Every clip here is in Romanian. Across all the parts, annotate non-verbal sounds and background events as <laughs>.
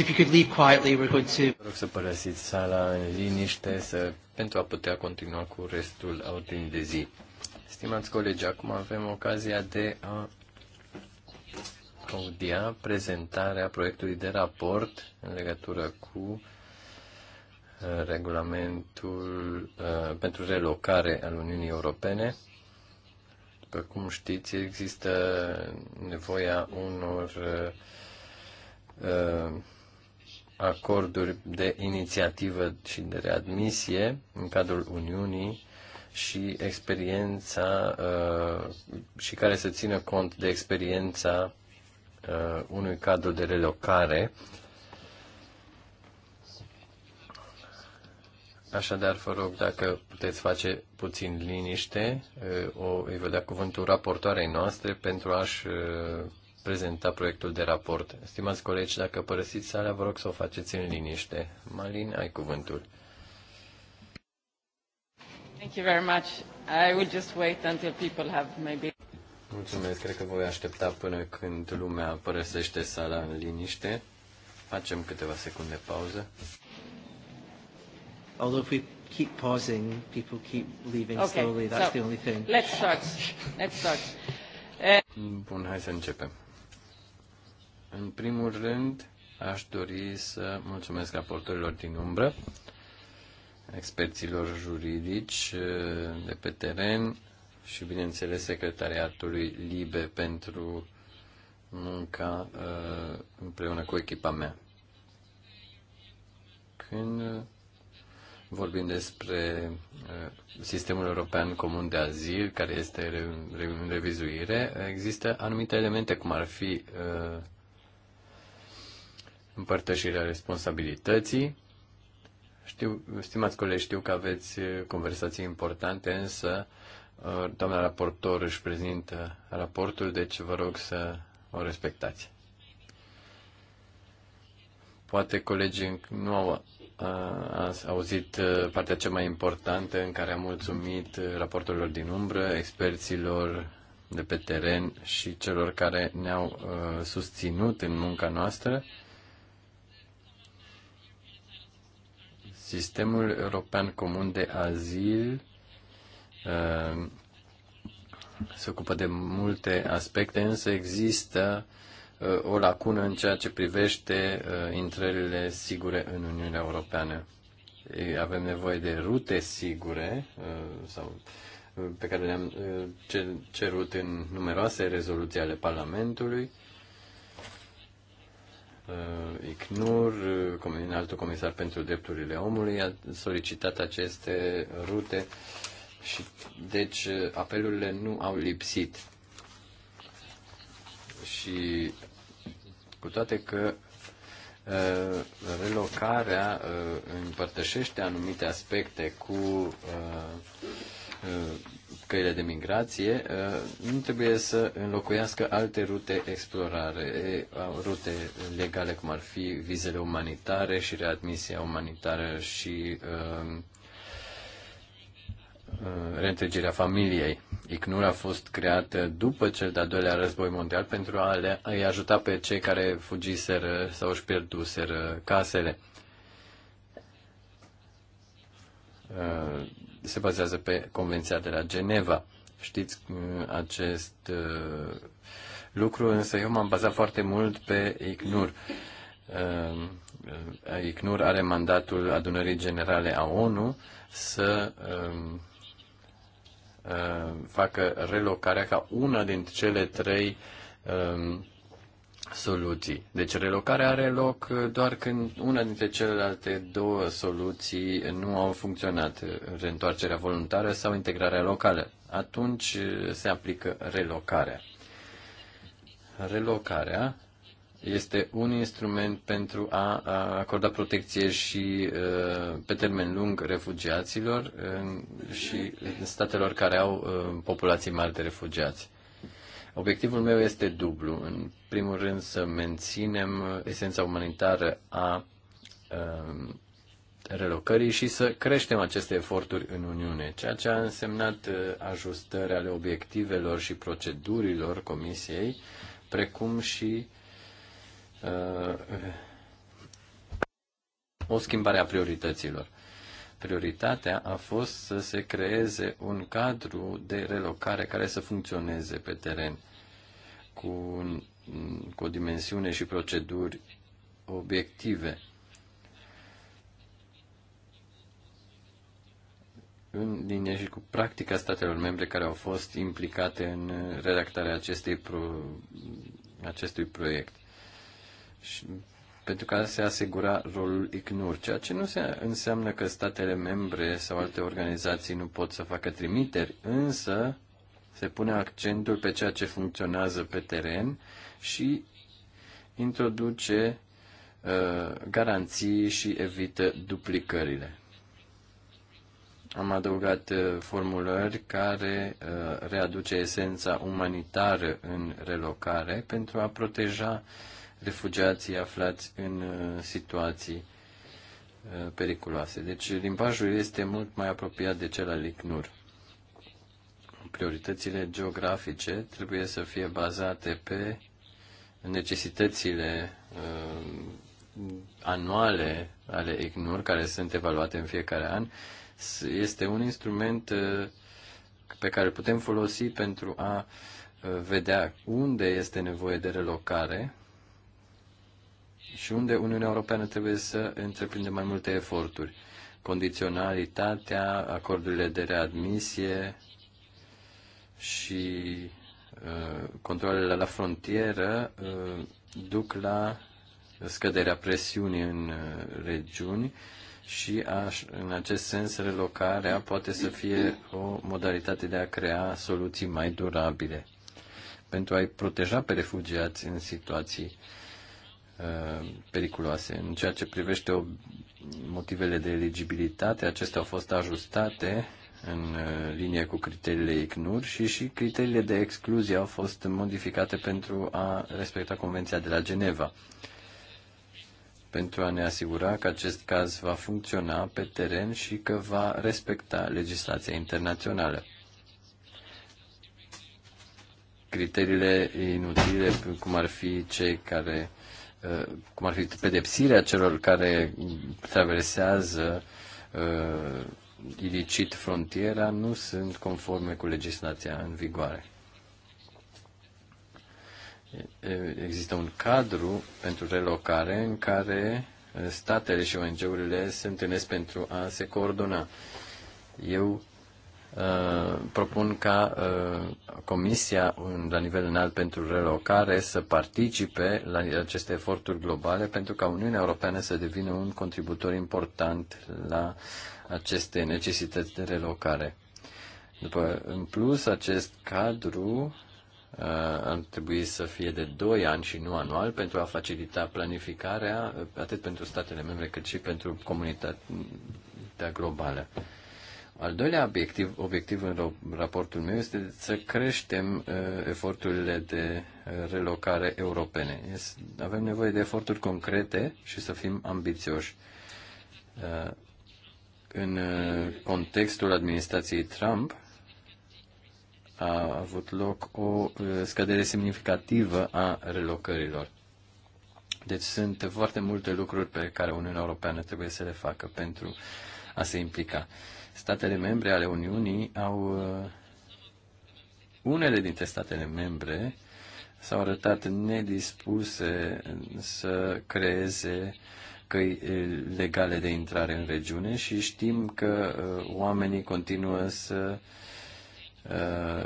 if you could leave quietly, we're going to... Vă rog să părăsiți sala în liniște să, pentru a putea continua cu restul ordinii de zi. Stimați colegi, acum avem ocazia de a audia prezentarea proiectului de raport în legătură cu uh, regulamentul uh, pentru relocare al Uniunii Europene. După cum știți, există nevoia unor uh, acorduri de inițiativă și de readmisie în cadrul Uniunii și experiența uh, și care să țină cont de experiența uh, unui cadru de relocare. Așadar, vă rog, dacă puteți face puțin liniște, uh, o, îi voi da cuvântul raportoarei noastre pentru a-și prezenta proiectul de raport. Stimați colegi, dacă părăsiți sala, vă rog să o faceți în liniște. Malin, ai cuvântul. Thank you very much. I will just wait until people have maybe... Mulțumesc, cred că voi aștepta până când lumea părăsește sala în liniște. Facem câteva secunde pauză. Although if we keep pausing, people keep leaving okay. slowly. That's so, the only thing. Let's start. Let's start. Bun, hai să începem. În primul rând, aș dori să mulțumesc raportorilor din umbră, experților juridici eh, de pe teren și, bineînțeles, secretariatului LIBE pentru munca eh, împreună cu echipa mea. Când vorbim despre eh, sistemul european comun de azil, care este în revizuire, există anumite elemente, cum ar fi împărtășirea responsabilității. Știu, stimați colegi, știu că aveți conversații importante, însă uh, doamna raportor își prezintă raportul, deci vă rog să o respectați. Poate colegii nu au uh, auzit uh, partea cea mai importantă în care am mulțumit raportorilor din umbră, experților de pe teren și celor care ne-au susținut în munca noastră. Sistemul European Comun de Azil uh, se ocupă de multe aspecte, însă există uh, o lacună în ceea ce privește uh, intrările sigure în Uniunea Europeană. Avem nevoie de rute sigure sau pe care le-am cerut în numeroase rezoluții ale Parlamentului Uh, ICNUR, uh, altul comisar pentru drepturile omului, a solicitat aceste rute și deci uh, apelurile nu au lipsit. Și cu toate că relocarea împărtășește anumite aspecte cu căile de migrație, uh, nu trebuie să înlocuiască alte rute explorare, rute legale cum ar fi vizele umanitare și readmisia umanitară și uh, uh, reîntregirea familiei. ICNUR a fost creată după cel de-al doilea război mondial pentru a le, i ajuta pe cei care fugiseră sau își pierduseră casele se bazează pe Convenția de la Geneva. Știți uh, acest uh, lucru, însă eu m-am bazat foarte mult pe ICNUR. Uh, ICNUR are mandatul adunării generale a ONU să um, facă relocarea ca una dintre cele trei um, soluții. Deci relocarea are loc uh, doar când una dintre celelalte două soluții nu au funcționat, uh, reîntoarcerea voluntară sau integrarea locală. Atunci uh, se aplică relocarea. Relocarea este un instrument pentru a, acorda protecție și pe termen lung refugiaților și statelor care au populații mari de refugiați Obiectivul meu este dublu. În primul rând să menținem esența umanitară a um, relocării și să creștem aceste eforturi în Uniune, ceea ce a însemnat uh, ajustări ale obiectivelor și procedurilor Comisiei, precum și uh, o schimbare a priorităților prioritatea a fost să se creeze un cadru de relocare care să funcționeze pe teren cu, un, cu o dimensiune și proceduri obiective. în linie și cu practica statelor membre care au fost implicate în redactarea acestei pro, acestui proiect. Și pentru că se asigura rolul ICNUR, ceea ce nu se înseamnă că statele membre sau alte organizații nu pot să facă trimiteri, însă se pune accentul pe ceea ce funcționează pe teren și introduce uh, garanții și evită duplicările. Am adăugat uh, formulări care uh, readuce esența umanitară în relocare pentru a proteja uh, refugiații aflați în uh, situații uh, periculoase. Deci limbajul este mult mai apropiat de cel al ICNUR. Prioritățile geografice trebuie să fie bazate pe necesitățile uh, anuale ale ICNUR, care sunt evaluate în fiecare an, este un instrument pe care îl putem folosi pentru a vedea unde este nevoie de relocare și unde Uniunea Europeană trebuie să întreprinde mai multe eforturi. Condiționalitatea, acordurile de readmisie și uh, controlele la frontieră uh, duc la scăderea presiunii în uh, regiuni și aș, în acest sens relocarea poate să fie o modalitate de a crea soluții mai durabile pentru a-i proteja pe refugiați în situații Uh, periculoase. În ceea ce privește motivele de eligibilitate, acestea au fost ajustate în uh, linie cu criteriile ICNUR și și criteriile de excluzie au fost modificate pentru a respecta Convenția de la Geneva. Pentru a ne asigura că acest caz va funcționa pe teren și că va respecta legislația internațională criteriile inutile, cum ar fi cei care Uh, cum ar fi pedepsirea celor care traversează uh, ilicit frontiera, nu sunt conforme cu legislația în vigoare. Există un cadru pentru relocare în care uh, statele și ONG-urile se întâlnesc pentru a se coordona. Eu Uh, propun ca uh, Comisia la nivel înalt pentru relocare să participe la aceste eforturi globale pentru ca Uniunea Europeană să devină un contributor important la aceste necesități de relocare. După, în plus, acest cadru uh, ar trebui să fie de 2 ani și nu anual pentru a facilita planificarea atât pentru statele membre cât și pentru comunitatea globală. Al doilea obiectiv, obiectiv în raportul meu este să creștem uh, eforturile de uh, relocare europene. Avem nevoie de eforturi concrete și să fim ambițioși. Uh, în uh, contextul administrației Trump a avut loc o uh, scădere semnificativă a relocărilor. Deci sunt foarte multe lucruri pe care Uniunea Europeană trebuie să le facă pentru a se implica. Uh, statele membre ale Uniunii au. Uh, unele dintre statele membre s-au arătat nedispuse să creeze căi uh, legale de intrare în regiune și știm că uh, oamenii continuă să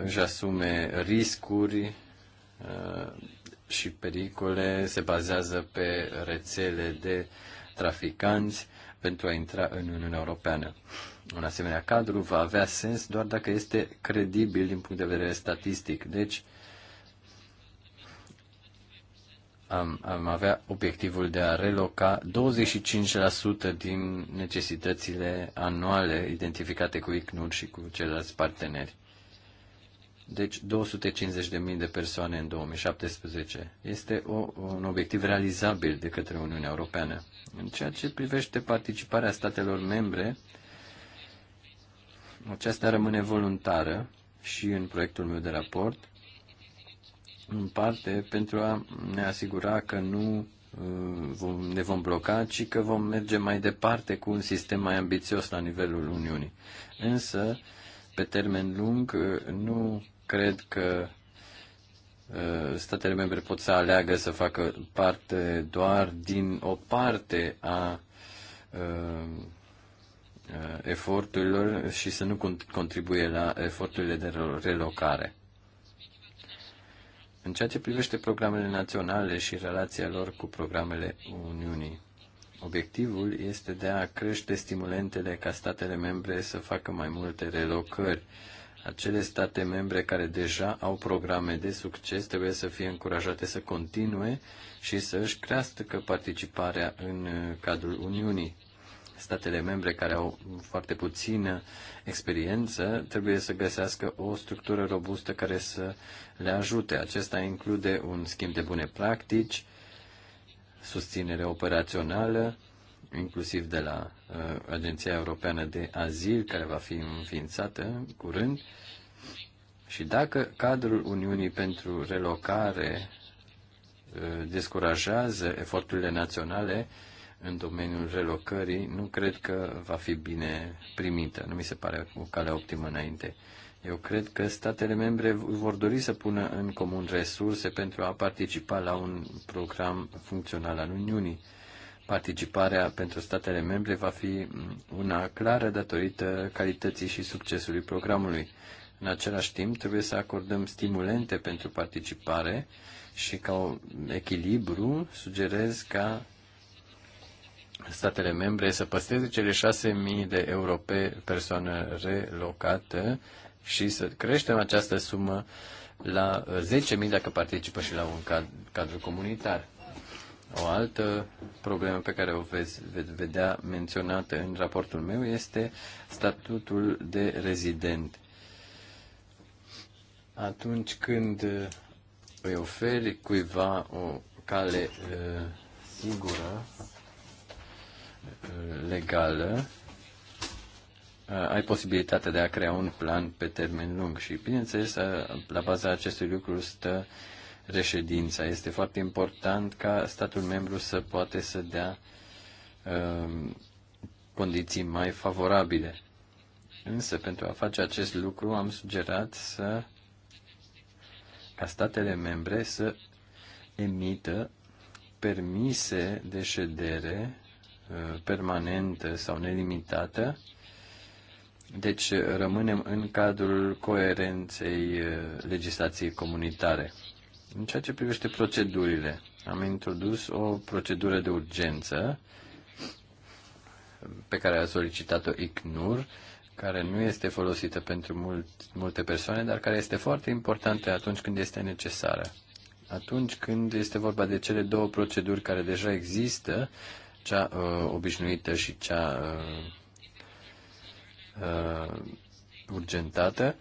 își asume riscuri și pericole, se bazează pe rețele de traficanți pentru a intra în Uniunea Europeană. Un asemenea cadru va avea sens doar dacă este credibil din punct de vedere statistic. Deci, am, am avea obiectivul de a reloca 25% din necesitățile anuale identificate cu ICNUR și cu ceilalți parteneri. Deci 250.000 de persoane în 2017. Este o, un obiectiv realizabil de către Uniunea Europeană. În ceea ce privește participarea statelor membre, aceasta rămâne voluntară și în proiectul meu de raport, în parte pentru a ne asigura că nu uh, ne vom bloca, ci că vom merge mai departe cu un sistem mai ambițios la nivelul Uniunii. Însă, pe termen lung, uh, nu cred că uh, statele membre pot să aleagă să facă parte doar din o parte a Uh, eforturilor și să nu contribuie la eforturile de relocare. În ceea ce privește programele naționale și relația lor cu programele Uniunii, obiectivul este de a crește stimulentele ca statele membre să facă mai multe relocări. Acele state membre care deja au programe de succes trebuie să fie încurajate să continue și să își crească participarea în uh, cadrul Uniunii statele membre care au foarte puțină experiență trebuie să găsească o structură robustă care să le ajute. Acesta include un schimb de bune practici, susținere operațională, inclusiv de la uh, Agenția Europeană de Azil, care va fi înființată în curând. Și dacă cadrul Uniunii pentru relocare uh, descurajează eforturile naționale, uh, în domeniul relocării, nu cred că va fi bine primită. Nu mi se pare o cale optimă înainte. Eu cred că statele membre vor dori să pună în comun resurse pentru a participa la un program funcțional al Uniunii. Participarea pentru statele membre va fi una clară datorită calității și succesului programului. În același timp, trebuie să acordăm stimulente pentru participare și ca un echilibru sugerez ca statele membre să păstreze cele 6.000 de euro pe persoană relocată și să creștem această sumă la 10.000 uh, dacă participă și la un cad cadru comunitar. O altă problemă pe care o veți vedea menționată în raportul meu este statutul de rezident. Atunci când uh, îi oferi cuiva o cale uh, sigură legală, ai posibilitatea de a crea un plan pe termen lung și, bineînțeles, la baza acestui lucru stă reședința. Este foarte important ca statul membru să poate să dea um, condiții mai favorabile. Însă, pentru a face acest lucru, am sugerat să ca statele membre să emită permise de ședere permanentă sau nelimitată. Deci rămânem în cadrul coerenței uh, legislației comunitare. În ceea ce privește procedurile, am introdus o procedură de urgență pe care a solicitat-o ICNUR, care nu este folosită pentru mult, multe persoane, dar care este foarte importantă atunci când este necesară. Atunci când este vorba de cele două proceduri care deja există, cea uh, obișnuită și cea uh, uh, urgentată.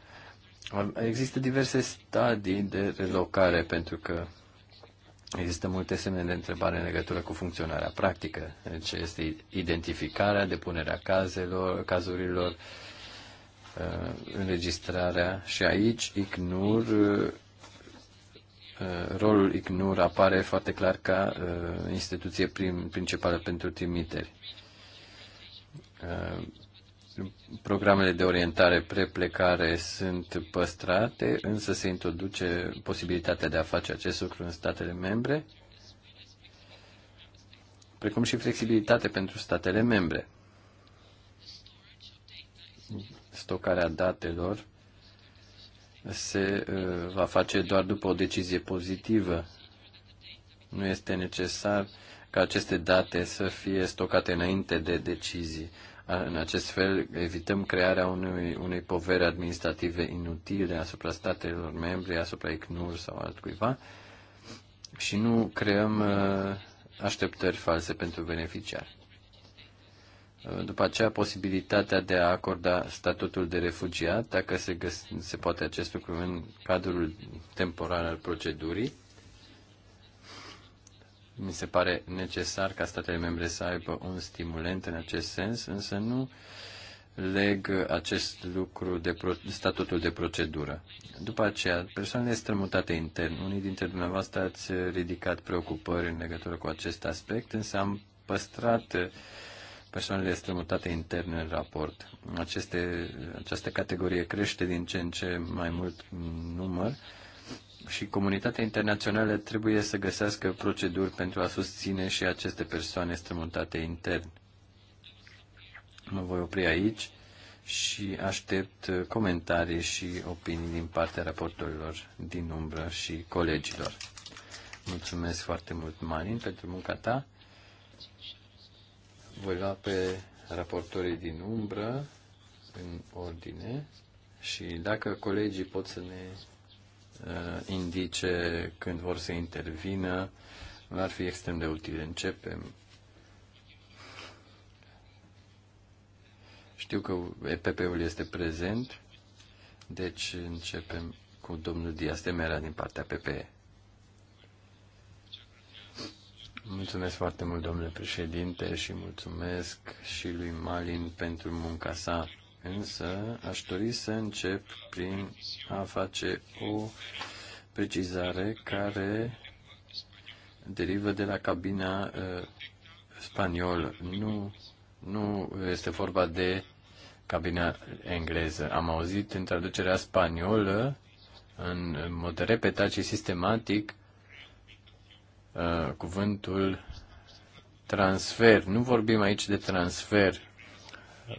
Există diverse stadii de relocare pentru că există multe semne de întrebare în legătură cu funcționarea practică, ce deci este identificarea, depunerea cazelor, cazurilor, uh, înregistrarea și aici ICNUR Uh, rolul ICNUR apare foarte clar ca uh, instituție prim, principală pentru trimiteri. Uh, programele de orientare preplecare sunt păstrate, însă se introduce posibilitatea de a face acest lucru în statele membre, precum și flexibilitate pentru statele membre. Stocarea datelor se uh, va face doar după o decizie pozitivă. Nu este necesar ca aceste date să fie stocate înainte de decizii. În acest fel, evităm crearea unui, unei povere administrative inutile asupra statelor membre, asupra ICNUR sau altcuiva și nu creăm uh, așteptări false pentru beneficiari. După aceea, posibilitatea de a acorda statutul de refugiat, dacă se, găs- se poate acest lucru în cadrul temporar al procedurii. Mi se pare necesar ca statele membre să aibă un stimulent în acest sens, însă nu leg acest lucru de pro- statutul de procedură. După aceea, persoanele strămutate intern. Unii dintre dumneavoastră ați ridicat preocupări în legătură cu acest aspect, însă am păstrat uh, persoanele strămutate interne în raport. Aceste, această categorie crește din ce în ce mai mult număr și comunitatea internațională trebuie să găsească proceduri pentru a susține și aceste persoane strămutate intern. Mă voi opri aici și aștept comentarii și opinii din partea raportorilor din umbră și colegilor. Mulțumesc foarte mult, Marin, pentru munca ta. Voi lua pe raportorii din umbră, în ordine, și dacă colegii pot să ne uh, indice când vor să intervină, ar fi extrem de util. Începem. Știu că EPP-ul este prezent, deci începem cu domnul Dias Temera din partea PPE. Mulțumesc foarte mult, domnule președinte, și mulțumesc și lui Malin pentru munca sa. Însă, aș dori să încep prin a face o precizare care derivă de la cabina uh, spaniolă. Nu, nu este vorba de cabina engleză. Am auzit în traducerea spaniolă, în mod repetat și sistematic, Uh, cuvântul transfer. Nu vorbim aici de transfer,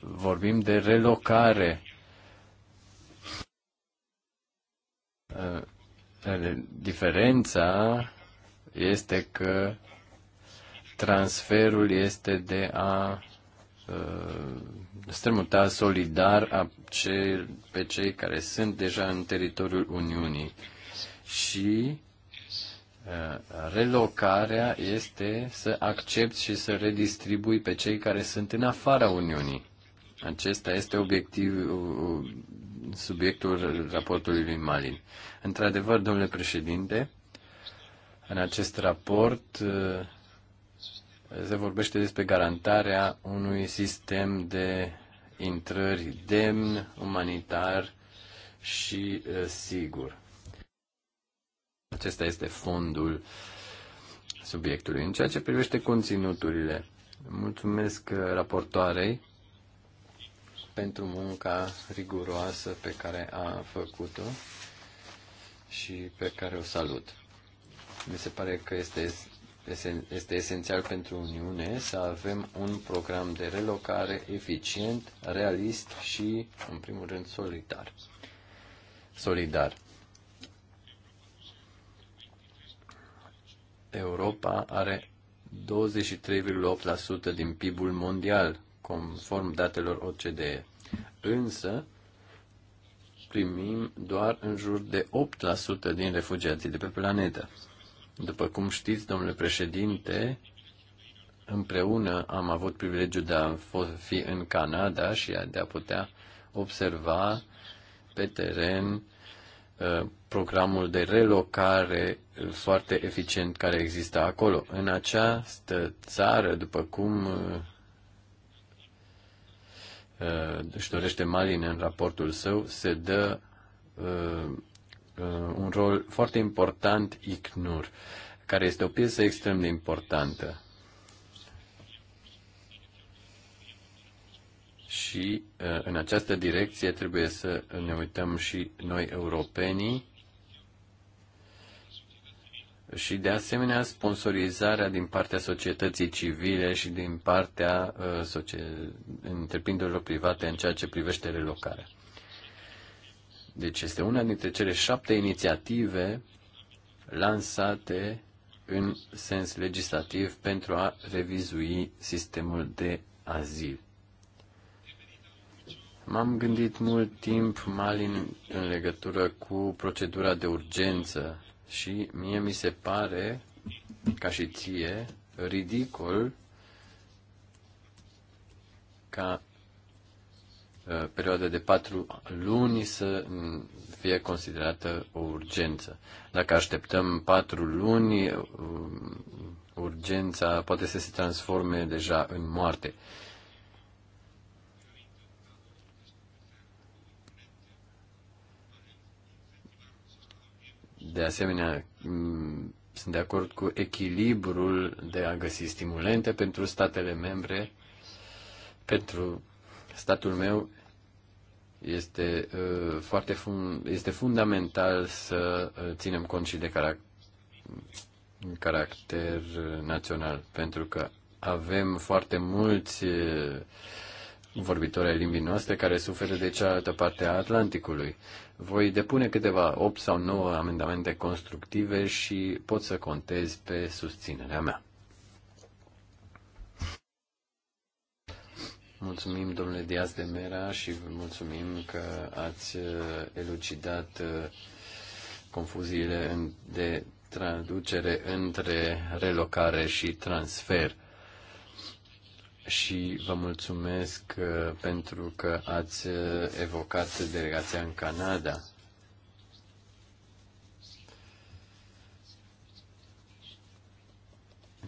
vorbim de relocare. Uh, diferența este că transferul este de a uh, strămuta solidar a ce, pe cei care sunt deja în teritoriul Uniunii și relocarea este să accepti și să redistribui pe cei care sunt în afara Uniunii. Acesta este obiectiv, subiectul raportului lui Malin. Într-adevăr, domnule președinte, în acest raport se vorbește despre garantarea unui sistem de intrări demn, umanitar și eh, sigur. Acesta este fondul subiectului. În ceea ce privește conținuturile, mulțumesc raportoarei pentru munca riguroasă pe care a făcut-o și pe care o salut. Mi se pare că este, este esențial pentru Uniune să avem un program de relocare eficient, realist și, în primul rând, solidar. solidar. Europa are 23,8% din PIB-ul mondial, conform datelor OCDE. Însă, primim doar în jur de 8% din refugiații de pe planetă. După cum știți, domnule președinte, împreună am avut privilegiul de a fi în Canada și de a putea observa pe teren uh, programul de relocare foarte eficient care există acolo. În această țară, după cum uh, uh, își dorește Malin în raportul său, se dă uh, un rol foarte important ICNUR, care este o piesă extrem de importantă. Și în această direcție trebuie să ne uităm și noi europenii și de asemenea sponsorizarea din partea societății civile și din partea uh, întreprinderilor private în ceea ce privește relocarea. Deci este una dintre cele șapte inițiative lansate în sens legislativ pentru a revizui sistemul de azil. M-am gândit mult timp, Malin, în legătură cu procedura de urgență și mie mi se pare, ca și ție, ridicol ca uh, perioada de patru luni să fie considerată o urgență. Dacă așteptăm patru luni, uh, urgența poate să se transforme deja în moarte. De asemenea, mm, sunt de acord cu echilibrul de a găsi stimulente pentru statele membre. Pentru statul meu este, uh, foarte fun, este fundamental să uh, ținem cont și de carac- caracter național, pentru că avem foarte mulți uh, vorbitori ai limbii noastre care suferă de cealaltă parte a Atlanticului. Voi depune câteva 8 sau 9 amendamente constructive și pot să contez pe susținerea mea. Mulțumim, domnule Diaz de Mera, și mulțumim că ați uh, elucidat uh, confuziile de traducere între relocare și transfer și vă mulțumesc uh, pentru că ați uh, evocat delegația în Canada.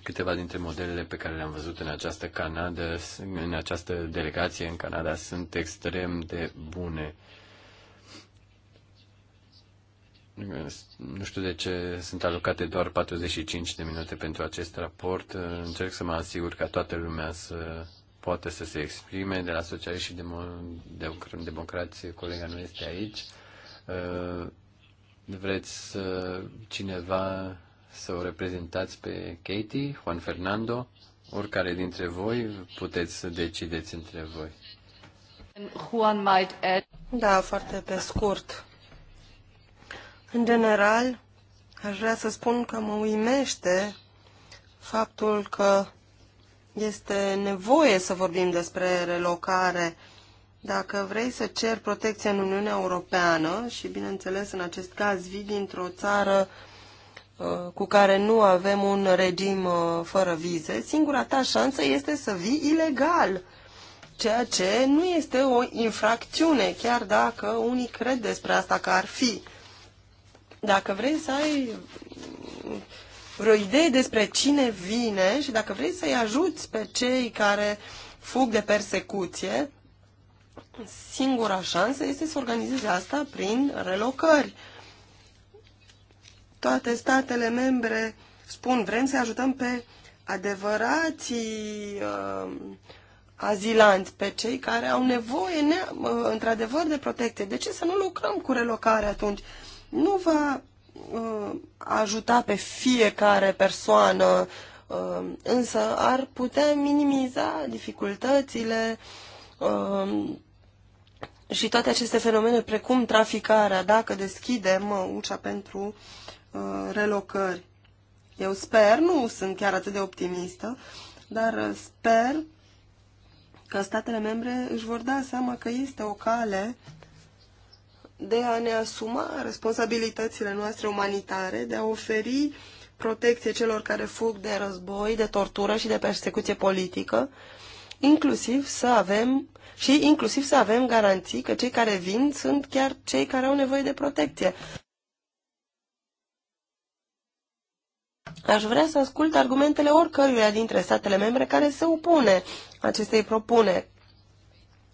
Câteva dintre modelele pe care le-am văzut în această Canada, în această delegație în Canada sunt extrem de bune Nu știu de ce sunt alocate doar 45 de minute pentru acest raport. Încerc să mă asigur ca toată lumea să poate să se exprime. De la Socialiști și Demo- Democrație, colega nu este aici. Uh, vreți să cineva să o reprezentați pe Katie, Juan Fernando? Oricare dintre voi puteți să decideți între voi. Juan might add... Da, foarte pe scurt. În general, aș vrea să spun că mă uimește faptul că este nevoie să vorbim despre relocare. Dacă vrei să ceri protecție în Uniunea Europeană și, bineînțeles, în acest caz vii dintr-o țară uh, cu care nu avem un regim uh, fără vize, singura ta șansă este să vii ilegal, ceea ce nu este o infracțiune, chiar dacă unii cred despre asta că ar fi. Dacă vrei să ai vreo idee despre cine vine și dacă vrei să-i ajuți pe cei care fug de persecuție, singura șansă este să organizezi asta prin relocări. Toate statele membre spun, vrem să ajutăm pe adevărații uh, azilanți, pe cei care au nevoie, uh, într-adevăr, de protecție. De ce să nu lucrăm cu relocare atunci? nu va uh, ajuta pe fiecare persoană, uh, însă ar putea minimiza dificultățile uh, și toate aceste fenomene, precum traficarea, dacă deschidem uh, ușa pentru uh, relocări. Eu sper, nu sunt chiar atât de optimistă, dar uh, sper că statele membre își vor da seama că este o cale de a ne asuma responsabilitățile noastre umanitare, de a oferi protecție celor care fug de război, de tortură și de persecuție politică, inclusiv să avem și inclusiv să avem garanții că cei care vin sunt chiar cei care au nevoie de protecție. Aș vrea să ascult argumentele oricăruia dintre statele membre care se opune acestei propuneri.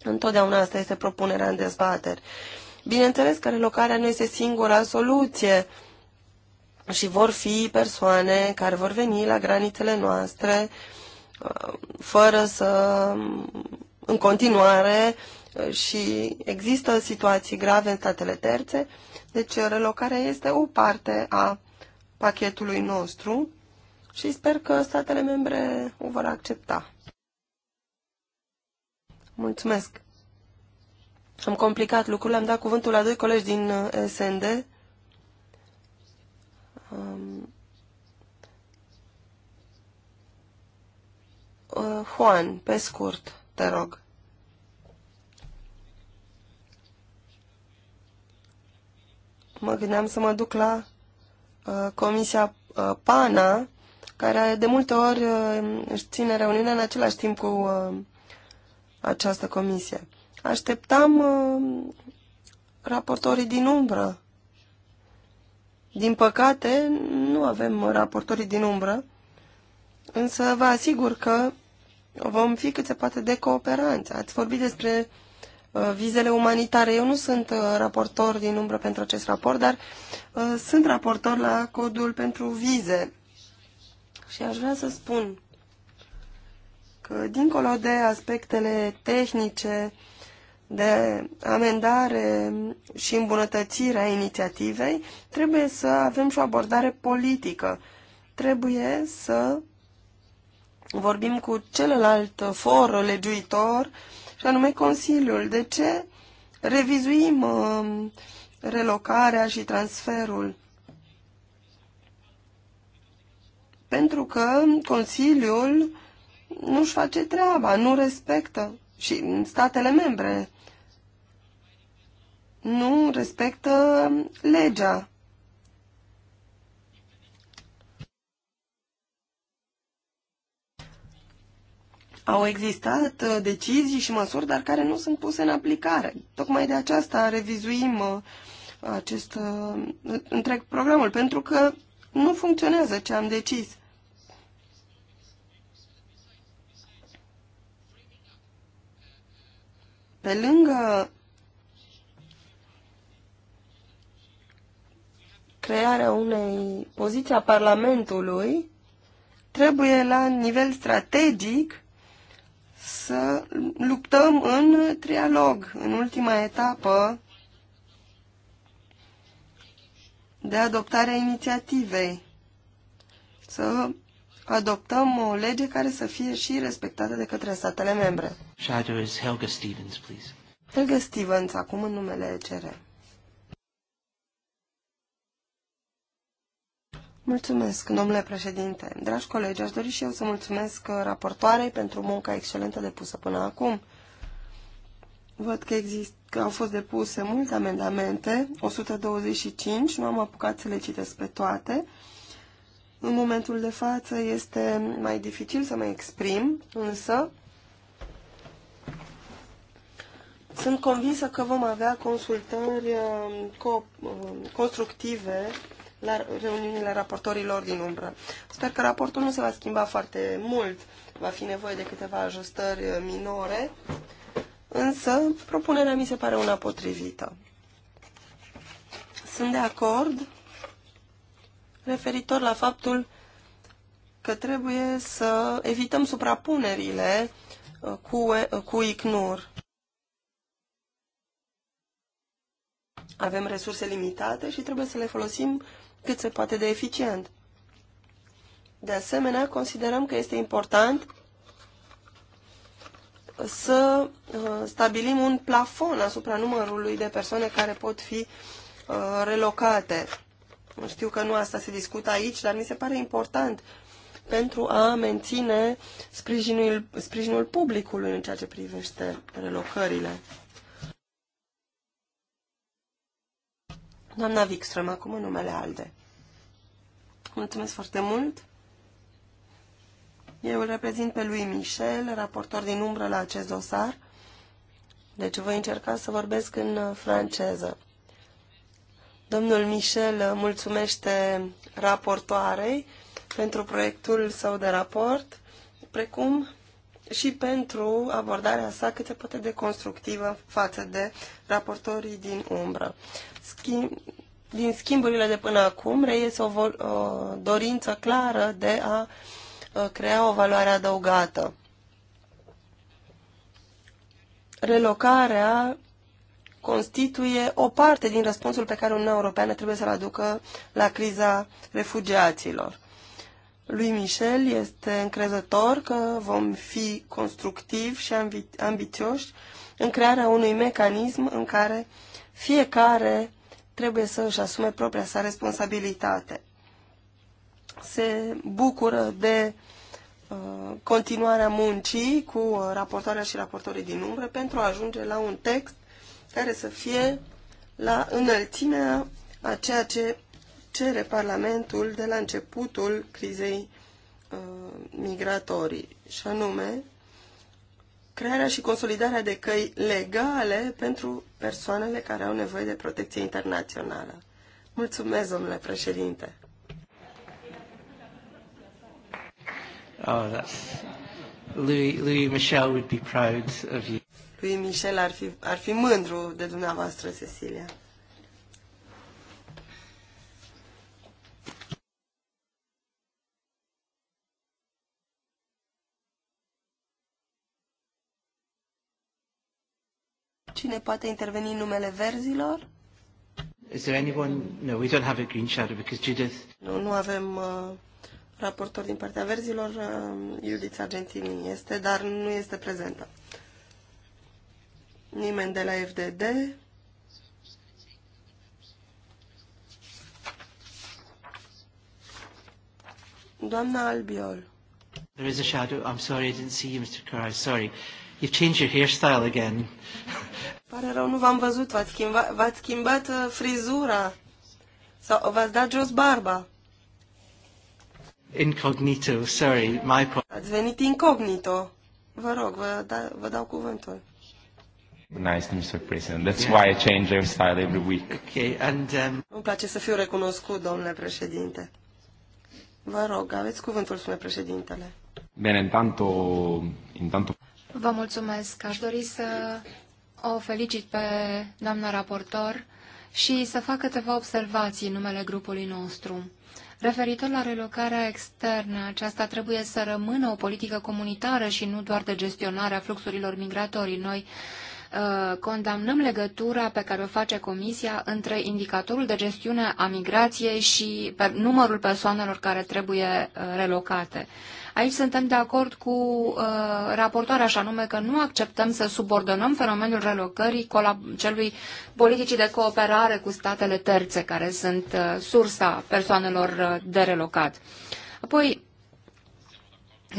Întotdeauna asta este propunerea în dezbateri. Uh, Bineînțeles că relocarea nu este singura soluție și vor fi persoane care vor veni la granițele noastre uh, fără să, în continuare, uh, și există situații grave în statele terțe, deci relocarea este o parte a pachetului nostru și sper că statele membre o vor accepta. Mulțumesc! Am complicat lucrurile, am dat cuvântul la doi colegi din uh, SND. Um, uh, Juan, pe scurt, te rog. Mă gândeam să mă duc la uh, Comisia uh, PANA, care de multe ori uh, își ține reuniunea în același timp cu uh, această comisie. Așteptam uh, raportorii din umbră. Din păcate, nu avem raportorii din umbră, însă vă asigur că vom fi cât se poate de cooperanți. Ați vorbit despre uh, vizele umanitare. Eu nu sunt uh, raportor din umbră pentru acest raport, dar uh, sunt raportor la codul pentru vize. Și aș vrea să spun că, dincolo de aspectele tehnice, de amendare și îmbunătățire a inițiativei, trebuie să avem și o abordare politică. Trebuie să vorbim cu celălalt for legiuitor, și anume Consiliul. De ce revizuim um, relocarea și transferul? Pentru că Consiliul nu-și face treaba, nu respectă și statele membre nu respectă legea. Au existat uh, decizii și măsuri, dar care nu sunt puse în aplicare. Tocmai de aceasta revizuim uh, acest uh, întreg programul, pentru că nu funcționează ce am decis. Pe lângă crearea unei poziții a Parlamentului trebuie la nivel strategic să luptăm în trialog, în ultima etapă de adoptare a inițiativei. Să adoptăm o lege care să fie și respectată de către statele membre. Shadow is Helga Stevens, please. Helga Stevens, acum în numele CR. Mulțumesc, domnule președinte. Dragi colegi, aș dori și eu să mulțumesc uh, raportoarei pentru munca excelentă depusă până acum. Văd că, exist, că au fost depuse multe amendamente, 125, nu am apucat să le citesc pe toate. În momentul de față este mai dificil să mă exprim, însă sunt convinsă că vom avea consultări uh, uh, constructive la reuniunile raportorilor din umbră. Sper că raportul nu se va schimba foarte mult, va fi nevoie de câteva ajustări minore, însă propunerea mi se pare una potrivită. Sunt de acord referitor la faptul că trebuie să evităm suprapunerile uh, cu, uh, cu ICNUR. Avem resurse limitate și trebuie să le folosim cât se poate de eficient. De asemenea, considerăm că este important să uh, stabilim un plafon asupra numărului de persoane care pot fi uh, relocate. Știu că nu asta se discută aici, dar mi se pare important pentru a menține sprijinul, sprijinul publicului în ceea ce privește relocările. Doamna Wikström, acum în numele ALDE. Mulțumesc foarte mult. Eu îl reprezint pe lui Michel, raportor din umbră la acest dosar, deci voi încerca să vorbesc în franceză. Domnul Michel mulțumește raportoarei pentru proiectul său de raport, precum și pentru abordarea sa cât poate de constructivă față de raportorii din umbră schimb, din schimburile de până acum reiese o, o dorință clară de a crea o valoare adăugată. Relocarea constituie o parte din răspunsul pe care Uniunea Europeană trebuie să-l aducă la criza refugiaților. Lui Michel este încrezător că vom fi constructivi și ambi ambițioși în crearea unui mecanism în care uh, fiecare trebuie să își asume propria sa responsabilitate. Se bucură de uh, continuarea muncii cu uh, raportoarea și raportorii din umbră pentru a ajunge la un text care să fie la înălțimea a ceea ce cere Parlamentul de la începutul crizei uh, migratorii, și anume crearea și consolidarea de căi legale pentru persoanele care au nevoie de protecție internațională. Mulțumesc, domnule președinte. Oh, that's... Louis, Louis Michel would be proud of you. Louis Michel ar fi, ar fi mândru de dumneavoastră, Cecilia. Cine poate interveni în numele verzilor? Is there anyone? No, we don't have a green shadow because Judith... Nu, nu avem uh, raportor din partea verzilor. Uh, Judith Argentini este, dar nu este prezentă. Nimeni de la FDD. Doamna Albiol. There is a shadow. I'm sorry, I didn't see you, Mr. Carr. Sorry. You've changed your hairstyle again. Pare rău, nu v-am văzut. V-ați schimbat, schimbat uh, frizura. Sau v-ați dat jos barba. Incognito, sorry, my Ați venit incognito. Vă rog, vă, da, vă dau cuvântul. Nice to Mr. President. That's why I change their style every week. Okay, and, um... Îmi place să fiu recunoscut, domnule președinte. Vă rog, aveți cuvântul, spune președintele. Bine, intanto... intanto... Vă mulțumesc. Aș dori să o felicit pe doamna raportor și să fac câteva observații în numele grupului nostru. Referitor la relocarea externă, aceasta trebuie să rămână o politică comunitară și nu doar de gestionarea fluxurilor migratorii. Noi uh, condamnăm legătura pe care o face Comisia între indicatorul de gestiune a migrației și numărul persoanelor care trebuie uh, relocate. Aici suntem de acord cu uh, raportoarea, așa nume că nu acceptăm să subordonăm fenomenul relocării celui politicii de cooperare cu statele terțe, care sunt uh, sursa persoanelor uh, de relocat. Apoi,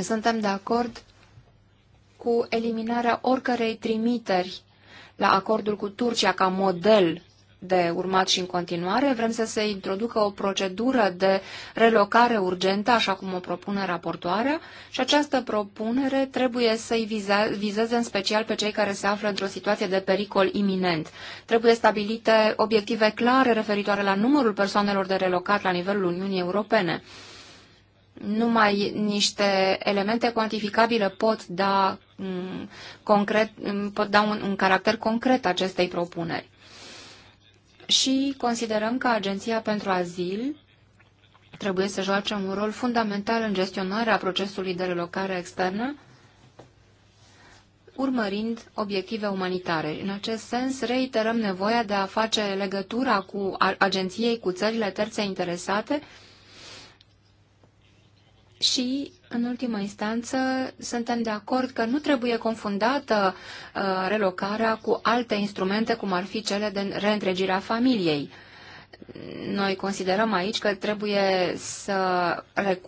suntem de acord cu eliminarea oricărei trimiteri la acordul cu Turcia ca model de urmat și în continuare. Vrem să se introducă o procedură de relocare urgentă, așa cum o propune raportoarea, și această propunere trebuie să-i vizeze în special pe cei care se află într-o situație de pericol iminent. Trebuie stabilite obiective clare referitoare la numărul persoanelor de relocat la nivelul Uniunii Europene numai niște elemente cuantificabile pot da, mm, concret, mm, pot da un, un caracter concret acestei propuneri și considerăm că Agenția pentru Azil trebuie să joace un rol fundamental în gestionarea procesului de relocare externă, urmărind obiective umanitare. În acest sens, reiterăm nevoia de a face legătura cu agenției cu țările terțe interesate și în ultimă instanță, suntem de acord că nu trebuie confundată uh, relocarea cu alte instrumente, cum ar fi cele de reîntregirea familiei. Noi considerăm aici că trebuie să,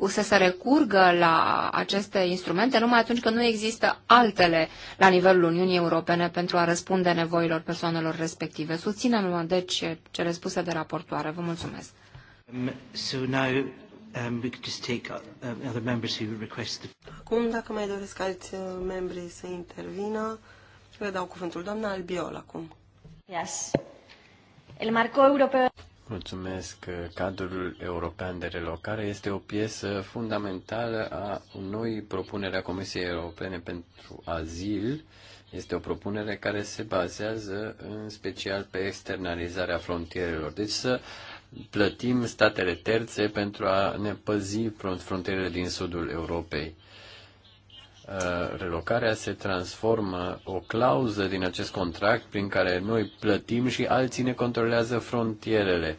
să se recurgă la aceste instrumente numai atunci când nu există altele la nivelul Uniunii Europene pentru a răspunde nevoilor persoanelor respective. Susținem, deci, cele spuse de raportoare. Vă mulțumesc. so now... Um, we could just take uh, um, other members who request Acum, dacă mai doresc alți uh, membri să intervină, le dau cuvântul doamna Albiol acum. Yes. El marco europeu... Mulțumesc. Cadrul european de relocare este o piesă fundamentală a noi propunere a Comisiei Europene pentru Azil. Este o propunere care se bazează în special pe externalizarea frontierelor. Deci să uh, plătim statele terțe pentru a ne păzi frontierele din sudul Europei. Uh, relocarea se transformă o clauză din acest contract prin care noi plătim și alții ne controlează frontierele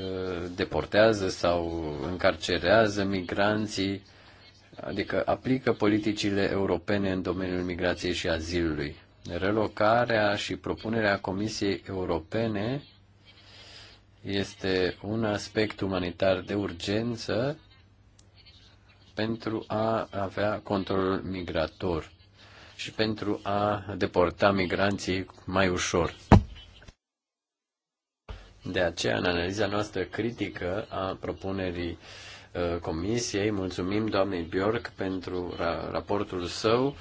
uh, deportează sau încarcerează migranții, adică aplică politicile europene în domeniul migrației și azilului. Relocarea și propunerea Comisiei Europene este un aspect umanitar de urgență pentru a avea control migrator și pentru a deporta migranții mai ușor. De aceea, în analiza noastră critică a propunerii uh, Comisiei, mulțumim doamnei Bjork pentru raportul său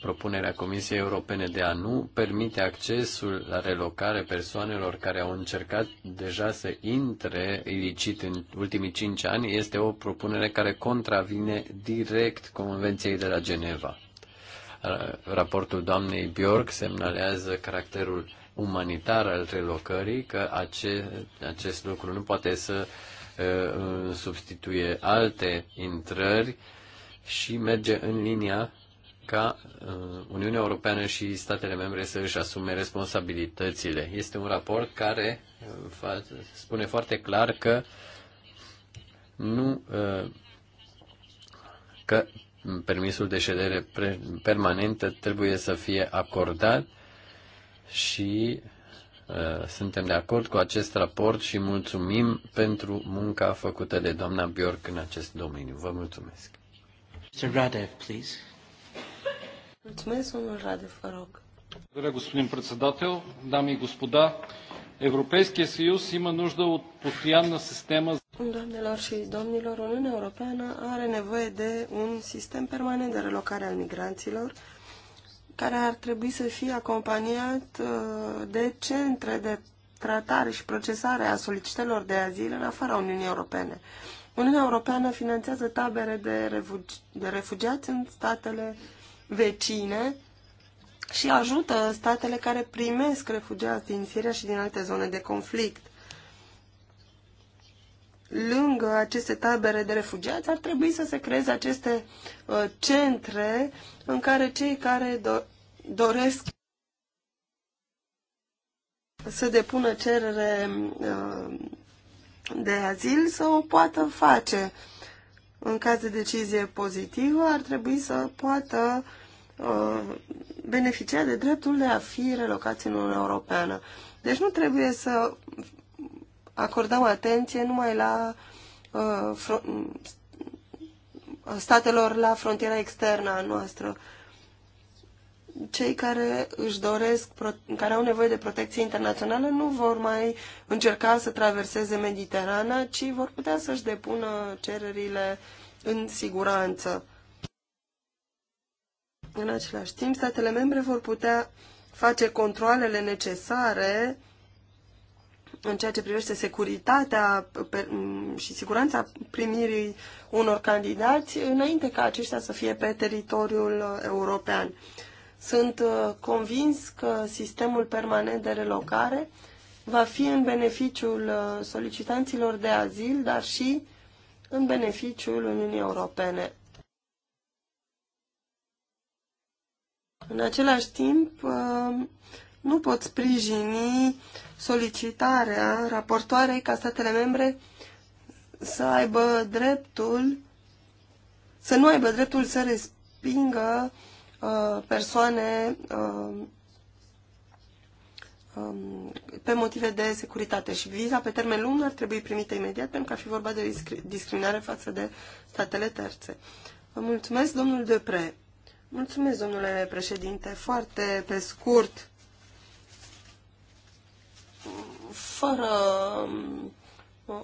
Propunerea Comisiei Europene de a nu permite accesul la relocare persoanelor care au încercat deja să intre ilicit în ultimii cinci ani este o propunere care contravine direct Convenției de la Geneva. Raportul doamnei Bjork semnalează caracterul umanitar al relocării, că acest, acest lucru nu poate să uh, substituie alte intrări și merge în linia ca uh, Uniunea Europeană și statele membre să își asume responsabilitățile. Este un raport care uh, spune foarte clar că nu uh, că permisul de ședere permanentă trebuie să fie acordat și suntem de acord cu acest raport și mulțumim pentru munca făcută de doamna Bjork în acest domeniu. Vă mulțumesc. Mr. Radev, please. Mulțumesc, domnul Radev, vă rog. Благодаря, господин председател. Дами и господа, Европейския съюз има нужда от постоянна система. Doamnelor și domnilor, Uniunea Europeană are nevoie de un sistem permanent de relocare a migranților care ar trebui să fie acompaniat uh, de centre de tratare și procesare a solicitărilor de azil în afara Uniunii Europene. Uniunea Europeană finanțează tabere de, refugiați în statele vecine și ajută statele care primesc refugiați din Siria și din alte zone de conflict. Lângă aceste tabere de refugiați ar trebui să se creeze aceste uh, centre în care cei care do doresc să depună cerere uh, de azil să o poată face. În caz de decizie pozitivă ar trebui să poată uh, Uh, beneficia de dreptul de a fi relocați în Uniunea Europeană. Deci nu trebuie să acordăm atenție numai la uh, statelor la frontiera externă a noastră. Cei care își doresc, care au nevoie de protecție internațională nu vor mai încerca să traverseze Mediterana, ci vor putea să-și depună cererile în siguranță. În același timp, statele membre vor putea face controlele necesare în ceea ce privește securitatea și siguranța primirii unor candidați înainte ca aceștia să fie pe teritoriul uh, european. Sunt uh, convins că sistemul permanent de relocare va fi în beneficiul uh, solicitanților de azil, dar și în beneficiul Uniunii Europene. În același timp, uh, nu pot sprijini solicitarea raportoarei ca statele membre să aibă dreptul să nu aibă dreptul să respingă uh, persoane uh, um, pe motive de securitate și viza pe termen lung ar trebui primită imediat pentru că ar fi vorba de discriminare față de statele terțe. Vă mulțumesc, domnul Depre. Mulțumesc, domnule președinte. Foarte pe scurt, fără um,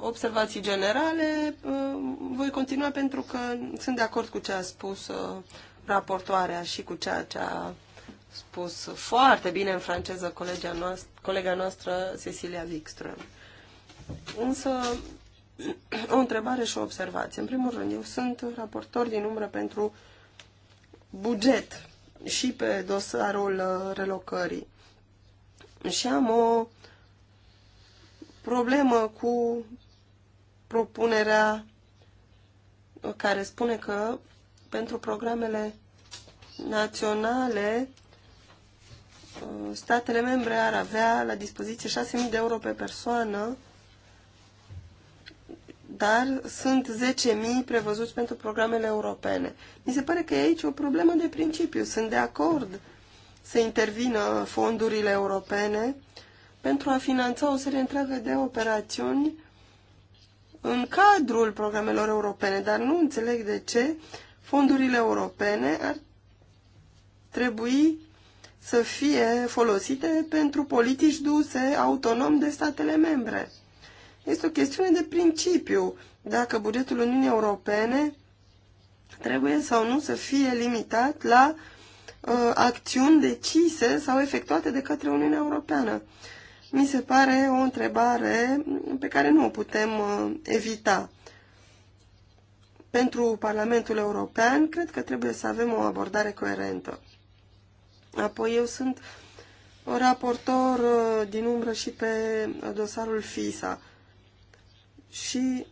observații generale, um, voi continua pentru că sunt de acord cu ce a spus uh, raportoarea și cu ceea ce a spus foarte bine în franceză colega noastră, colega noastră Cecilia Wikström. Însă, <clears throat> o întrebare și o observație. În primul rând, eu sunt raportor din umbră pentru uh, buget și pe dosarul uh, relocării. Și am o problemă cu propunerea care spune că pentru programele naționale uh, statele membre ar avea la dispoziție 6.000 de euro pe persoană dar sunt 10.000 prevăzuți pentru programele europene. Mi se pare că e aici o problemă de principiu. Sunt de acord să intervină fondurile europene pentru a finanța o serie întreagă de operațiuni în cadrul programelor europene, dar nu înțeleg de ce fondurile europene ar trebui să fie folosite pentru politici duse autonom de statele membre. Este o chestiune de principiu. Dacă bugetul Uniunii Europene trebuie sau nu să fie limitat la uh, acțiuni decise sau efectuate de către Uniunea Europeană. Mi se pare o întrebare pe care nu o putem uh, evita. Pentru Parlamentul European, cred că trebuie să avem o abordare coerentă. Apoi eu sunt raportor uh, din umbră și pe uh, dosarul FISA. Uh, și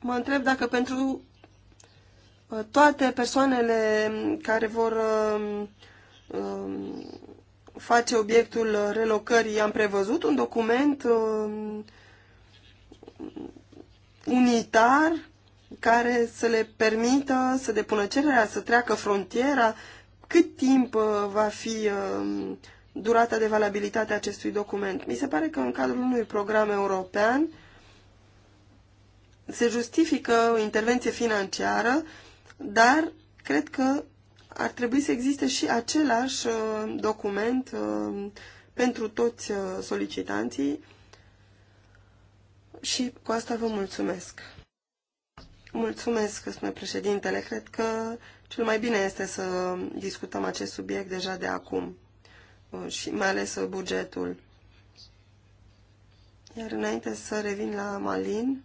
mă întreb dacă pentru uh, toate persoanele care vor um, um, face obiectul relocării, am prevăzut un document um, unitar care să le permită să depună cererea, să treacă frontiera, cât timp uh, va fi durata de valabilitate a acestui document. Mi se pare că în cadrul unui program european se justifică o intervenție financiară, dar cred că ar trebui să existe și același uh, document uh, pentru toți uh, solicitanții și cu asta vă mulțumesc. Mulțumesc, spune președintele. Cred că cel mai bine este să discutăm acest subiect deja de acum și mai ales bugetul. Iar înainte să revin la Malin,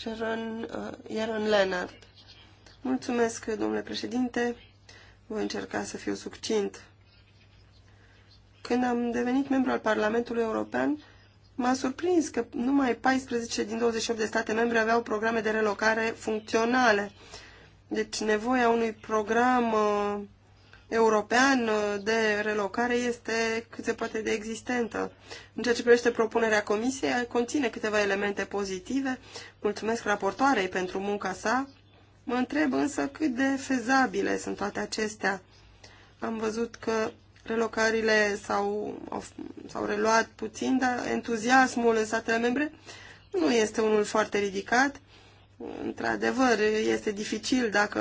Sharon, uh, Sharon Leonard. Mulțumesc, domnule președinte. Voi încerca să fiu succint. Când am devenit membru al Parlamentului European, m-a surprins că numai 14 din 28 de state membre aveau programe de relocare funcționale. Deci nevoia unui program uh, european uh, de relocare este cât se poate de existentă. În ceea ce privește propunerea comisiei, conține câteva elemente pozitive. Mulțumesc raportoarei pentru munca sa. Mă întreb însă cât de fezabile sunt toate acestea. Am văzut că relocările s-au, au reluat puțin, dar entuziasmul în statele membre nu este unul foarte ridicat. Într-adevăr, este dificil dacă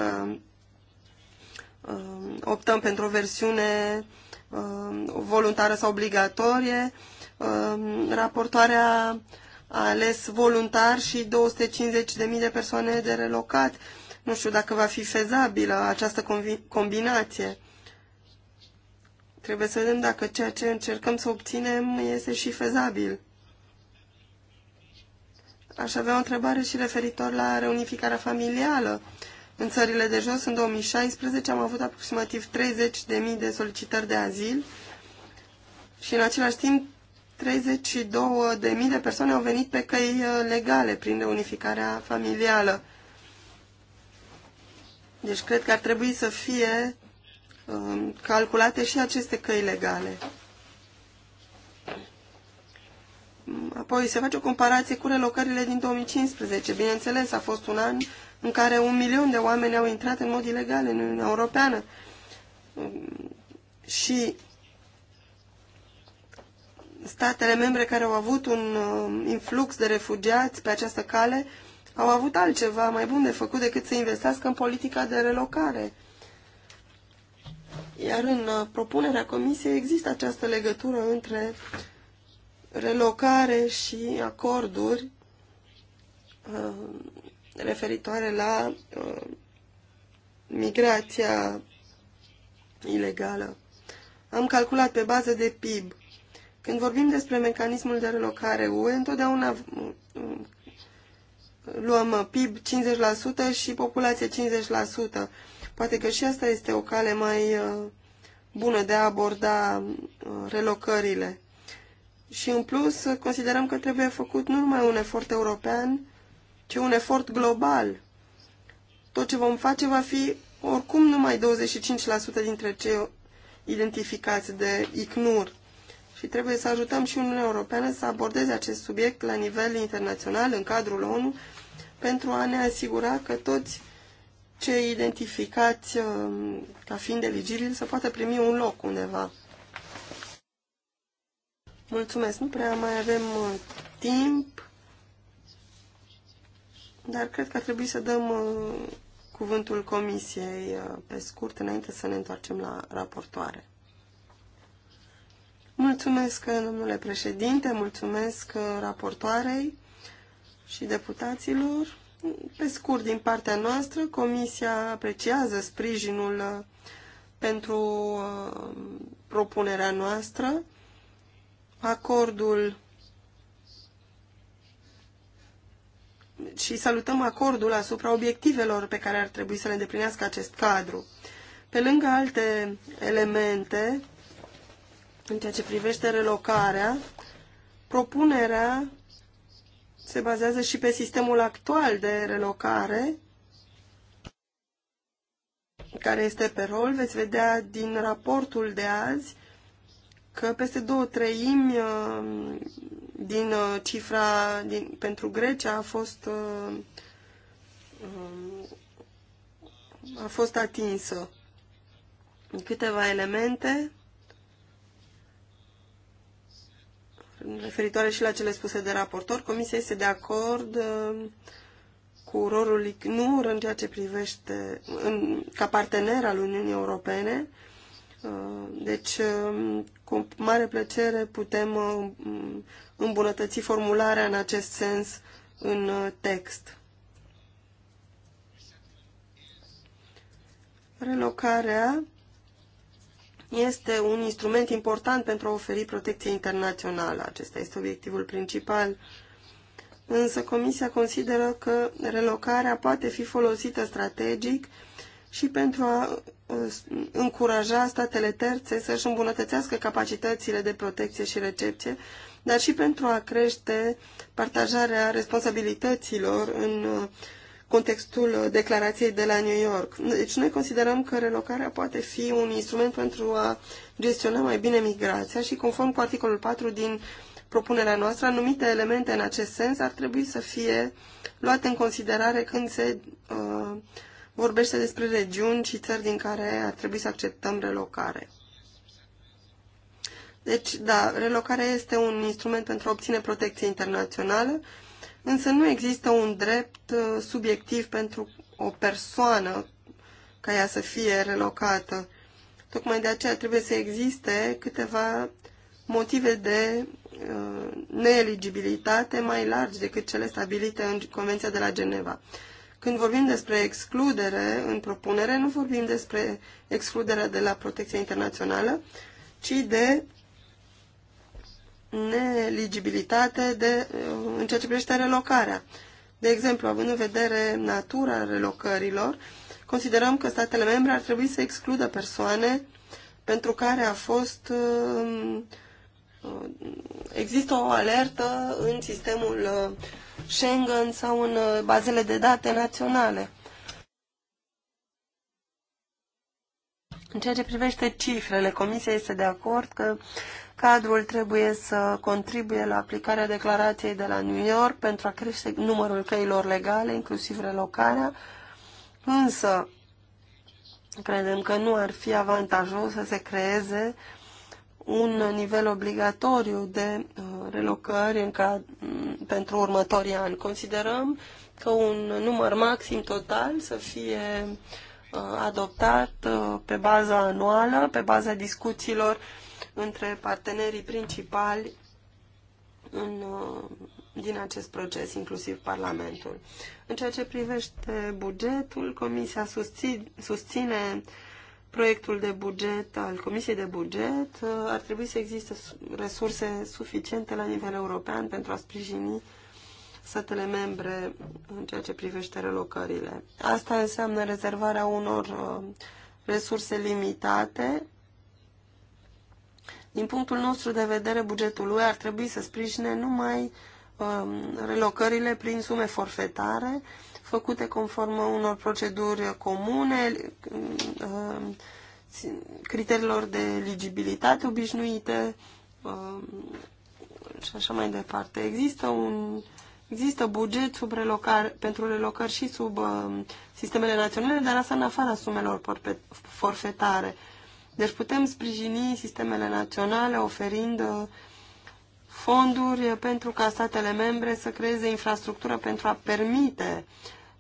Um, optăm pentru o versiune um, voluntară sau obligatorie. Um, raportoarea a ales voluntar și 250.000 de persoane de relocat. Nu știu dacă va fi fezabilă această combinație. Trebuie să vedem dacă ceea ce încercăm să obținem este și fezabil. Aș avea o întrebare și referitor la reunificarea familială. Uh, în țările de jos, în 2016, am avut aproximativ 30.000 de solicitări de azil și în același timp 32.000 de persoane au venit pe căi uh, legale prin reunificarea familială. Deci cred că ar trebui să fie um, calculate și aceste căi legale. Apoi se face o comparație cu relocările din 2015. Bineînțeles, a fost un an în care un milion de oameni au intrat în mod ilegal în Uniunea Europeană. Mm, și statele membre care au avut un uh, influx de refugiați pe această cale au avut altceva mai bun de făcut decât să investească în politica de relocare. Iar în uh, propunerea Comisiei există această legătură între relocare și acorduri uh, referitoare la uh, migrația ilegală. Am calculat pe bază de PIB. Când vorbim despre mecanismul de relocare UE, întotdeauna uh, uh, luăm PIB 50% și populație 50%. Poate că și asta este o cale mai bună de a aborda relocările. Și în plus, considerăm că trebuie făcut nu numai un efort european, ci un efort global. Tot ce vom face va fi oricum numai 25% dintre cei identificați de ICNUR și trebuie să ajutăm și Uniunea Europeană să abordeze acest subiect la nivel internațional, în cadrul ONU, pentru a ne asigura că toți cei identificați uh, ca fiind eligibili să poată primi un loc undeva. Mulțumesc, nu prea mai avem uh, timp. Dar cred că ar trebui să dăm uh, cuvântul comisiei uh, pe scurt înainte să ne întoarcem la raportoare. Mulțumesc, uh, domnule președinte, mulțumesc raportoarei și deputaților. Pe scurt, din partea noastră, Comisia apreciază sprijinul pentru propunerea noastră. Acordul și salutăm acordul asupra obiectivelor pe care ar trebui să le îndeplinească acest cadru. Pe lângă alte elemente, în ceea ce privește relocarea, propunerea se bazează și pe sistemul actual de relocare, care este pe rol. Veți vedea din raportul de azi că peste două treimi din uh, cifra din, pentru Grecia a fost, uh, um, a fost atinsă. Câteva elemente referitoare și la cele spuse de raportor. Comisia este de acord uh, cu rolul ICNUR în ceea ce privește în, ca partener al Uniunii Europene Uh, deci, uh, cu mare plăcere putem uh, um, îmbunătăți formularea în acest sens în text. Relocarea este un instrument important pentru a oferi protecție internațională. Acesta este obiectivul principal. Însă Comisia consideră că relocarea poate fi folosită strategic și pentru a Uh, încuraja statele terțe să-și îmbunătățească capacitățile de protecție și recepție, dar și pentru a crește partajarea responsabilităților în uh, contextul declarației de la New York. Deci noi considerăm că relocarea poate fi un instrument pentru a gestiona mai bine migrația și conform cu articolul 4 din propunerea noastră, anumite elemente în acest sens ar trebui să fie luate în considerare când se uh, vorbește despre regiuni și țări din care ar trebui să acceptăm relocare. Deci, da, relocarea este un instrument pentru a obține protecție internațională, însă nu există un drept uh, subiectiv pentru o persoană ca ea să fie relocată. Tocmai de aceea trebuie să existe câteva motive de uh, neeligibilitate mai largi decât cele stabilite în Convenția de la Geneva. Când vorbim despre excludere în propunere, nu vorbim despre excluderea de la protecția internațională, ci de neeligibilitate de, în ceea ce privește relocarea. De exemplu, având în vedere natura relocărilor, considerăm că statele membre ar trebui să excludă persoane pentru care a fost um, uh, există o alertă în sistemul uh, Schengen sau în uh, bazele de date naționale. În ceea ce privește cifrele, Comisia este de acord că cadrul trebuie să contribuie la aplicarea declarației de la New York pentru a crește numărul căilor legale, inclusiv relocarea, însă credem că nu ar fi avantajos să se creeze uh, un nivel obligatoriu de uh, relocări în cad, mm, pentru următorii ani. Considerăm că un număr maxim total să fie uh, adoptat uh, pe baza anuală, pe baza discuțiilor între partenerii principali în, din acest proces, inclusiv Parlamentul. În ceea ce privește bugetul, Comisia susține, susține proiectul de buget al Comisiei de Buget, uh, ar trebui să existe resurse suficiente la nivel european pentru a sprijini statele membre în ceea ce privește relocările. Asta înseamnă rezervarea unor uh, resurse limitate. Din punctul nostru de vedere, bugetul lui ar trebui să sprijine numai um, relocările prin sume forfetare făcute conform unor proceduri comune, uh, criteriilor de eligibilitate obișnuite uh, și așa mai departe. Există un există buget sub relocare, pentru relocări și sub uh, sistemele naționale, dar asta în afara sumelor forfetare. Deci putem sprijini sistemele naționale oferind fonduri pentru ca statele membre să creeze infrastructură pentru a permite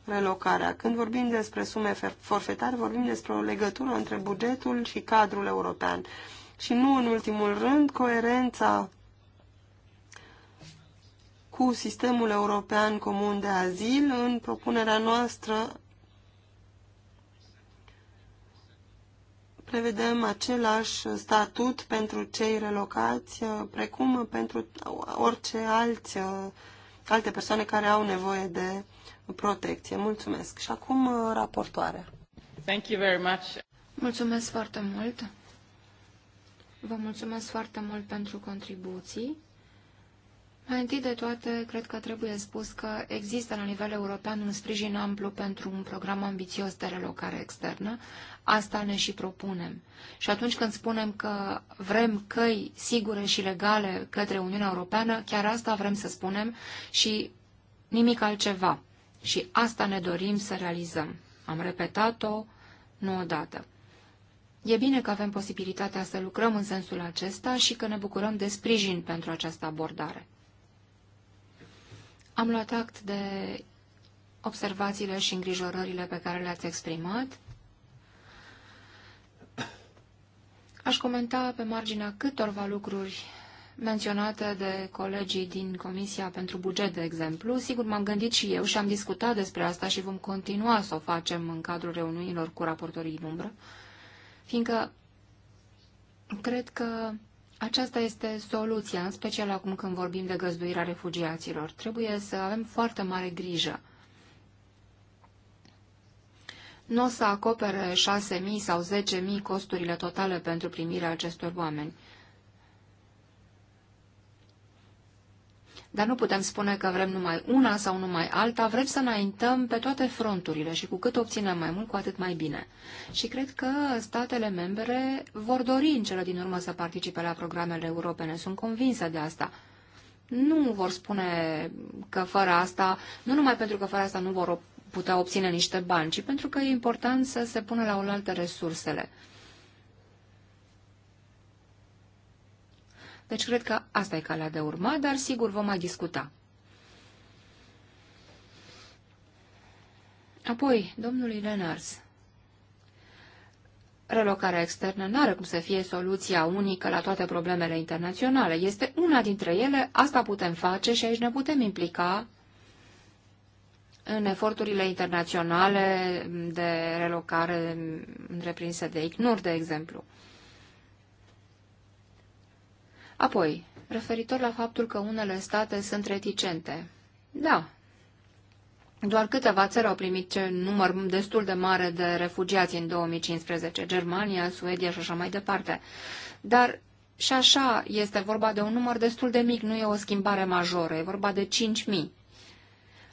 relocarea. Când vorbim despre sume forfetare, vorbim despre o legătură între bugetul și cadrul european. Și nu în ultimul rând, coerența cu sistemul european comun de azil în propunerea noastră prevedem același statut pentru cei relocați, precum pentru orice alți, alte persoane care au nevoie de protecție. Mulțumesc. Și acum uh, raportoarea. Thank you very much. Mulțumesc foarte mult. Vă mulțumesc foarte mult pentru contribuții. Mai întâi de toate, cred că trebuie spus că există la nivel european un sprijin amplu pentru un program ambițios de relocare externă. Asta ne și propunem. Și atunci când spunem că vrem căi sigure și legale către Uniunea Europeană, chiar asta vrem să spunem și nimic altceva. Și asta ne dorim să realizăm. Am repetat-o nu odată. E bine că avem posibilitatea să lucrăm în sensul acesta și că ne bucurăm de sprijin pentru această abordare. Am luat act de observațiile și îngrijorările pe care le-ați exprimat. Aș comenta pe marginea câtorva lucruri menționate de colegii din Comisia pentru Buget, de exemplu. Sigur, m-am gândit și eu și am discutat despre asta și vom continua să o facem în cadrul reuniunilor cu raportorii din umbră, fiindcă cred că aceasta este soluția, în special acum când vorbim de găzduirea refugiaților. Trebuie să avem foarte mare grijă. Nu o să acopere 6.000 sau 10.000 costurile totale pentru primirea acestor oameni. dar nu putem spune că vrem numai una sau numai alta, vrem să înaintăm pe toate fronturile și cu cât obținem mai mult, cu atât mai bine. Și cred că statele membre vor dori în cele din urmă să participe la programele europene, sunt convinsă de asta. Nu vor spune că fără asta, nu numai pentru că fără asta nu vor putea obține niște bani, ci pentru că e important să se pună la oaltă resursele. Deci cred că asta e calea de urma, dar sigur vom mai discuta. Apoi, domnului Lenars. Relocarea externă nu are cum să fie soluția unică la toate problemele internaționale. Este una dintre ele, asta putem face și aici ne putem implica în eforturile internaționale de relocare întreprinse de ICNUR, de exemplu. Apoi, referitor la faptul că unele state sunt reticente. Da, doar câteva țări au primit număr destul de mare de refugiați în 2015, Germania, Suedia și așa mai departe. Dar și așa este vorba de un număr destul de mic, nu e o schimbare majoră, e vorba de 5.000.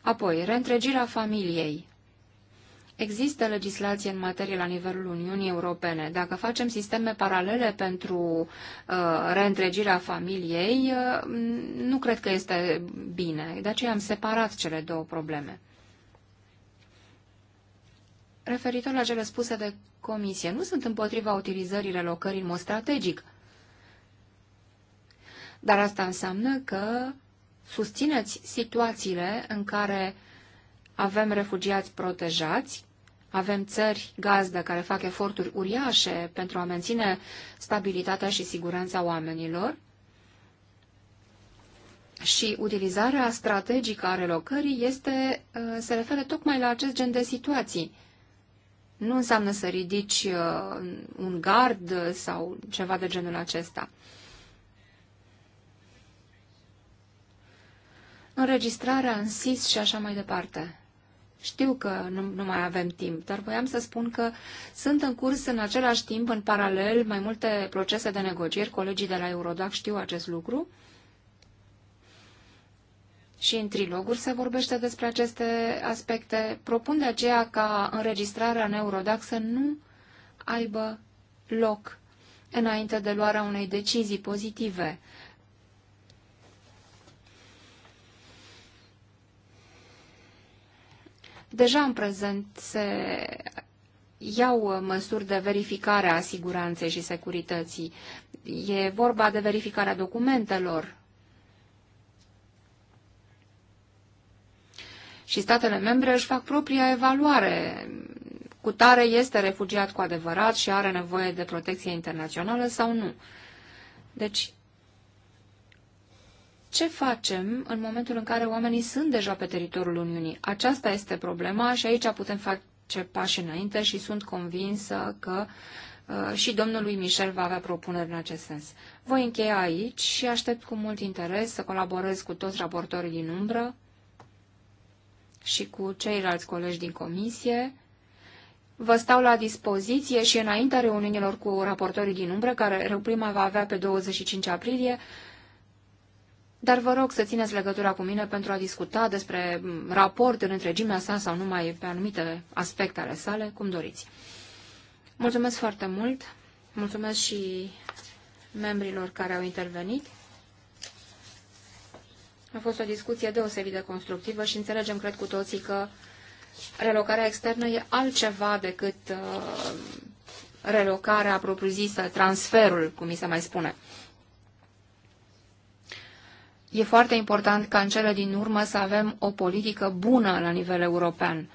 Apoi, reîntregirea familiei. Există legislație în materie la nivelul Uniunii Europene. Dacă facem sisteme paralele pentru uh, reîntregirea familiei, uh, nu cred că este bine. De aceea am separat cele două probleme. Referitor la cele spuse de comisie, nu sunt împotriva utilizării relocării în mod strategic. Dar asta înseamnă că susțineți situațiile în care avem refugiați protejați, avem țări gazdă care fac eforturi uriașe pentru a menține stabilitatea și siguranța oamenilor și utilizarea strategică a relocării este, uh, se referă tocmai la acest gen de situații. Nu înseamnă să ridici uh, un gard sau ceva de genul acesta. Înregistrarea în SIS și așa mai departe. Știu că nu, nu mai avem timp, dar voiam să spun că sunt în curs în același timp, în paralel, mai multe procese de negocieri. Colegii de la Eurodac știu acest lucru. Și în triloguri se vorbește despre aceste aspecte. Propun de aceea ca înregistrarea în Eurodac să nu aibă loc înainte de luarea unei decizii pozitive Deja în prezent se iau măsuri de verificare a siguranței și securității. E vorba de verificarea documentelor. Și statele membre își fac propria evaluare. Cu tare este refugiat cu adevărat și are nevoie de protecție internațională sau nu. Deci, ce facem în momentul în care oamenii sunt deja pe teritoriul Uniunii? Aceasta este problema și aici putem face pași înainte și sunt convinsă că uh, și domnului Michel va avea propuneri în acest sens. Voi încheia aici și aștept cu mult interes să colaborez cu toți raportorii din umbră și cu ceilalți colegi din comisie. Vă stau la dispoziție și înaintea reuniunilor cu raportorii din umbră, care prima va avea pe 25 aprilie, dar vă rog să țineți legătura cu mine pentru a discuta despre raport în întregimea sa sau numai pe anumite aspecte ale sale, cum doriți. Mulțumesc foarte mult, mulțumesc și membrilor care au intervenit. A fost o discuție deosebit de constructivă și înțelegem, cred, cu toții că relocarea externă e altceva decât uh, relocarea propriu-zisă, transferul, cum mi se mai spune. E foarte important ca în cele din urmă să avem o politică bună la nivel european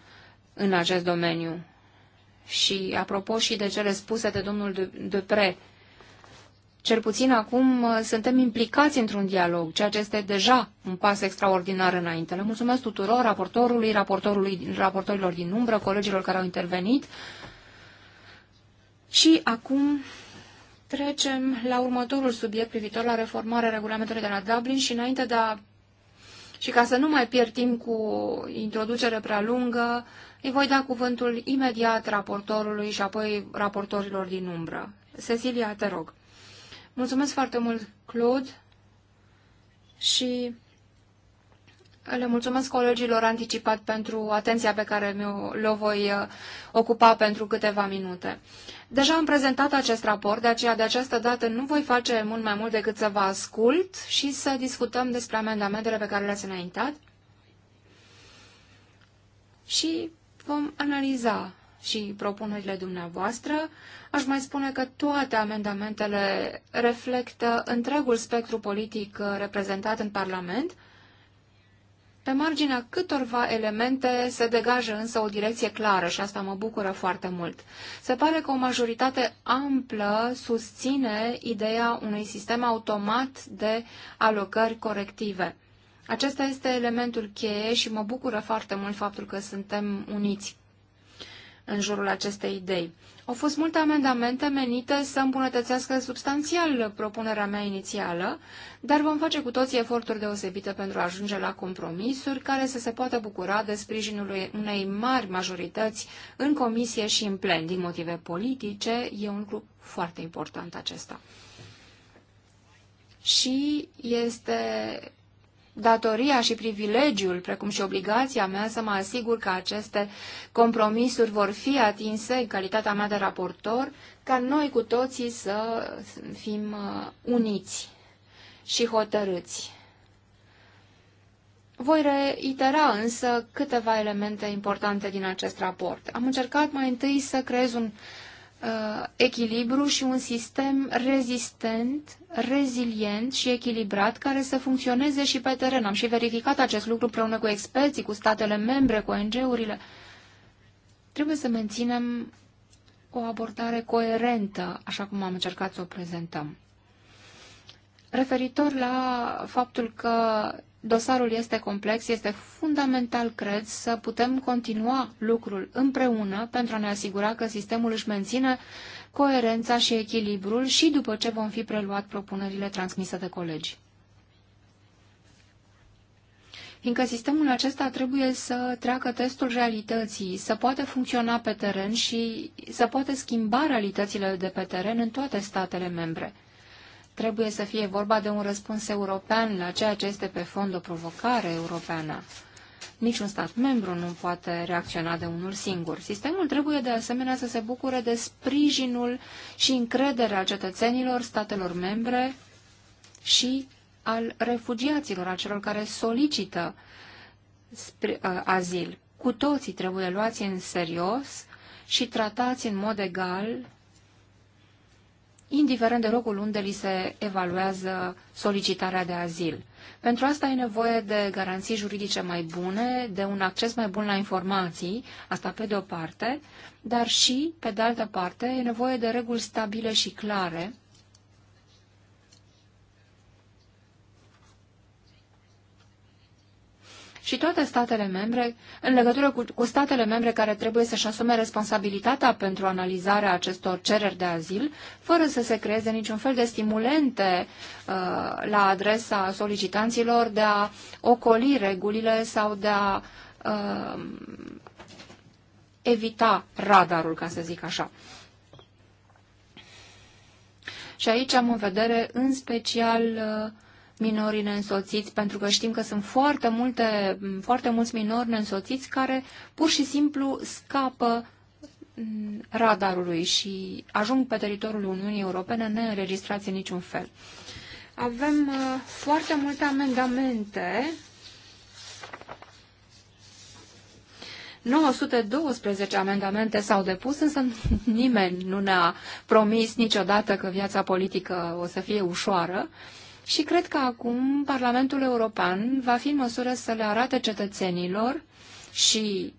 în acest domeniu. Și apropo și de cele spuse de domnul Dupre, cel puțin acum uh, suntem implicați într-un dialog, ceea ce este deja un pas extraordinar înainte. Le mulțumesc tuturor, raportorului, raportorului raportorilor din umbră, colegilor care au intervenit. Și acum Trecem la următorul subiect privitor la reformarea regulamentului de la Dublin și înainte de a și ca să nu mai pierd timp cu introducere prea lungă, îi voi da cuvântul imediat raportorului și apoi raportorilor din umbră. Cecilia, te rog. Mulțumesc foarte mult, Claude, și le mulțumesc colegilor anticipat pentru atenția pe care le o voi uh, ocupa pentru câteva minute. Deja am prezentat acest raport, de aceea de această dată nu voi face mult mai mult decât să vă ascult și să discutăm despre amendamentele pe care le-ați înaintat și vom analiza și propunerile dumneavoastră. Aș mai spune că toate amendamentele reflectă întregul spectru politic uh, reprezentat în Parlament, pe marginea câtorva elemente se degajă însă o direcție clară și asta mă bucură foarte mult. Se pare că o majoritate amplă susține ideea unui sistem automat de alocări corective. Acesta este elementul cheie și mă bucură foarte mult faptul că suntem uniți în jurul acestei idei. Au fost multe amendamente menite să îmbunătățească substanțial propunerea mea inițială, dar vom face cu toții eforturi deosebite pentru a ajunge la compromisuri care să se poată bucura de sprijinul unei mari majorități în comisie și în plen. Din motive politice, e un grup foarte important acesta. Și este datoria și privilegiul, precum și obligația mea să mă asigur că aceste compromisuri vor fi atinse în calitatea mea de raportor, ca noi cu toții să fim uh, uniți și hotărâți. Voi reitera însă câteva elemente importante din acest raport. Am încercat mai întâi să creez un uh, echilibru și un sistem rezistent, rezilient și echilibrat care să funcționeze și pe teren. Am și verificat acest lucru împreună cu experții, cu statele membre, cu ONG-urile. Trebuie să menținem o abordare coerentă, așa cum am încercat să o prezentăm. Referitor la faptul că dosarul este complex, este fundamental, cred, să putem continua lucrul împreună pentru a ne asigura că sistemul își menține coerența și echilibrul și după ce vom fi preluat propunerile transmise de colegi. Fiindcă sistemul acesta trebuie să treacă testul realității, să poată funcționa pe teren și să poată schimba realitățile de pe teren în toate statele membre trebuie să fie vorba de un răspuns european la ceea ce este pe fond o provocare europeană. Niciun stat membru nu poate reacționa de unul singur. Sistemul trebuie de asemenea să se bucure de sprijinul și încrederea cetățenilor, statelor membre și al refugiaților, a celor care solicită uh, azil. Cu toții trebuie luați în serios și tratați în mod egal indiferent de locul unde li se evaluează solicitarea de azil. Pentru asta e nevoie de garanții juridice mai bune, de un acces mai bun la informații, asta pe de o parte, dar și, pe de altă parte, e nevoie de reguli stabile și clare și toate statele membre, în legătură cu, cu statele membre care trebuie să-și asume responsabilitatea pentru analizarea acestor cereri de azil, fără să se creeze niciun fel de stimulente uh, la adresa solicitanților de a ocoli regulile sau de a uh, evita radarul, ca să zic așa. Și aici am în vedere în special uh, minorii neînsoțiți, pentru că știm că sunt foarte, multe, foarte mulți minori neînsoțiți care pur și simplu scapă mm, radarului și ajung pe teritoriul Uniunii Europene neînregistrați în niciun fel. Avem uh, foarte multe amendamente 912 amendamente s-au depus, însă <laughs> nimeni nu ne-a promis niciodată că viața politică o să fie ușoară. Și cred că acum Parlamentul European va fi în măsură să le arate cetățenilor și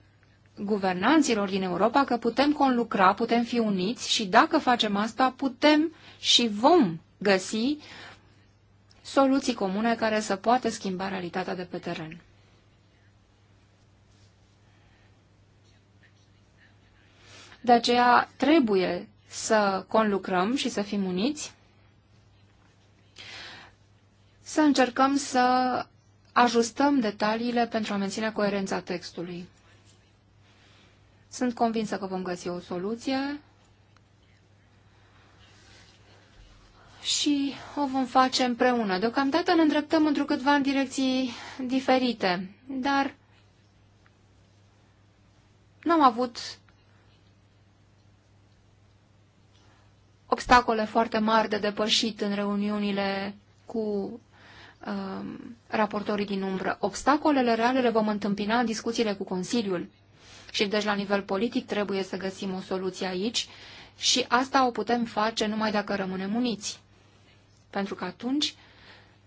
guvernanților din Europa că putem conlucra, putem fi uniți și dacă facem asta, putem și vom găsi soluții comune care să poată schimba realitatea de pe teren. De aceea trebuie să conlucrăm și să fim uniți să încercăm să ajustăm detaliile pentru a menține coerența textului. Sunt convinsă că vom găsi o soluție și o vom face împreună. Deocamdată ne îndreptăm întrucâtva în direcții diferite, dar n-am avut obstacole foarte mari de depășit în reuniunile cu Um, raportorii din umbră. Obstacolele reale le vom întâmpina în discuțiile cu Consiliul. Și deci la nivel politic trebuie să găsim o soluție aici și asta o putem face numai dacă rămânem uniți. Pentru că atunci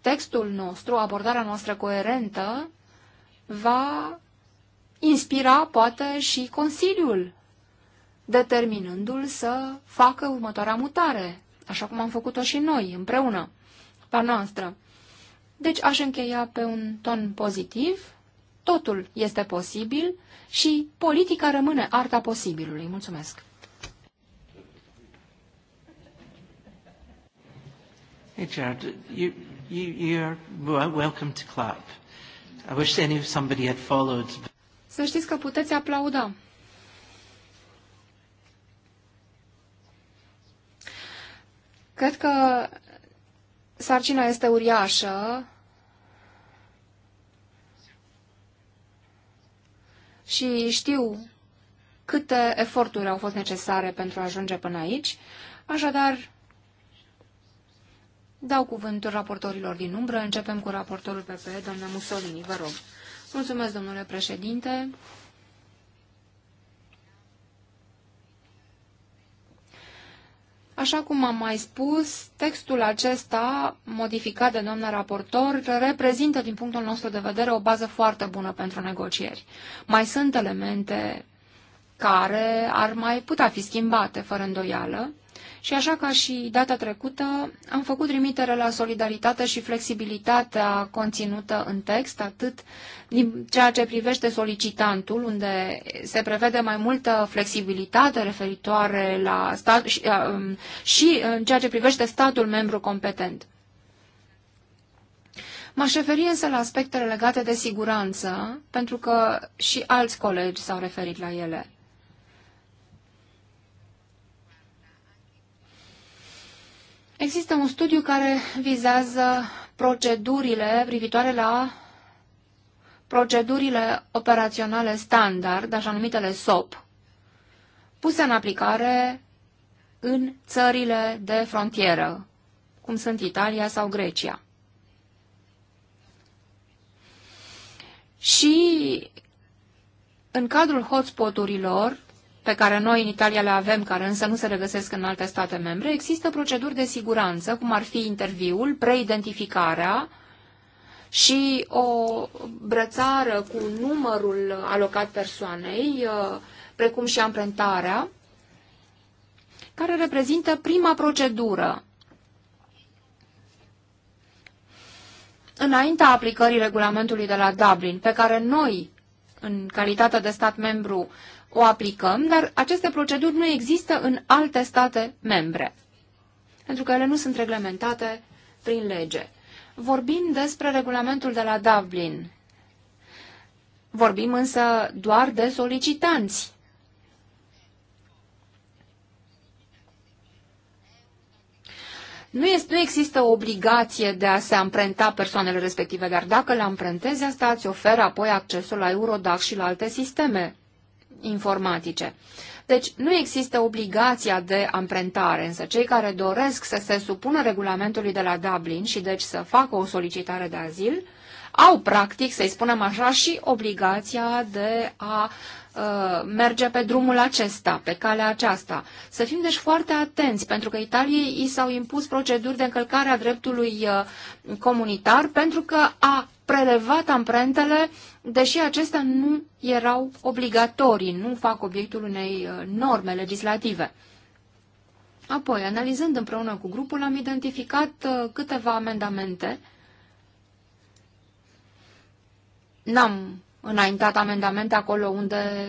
textul nostru, abordarea noastră coerentă, va inspira poate și Consiliul, determinându-l să facă următoarea mutare, așa cum am făcut-o și noi, împreună, la noastră. Deci aș încheia pe un ton pozitiv, totul este posibil și politica rămâne arta posibilului. Mulțumesc! Hey Jared, you, you, you're welcome to clap. I wish any somebody had followed. Să știți că puteți aplauda. Cred că sarcina este uriașă și știu câte eforturi au fost necesare pentru a ajunge până aici, așadar dau cuvântul raportorilor din umbră. Începem cu raportorul PP, doamna Mussolini, vă rog. Mulțumesc, domnule președinte. Așa cum am mai spus, textul acesta, modificat de doamna raportor, reprezintă, din punctul nostru de vedere, o bază foarte bună pentru negocieri. Mai sunt elemente care ar mai putea fi schimbate, fără îndoială, și așa ca și data trecută, am făcut trimitere la solidaritate și flexibilitatea conținută în text, atât din ceea ce privește solicitantul, unde se prevede mai multă flexibilitate referitoare la stat și, uh, um, și în ceea ce privește statul membru competent. M-aș referi însă la aspectele legate de siguranță, pentru că și alți colegi s-au referit la ele. Există un studiu care vizează procedurile privitoare la procedurile operaționale standard, așa numitele SOP, puse în aplicare în țările de frontieră, cum sunt Italia sau Grecia. Și în cadrul hotspoturilor pe care noi în Italia le avem, care însă nu se regăsesc în alte state membre, există proceduri de siguranță, cum ar fi interviul, preidentificarea și o brățară cu numărul alocat persoanei, uh, precum și amprentarea, care reprezintă prima procedură înaintea aplicării regulamentului de la Dublin, pe care noi, în calitate de stat membru, o aplicăm, dar aceste proceduri nu există în alte state membre, pentru că ele nu sunt reglementate prin lege. Vorbim despre regulamentul de la Dublin. Vorbim însă doar de solicitanți. Nu, este, nu există o obligație de a se amprenta persoanele respective, dar dacă le amprentezi, asta îți oferă apoi accesul la Eurodac și la alte sisteme informatice. Deci nu există obligația de amprentare, însă cei care doresc să se supună regulamentului de la Dublin și deci să facă o solicitare de azil, au practic, să-i spunem așa, și obligația de a uh, merge pe drumul acesta, pe calea aceasta. Să fim deci foarte atenți, pentru că Italiei i s-au impus proceduri de încălcare a dreptului uh, comunitar pentru că a prelevat amprentele deși acestea nu erau obligatorii, nu fac obiectul unei uh, norme legislative. Apoi, analizând împreună cu grupul, am identificat uh, câteva amendamente. N-am înaintat amendamente acolo unde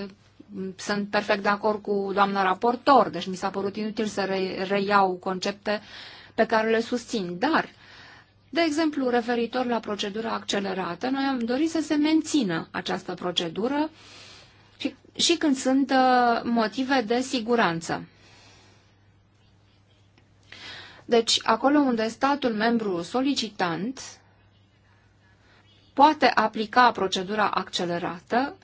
mm, sunt perfect de acord cu doamna raportor, deci mi s-a părut inutil să re reiau concepte pe care le susțin. Dar de exemplu, referitor la procedura accelerată, noi am dorit să se mențină această procedură și, și când sunt uh, motive de siguranță. Deci, acolo unde statul membru solicitant poate aplica procedura accelerată,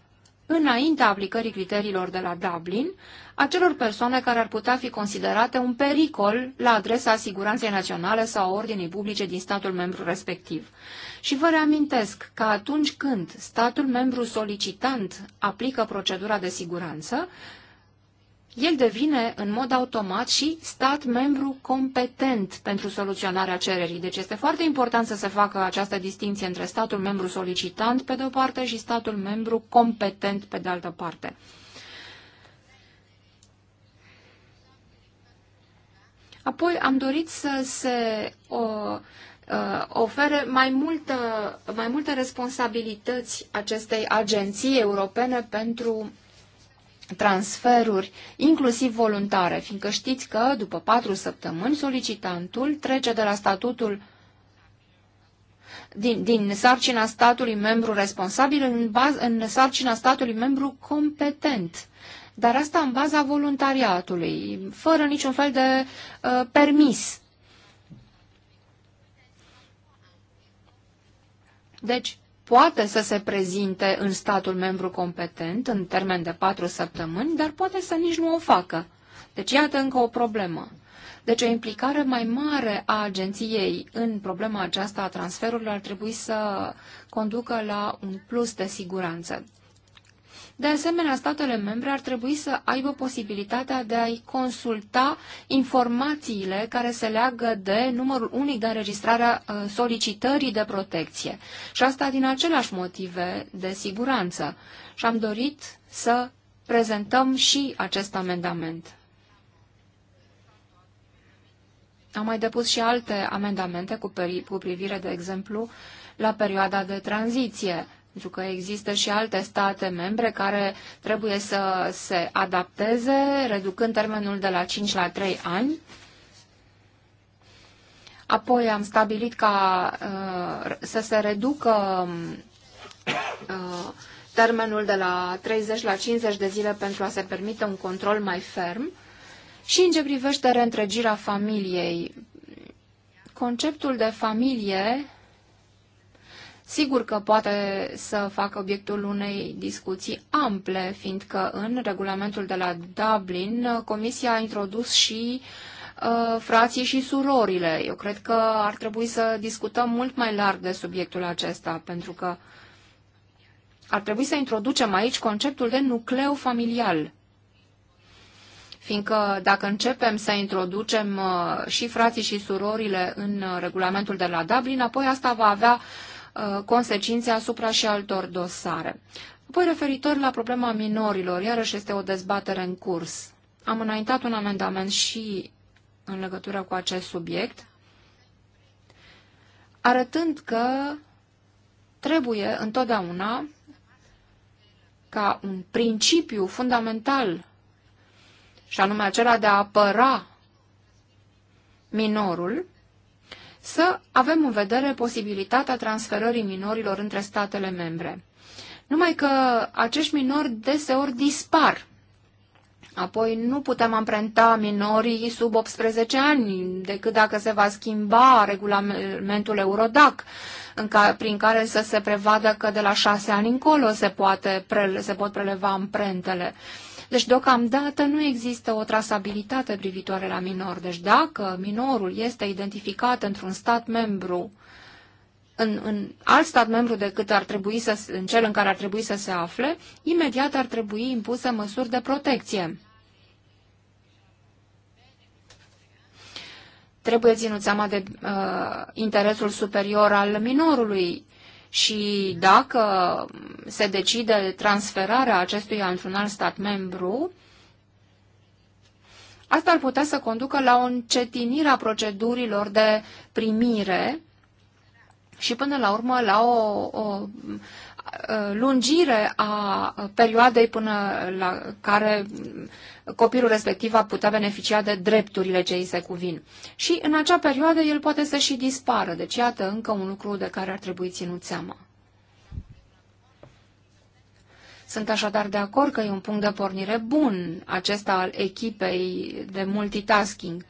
înaintea aplicării criteriilor de la Dublin, acelor persoane care ar putea fi considerate un pericol la adresa siguranței naționale sau ordinii publice din statul membru respectiv. Și vă reamintesc că atunci când statul membru solicitant aplică procedura de siguranță, el devine în mod automat și stat membru competent pentru soluționarea cererii. Deci este foarte important să se facă această distinție între statul membru solicitant pe de o parte și statul membru competent pe de altă parte. Apoi am dorit să se o, uh, ofere mai, multă, mai multe responsabilități acestei agenții europene pentru transferuri, inclusiv voluntare, fiindcă știți că după patru săptămâni solicitantul trece de la statutul din, din sarcina statului membru responsabil în, baz, în sarcina statului membru competent. Dar asta în baza voluntariatului, fără niciun fel de uh, permis. Deci, poate să se prezinte în statul membru competent în termen de patru săptămâni, dar poate să nici nu o facă. Deci iată încă o problemă. Deci o implicare mai mare a agenției în problema aceasta a transferurilor ar trebui să conducă la un plus de siguranță. De asemenea, statele membre ar trebui să aibă posibilitatea de a-i consulta informațiile care se leagă de numărul unic de înregistrare a uh, solicitării de protecție. Și asta din aceleași motive de siguranță. Și am dorit să prezentăm și acest amendament. Am mai depus și alte amendamente cu, cu privire, de exemplu, la perioada de tranziție, pentru că există și alte state membre care trebuie să se adapteze, reducând termenul de la 5 la 3 ani. Apoi am stabilit ca uh, să se reducă uh, termenul de la 30 la 50 de zile pentru a se permite un control mai ferm. Și în ce privește reîntregirea familiei, conceptul de familie Sigur că poate să facă obiectul unei discuții ample, fiindcă în regulamentul de la Dublin Comisia a introdus și uh, frații și surorile. Eu cred că ar trebui să discutăm mult mai larg de subiectul acesta, pentru că ar trebui să introducem aici conceptul de nucleu familial. Fiindcă dacă începem să introducem uh, și frații și surorile în uh, regulamentul de la Dublin, apoi asta va avea uh, Uh, consecințe asupra și altor dosare. Apoi referitor la problema minorilor, iarăși este o dezbatere în curs. Am înaintat un amendament și în legătură cu acest subiect, arătând că trebuie întotdeauna ca un principiu fundamental, și anume acela de a apăra minorul, să avem în vedere posibilitatea transferării minorilor între statele membre. Numai că acești minori deseori dispar. Apoi nu putem amprenta minorii sub 18 ani, decât dacă se va schimba regulamentul Eurodac, în ca, prin care să se prevadă că de la 6 ani încolo se, poate, pre, se pot preleva amprentele. Uh, deci, deocamdată, nu există o trasabilitate privitoare la minor. Deci, dacă minorul este identificat într-un stat membru, în, în alt stat membru decât ar trebui să, în cel în care ar trebui să se afle, imediat ar trebui impuse măsuri de protecție. Trebuie ținut seama de uh, interesul superior al minorului și dacă se decide transferarea acestuia într-un alt stat membru, asta ar putea să conducă la o încetinire a procedurilor de primire și până la urmă la o, o Uh, lungire a uh, perioadei până la care copilul respectiv va putea beneficia de drepturile ce îi se cuvin. Și în acea perioadă el poate să și dispară. Deci iată încă un lucru de care ar trebui ținut seama. Sunt așadar de acord că e un punct de pornire bun acesta al echipei de multitasking.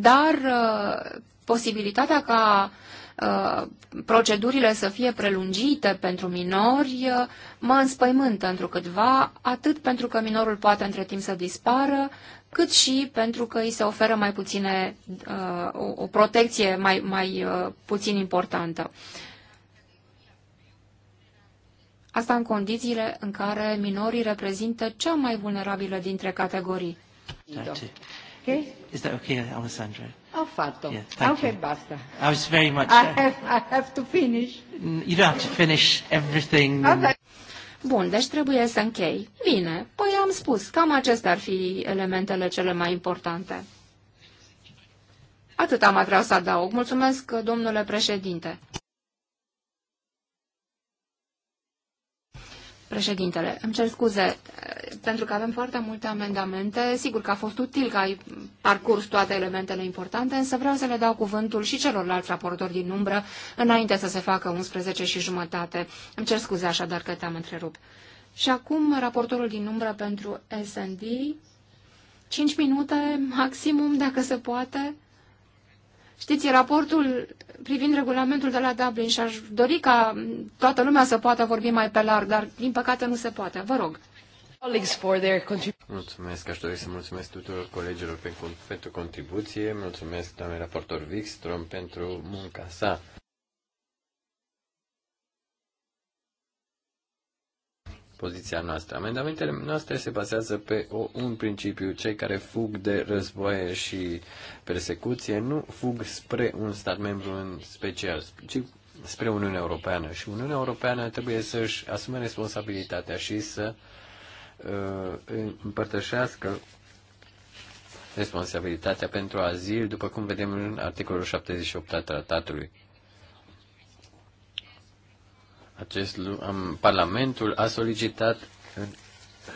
dar uh, posibilitatea ca uh, procedurile să fie prelungite pentru minori uh, mă înspăimântă câtva, atât pentru că minorul poate între timp să dispară, cât și pentru că îi se oferă mai puține, o, o protecție mai, mai puțin importantă. Asta în condițiile în care minorii reprezintă cea mai vulnerabilă dintre categorii. Da. Okay? Is that okay, Alessandra? Oh, fatto. Yeah, thank okay, you. basta. I was very much... I uh, have, I have to finish. You don't have to finish everything. Okay. Bun, deci trebuie să închei. Bine, păi am spus, cam acestea ar fi elementele cele mai importante. Atât am vrea să adaug. Mulțumesc, domnule președinte. Președintele, îmi cer scuze, eh, pentru că avem foarte multe amendamente. Sigur că a fost util că ai parcurs toate elementele importante, însă vreau să le dau cuvântul și celorlalți raportori din umbră înainte să se facă 11 și jumătate. Îmi cer scuze așadar că te-am întrerupt. Și acum raportorul din umbră pentru S&D, 5 minute maximum, dacă se poate. Știți, raportul privind regulamentul de la Dublin și aș dori ca toată lumea să poată vorbi mai pe larg, dar din păcate nu se poate. Vă rog. Mulțumesc, aș dori să mulțumesc tuturor colegilor pentru contribuție, mulțumesc doamnei raportor Wikström pentru munca sa. poziția noastră. Amendamentele noastre se bazează pe o, un principiu. Cei care fug de războaie și persecuție nu fug spre un stat membru în special, ci spre Uniunea Europeană. Și Uniunea Europeană trebuie să-și asume responsabilitatea și să uh, împărtășească responsabilitatea pentru azil, după cum vedem în articolul 78 al tratatului. Acest, am, Parlamentul a solicitat în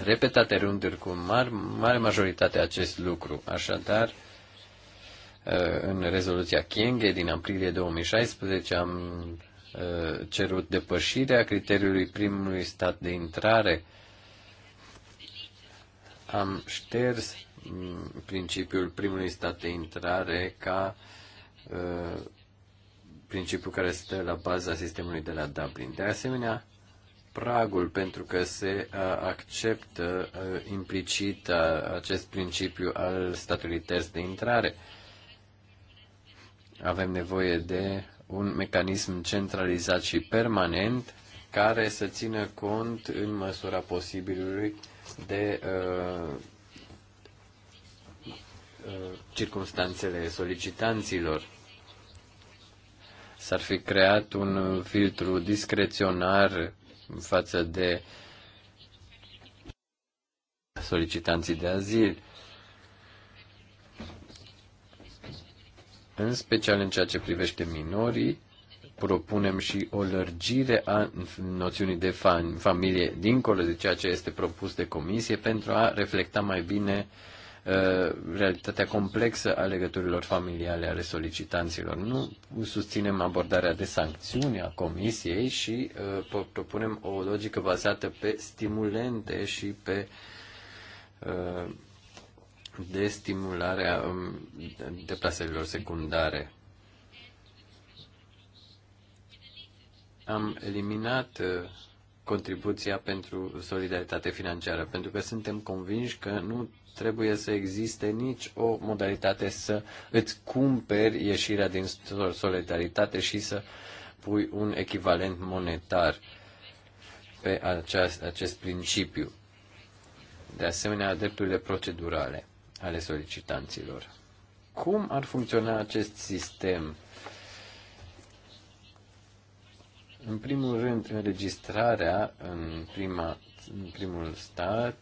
repetate rânduri cu mare mare majoritate acest lucru. Așadar, uh, în rezoluția Kienge din aprilie 2016 am uh, cerut depășirea criteriului primului stat de intrare. Am șters mm, principiul primului stat de intrare ca uh, principiu care stă la baza sistemului de la Dublin. De asemenea, pragul, pentru că se acceptă implicit acest principiu al statului terț de intrare. Avem nevoie de un mecanism centralizat și permanent care să țină cont în măsura posibilului de uh, uh, circumstanțele solicitanților s-ar fi creat un filtru discreționar față de solicitanții de azil. În special în ceea ce privește minorii, propunem și o lărgire a noțiunii de familie dincolo de ceea ce este propus de comisie pentru a reflecta mai bine uh, Uh, realitatea complexă a legăturilor familiale ale solicitanților. Nu susținem abordarea de sancțiuni a comisiei și uh, propunem o logică bazată pe stimulente și pe uh, destimularea um, deplasărilor secundare. Am eliminat uh, contribuția pentru solidaritate financiară, pentru că suntem convinși că nu trebuie să existe nici o modalitate să îți cumperi ieșirea din solidaritate și să pui un echivalent monetar pe aceast, acest principiu. De asemenea, drepturile procedurale ale solicitanților. Cum ar funcționa acest sistem În primul rând, înregistrarea în, prima, în primul stat,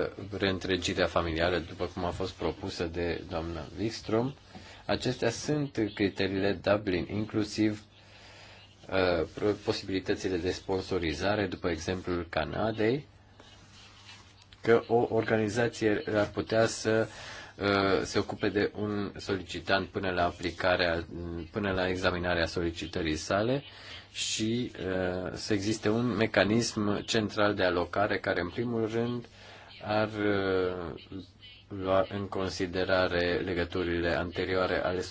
uh, reîntregirea familială, după cum a fost propusă de doamna Wikstrom. Acestea sunt criteriile Dublin, inclusiv uh, posibilitățile de sponsorizare, după exemplul Canadei, că o organizație ar putea să uh, se ocupe de un solicitant până la aplicarea, până la examinarea solicitării sale și uh, să existe un mecanism central de alocare care, în primul rând, ar uh, lua în considerare legăturile anterioare ale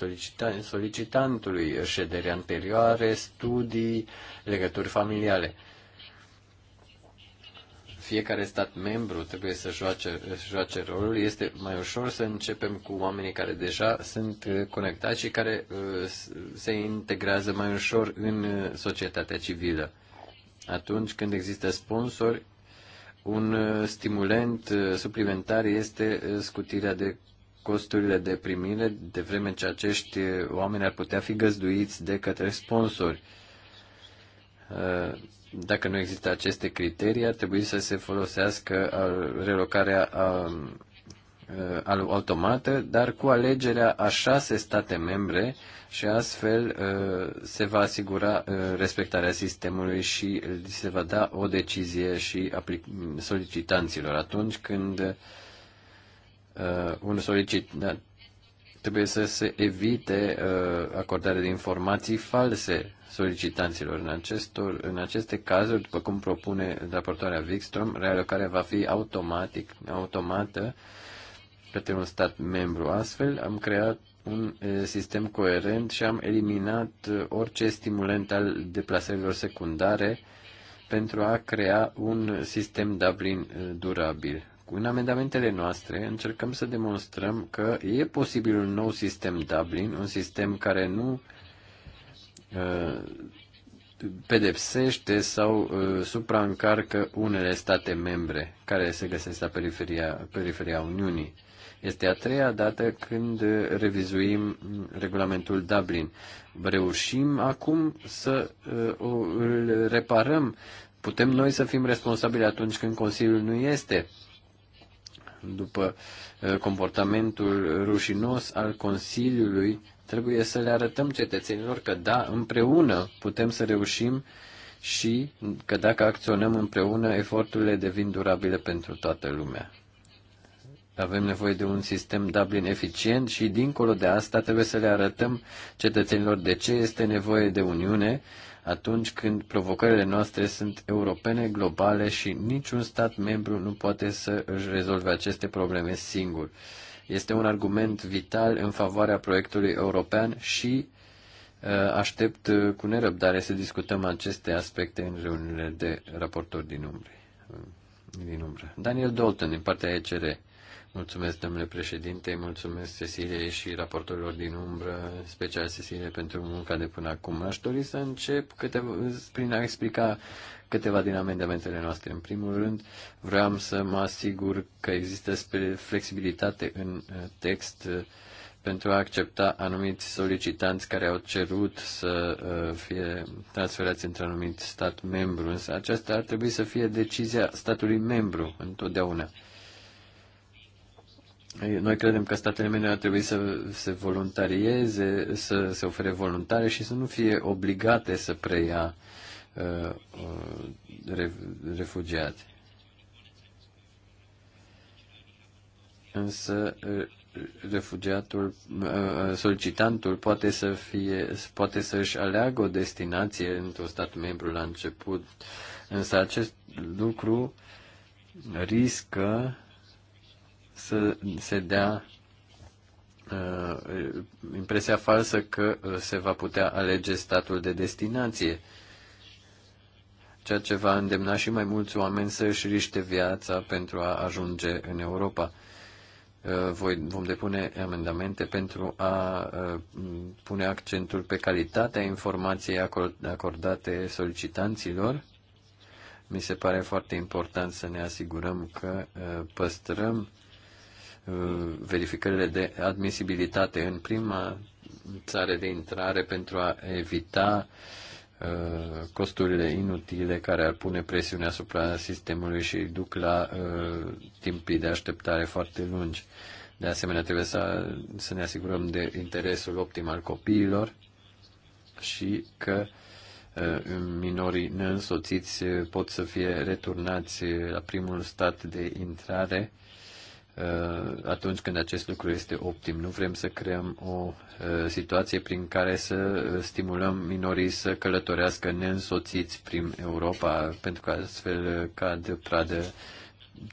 solicitantului, șederi anterioare, studii, legături familiale fiecare stat membru trebuie să joace, să joace rolul, este mai ușor să începem cu oamenii care deja sunt uh, conectați și care uh, se integrează mai ușor în uh, societatea civilă. Atunci când există sponsori, un stimulent suplimentar este scutirea de costurile de primire, de vreme ce acești oameni ar putea fi găzduiți de către sponsori dacă nu există aceste criterii, ar trebui să se folosească uh, relocarea um, uh, automată, dar cu alegerea a șase state membre și astfel uh, se va asigura respectarea sistemului și se va da o decizie și solicitanților atunci când un solicitant trebuie să se evite acordarea de informații false solicitanților. În, acestor, în aceste cazuri, după cum propune raportoarea Wikstrom, realocarea va fi automatic, automată către un stat membru. Astfel, am creat un eh, sistem coerent și am eliminat eh, orice stimulent al deplasărilor secundare pentru a crea un sistem Dublin eh, durabil. În amendamentele noastre încercăm să demonstrăm că e posibil un nou sistem Dublin, un sistem care nu Uh, pedepsește sau uh, supraîncarcă unele state membre care se găsesc la periferia, periferia Uniunii. Este a treia dată când revizuim regulamentul Dublin. Reușim acum să uh, îl reparăm. Putem noi să fim responsabili atunci când Consiliul nu este. După comportamentul rușinos al Consiliului, Trebuie să le arătăm cetățenilor că da, împreună putem să reușim și că dacă acționăm împreună, eforturile devin durabile pentru toată lumea. Avem nevoie de un sistem Dublin eficient și, dincolo de asta, trebuie să le arătăm cetățenilor de ce este nevoie de Uniune atunci când provocările noastre sunt europene, globale și niciun stat membru nu poate să își rezolve aceste probleme singur. Este un argument vital în favoarea proiectului european și uh, aștept uh, cu nerăbdare să discutăm aceste aspecte în reuniunile de raportori din umbră. Uh, din umbră. Daniel Dalton, din partea ECR. Mulțumesc, domnule președinte, mulțumesc Cecilie și raportorilor din umbră, special Cecilie, pentru munca de până acum. Aș dori să încep câteva, prin a explica câteva din amendamentele noastre. În primul rând, vreau să mă asigur că există flexibilitate în uh, text uh, pentru a accepta anumiți solicitanți care au cerut să uh, fie transferați într-un anumit stat membru, însă aceasta ar trebui să fie decizia statului membru întotdeauna noi credem că statele membre ar trebui să se voluntarieze, să se ofere voluntare și să nu fie obligate să preia uh, uh refugiați. Însă uh, refugiatul, uh, solicitantul poate să fie, poate să-și aleagă o destinație într-un stat membru la început, însă acest lucru riscă să se dea uh, impresia falsă că uh, se va putea alege statul de destinație, ceea ce va îndemna și mai mulți oameni să își riște viața pentru a ajunge în Europa. Uh, voi, vom depune amendamente pentru a pune accentul pe calitatea informației acordate solicitanților. Mi se pare foarte important să ne asigurăm că păstrăm Uh, verificările de admisibilitate în prima țară de intrare pentru a evita uh, costurile inutile care ar pune presiune asupra sistemului și duc la uh, timpii de așteptare foarte lungi. De asemenea, trebuie să, să ne asigurăm de interesul optim al copiilor și că minorii neînsoțiți pot să fie returnați la primul stat de intrare Uh, atunci când acest lucru este optim. Nu vrem să creăm o uh, situație prin care să stimulăm minorii să călătorească neînsoțiți prin Europa, pentru că astfel cad pradă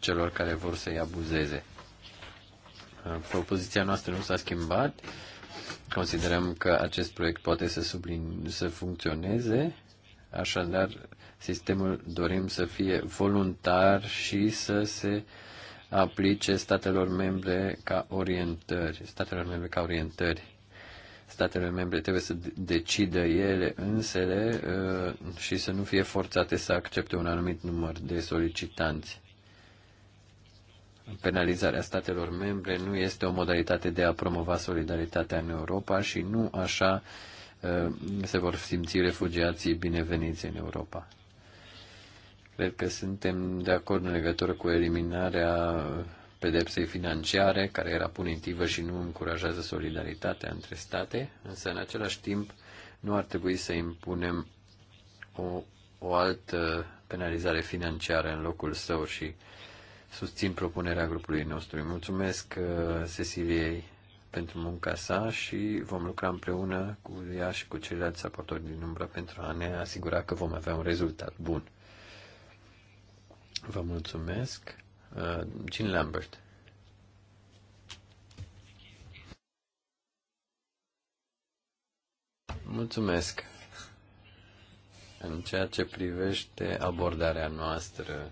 celor care vor să-i abuzeze. Uh, propoziția noastră nu s-a schimbat. Considerăm că acest proiect poate să, sublin, să funcționeze, așadar sistemul dorim să fie voluntar și să se uh, aplice statelor membre ca orientări, statelor membre ca orientări. Statele membre trebuie să decidă ele însele uh, și să nu fie forțate să accepte un anumit număr de solicitanți. Penalizarea statelor membre nu este o modalitate de a promova solidaritatea în Europa și nu așa uh, se vor simți refugiații bineveniți în Europa. Cred că suntem de acord în legătură cu eliminarea pedepsei financiare, care era punitivă și nu încurajează solidaritatea între state, însă în același timp nu ar trebui să impunem o, o altă penalizare financiară în locul său și susțin propunerea grupului nostru. mulțumesc uh, Ceciliei pentru munca sa și vom lucra împreună cu ea și cu ceilalți raportori din umbră pentru a ne asigura că vom avea un rezultat bun. Vă mulțumesc. Uh, Jean Lambert. Mulțumesc. În ceea ce privește abordarea noastră,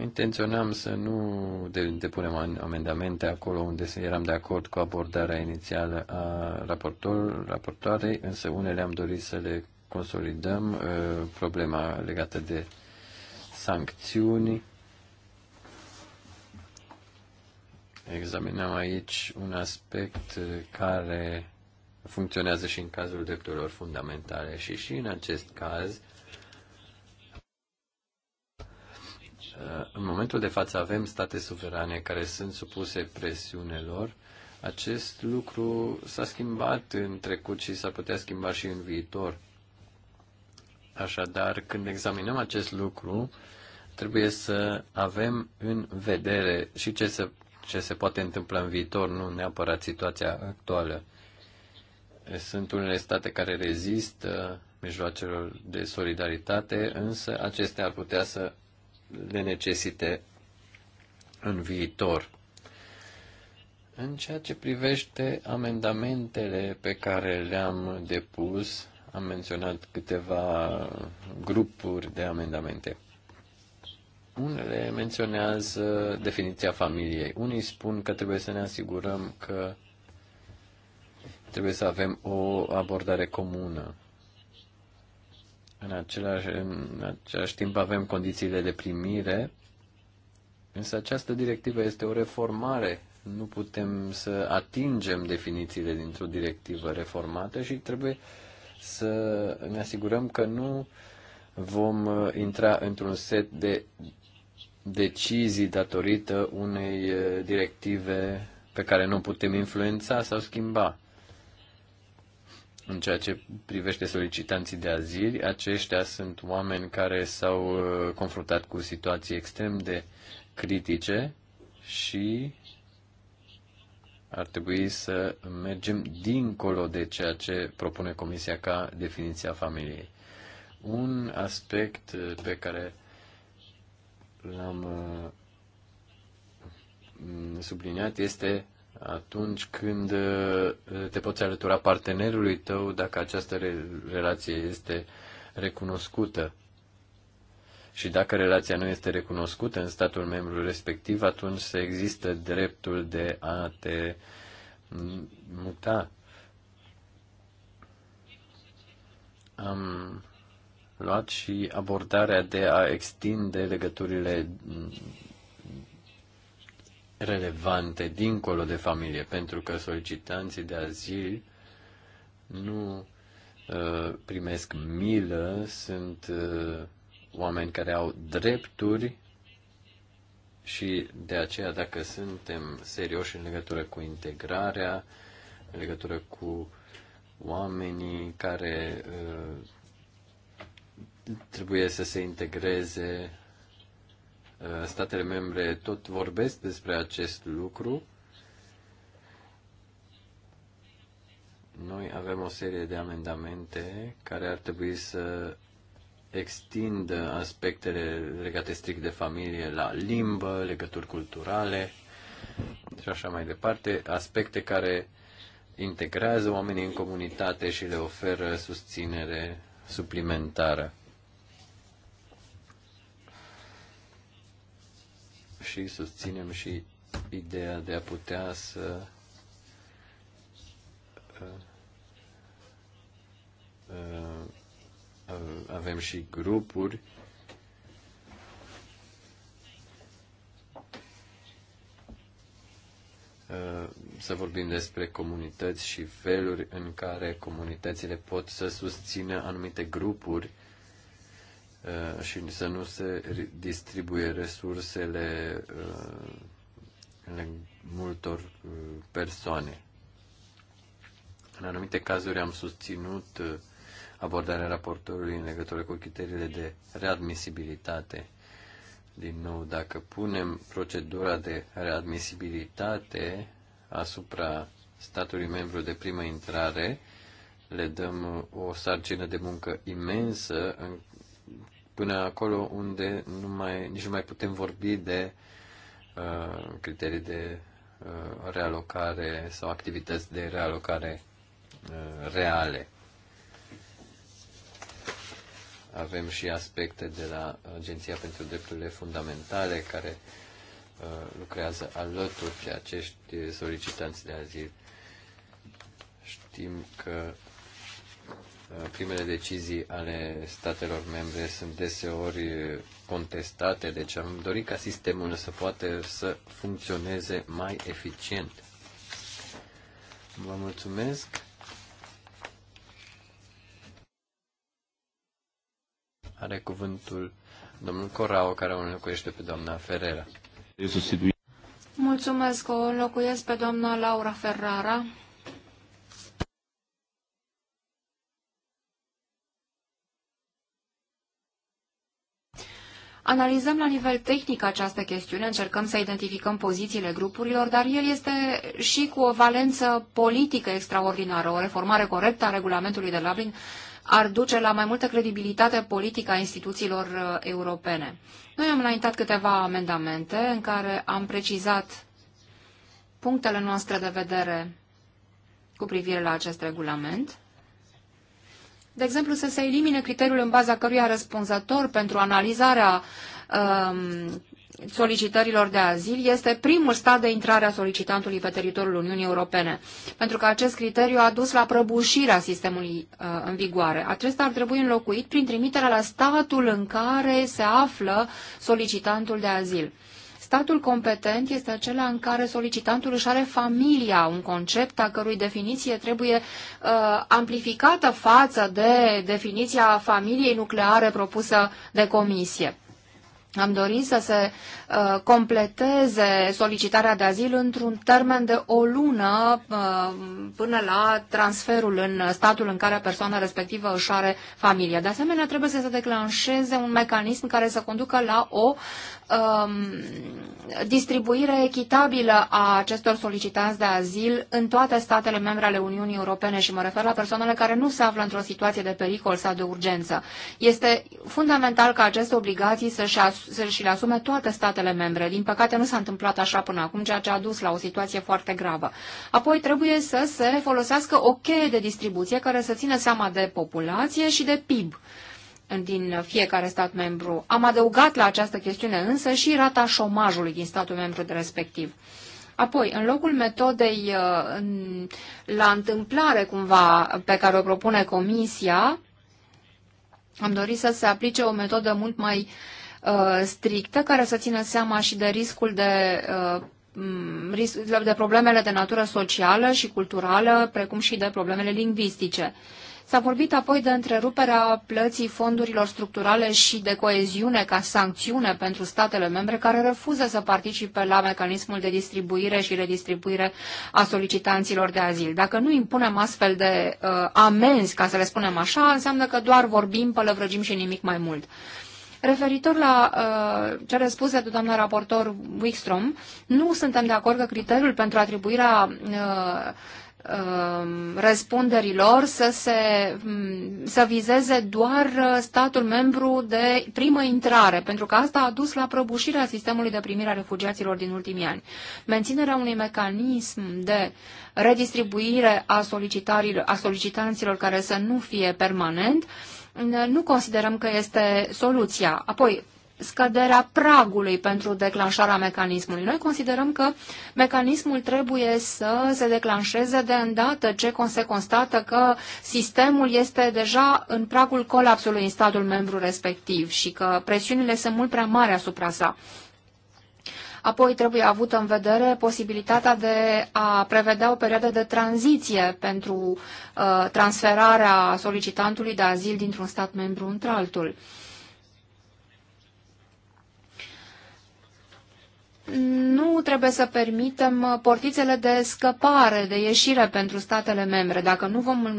intenționam să nu depunem amendamente acolo unde eram de acord cu abordarea inițială a raportorului, raportoarei, însă unele am dorit să le consolidăm uh, problema legată de sancțiuni. Examinăm aici un aspect uh, care funcționează și în cazul drepturilor fundamentale și și în acest caz uh, în momentul de față avem state suverane care sunt supuse presiunelor. Acest lucru s-a schimbat în trecut și s-ar putea schimba și în viitor. Așadar, când examinăm acest lucru, trebuie să avem în vedere și ce se, ce se poate întâmpla în viitor, nu neapărat situația actuală. Sunt unele state care rezistă mijloacelor de solidaritate, însă acestea ar putea să le necesite în viitor. În ceea ce privește amendamentele pe care le-am depus am menționat câteva grupuri de amendamente. Unele menționează definiția familiei. Unii spun că trebuie să ne asigurăm că trebuie să avem o abordare comună. În același, în același timp avem condițiile de primire, însă această directivă este o reformare. Nu putem să atingem definițiile dintr-o directivă reformată și trebuie uh, să ne asigurăm că nu vom uh, intra într-un set de decizii datorită unei uh, directive pe care nu putem influența sau schimba. În ceea ce privește solicitanții de azil, aceștia sunt oameni care s-au uh, confruntat cu situații extrem de critice și ar trebui să mergem dincolo de ceea ce propune Comisia ca definiția familiei. Un aspect uh, pe care l-am uh, subliniat este atunci când uh, te poți alătura partenerului tău dacă această relație este recunoscută. Și dacă relația nu este recunoscută în statul membru respectiv, atunci se există dreptul de a te muta. Am luat și abordarea de a extinde legăturile relevante dincolo de familie, pentru că solicitanții de azil nu uh, primesc milă, sunt uh, oameni care au drepturi și de aceea dacă suntem serioși în legătură cu integrarea, în legătură cu oamenii care uh, trebuie să se integreze, uh, statele membre tot vorbesc despre acest lucru. Noi avem o serie de amendamente care ar trebui să extind aspectele legate strict de familie la limbă, legături culturale și așa mai departe, aspecte care integrează oamenii în comunitate și le oferă susținere suplimentară. Și susținem și ideea de a putea să uh, uh, avem și grupuri. Să vorbim despre comunități și feluri în care comunitățile pot să susțină anumite grupuri și să nu se distribuie resursele multor persoane. În anumite cazuri am susținut abordarea raportorului în legătură cu criteriile de readmisibilitate. Din nou, dacă punem procedura de readmisibilitate asupra statului membru de primă intrare, le dăm o sarcină de muncă imensă în, până acolo unde nu mai, nici nu mai putem vorbi de uh, criterii de uh, realocare sau activități de realocare uh, reale avem și aspecte de la Agenția pentru Drepturile Fundamentale care uh, lucrează alături de acești solicitanți de azil. Știm că uh, primele decizii ale statelor membre sunt deseori contestate, deci am dorit ca sistemul să poată să funcționeze mai eficient. Vă mulțumesc. Are cuvântul domnul Corao, care o înlocuiește pe doamna Ferrera. Mulțumesc, o înlocuiesc pe doamna Laura Ferrara. Analizăm la nivel tehnic această chestiune, încercăm să identificăm pozițiile grupurilor, dar el este și cu o valență politică extraordinară. O reformare corectă a regulamentului de Dublin ar duce la mai multă credibilitate politică a instituțiilor uh, europene. Noi am înaintat câteva amendamente în care am precizat punctele noastre de vedere cu privire la acest regulament. De exemplu, să se elimine criteriul în baza căruia răspunzător pentru analizarea um, solicitărilor de azil este primul stat de intrare a solicitantului pe teritoriul Uniunii Europene, pentru că acest criteriu a dus la prăbușirea sistemului uh, în vigoare. Acesta ar trebui înlocuit prin trimiterea la statul în care se află solicitantul de azil. Statul competent este acela în care solicitantul își are familia, un concept a cărui definiție trebuie uh, amplificată față de definiția familiei nucleare propusă de comisie. Am dorit să se uh, completeze solicitarea de azil într-un termen de o lună uh, până la transferul în statul în care persoana respectivă își are familia. De asemenea, trebuie să se declanșeze un mecanism care să conducă la o um, distribuire echitabilă a acestor solicitanți de azil în toate statele membre ale Uniunii Europene și mă refer la persoanele care nu se află într-o situație de pericol sau de urgență. Este fundamental ca aceste obligații să-și, să le asume toate statele membre. Din păcate nu s-a întâmplat așa până acum, ceea ce a dus la o situație foarte gravă. Apoi trebuie să se folosească o cheie de distribuție care să țină seama de populație și de PIB din fiecare stat membru. Am adăugat la această chestiune însă și rata șomajului din statul membru de respectiv. Apoi, în locul metodei uh, la întâmplare cumva pe care o propune Comisia, am dorit să se aplice o metodă mult mai uh, strictă care să țină seama și de riscul de uh, de problemele de natură socială și culturală, precum și de problemele lingvistice. S-a vorbit apoi de întreruperea plății fondurilor structurale și de coeziune ca sancțiune pentru statele membre care refuză să participe la mecanismul de distribuire și redistribuire a solicitanților de azil. Dacă nu impunem astfel de uh, amenzi, ca să le spunem așa, înseamnă că doar vorbim, pălăvrăgim și nimic mai mult. Referitor la uh, a spuse de doamna raportor Wickstrom, nu suntem de acord că criteriul pentru atribuirea uh, Um, răspunderilor să, se, mm, să vizeze doar uh, statul membru de primă intrare, pentru că asta a dus la prăbușirea sistemului de primire a refugiaților din ultimii ani. Menținerea unui mecanism de redistribuire a, a solicitanților care să nu fie permanent, nu considerăm că este soluția. Apoi, scăderea pragului pentru declanșarea mecanismului. Noi considerăm că mecanismul trebuie să se declanșeze de îndată ce se constată că sistemul este deja în pragul colapsului în statul membru respectiv și că presiunile sunt mult prea mari asupra sa. Apoi trebuie avută în vedere posibilitatea de a prevedea o perioadă de tranziție pentru uh, transferarea solicitantului de azil dintr-un stat membru într-altul. nu trebuie să permitem uh, portițele de scăpare, de ieșire pentru statele membre. Dacă nu vom uh,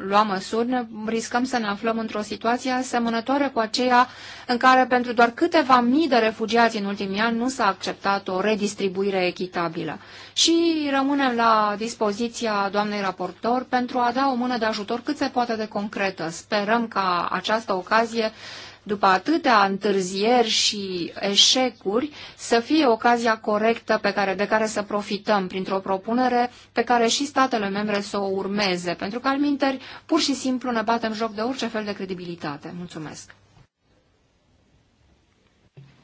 lua măsuri, ne riscăm să ne aflăm într-o situație asemănătoare cu aceea în care pentru doar câteva mii de refugiați în ultimii ani nu s-a acceptat o redistribuire echitabilă. Și rămânem la dispoziția doamnei raportor pentru a da o mână de ajutor cât se poate de concretă. Sperăm ca această ocazie după atâtea întârzieri și eșecuri, să fie ocazia corectă pe care, de care să profităm printr-o propunere pe care și statele membre să o urmeze, pentru că, al minteri, pur și simplu ne batem joc de orice fel de credibilitate. Mulțumesc!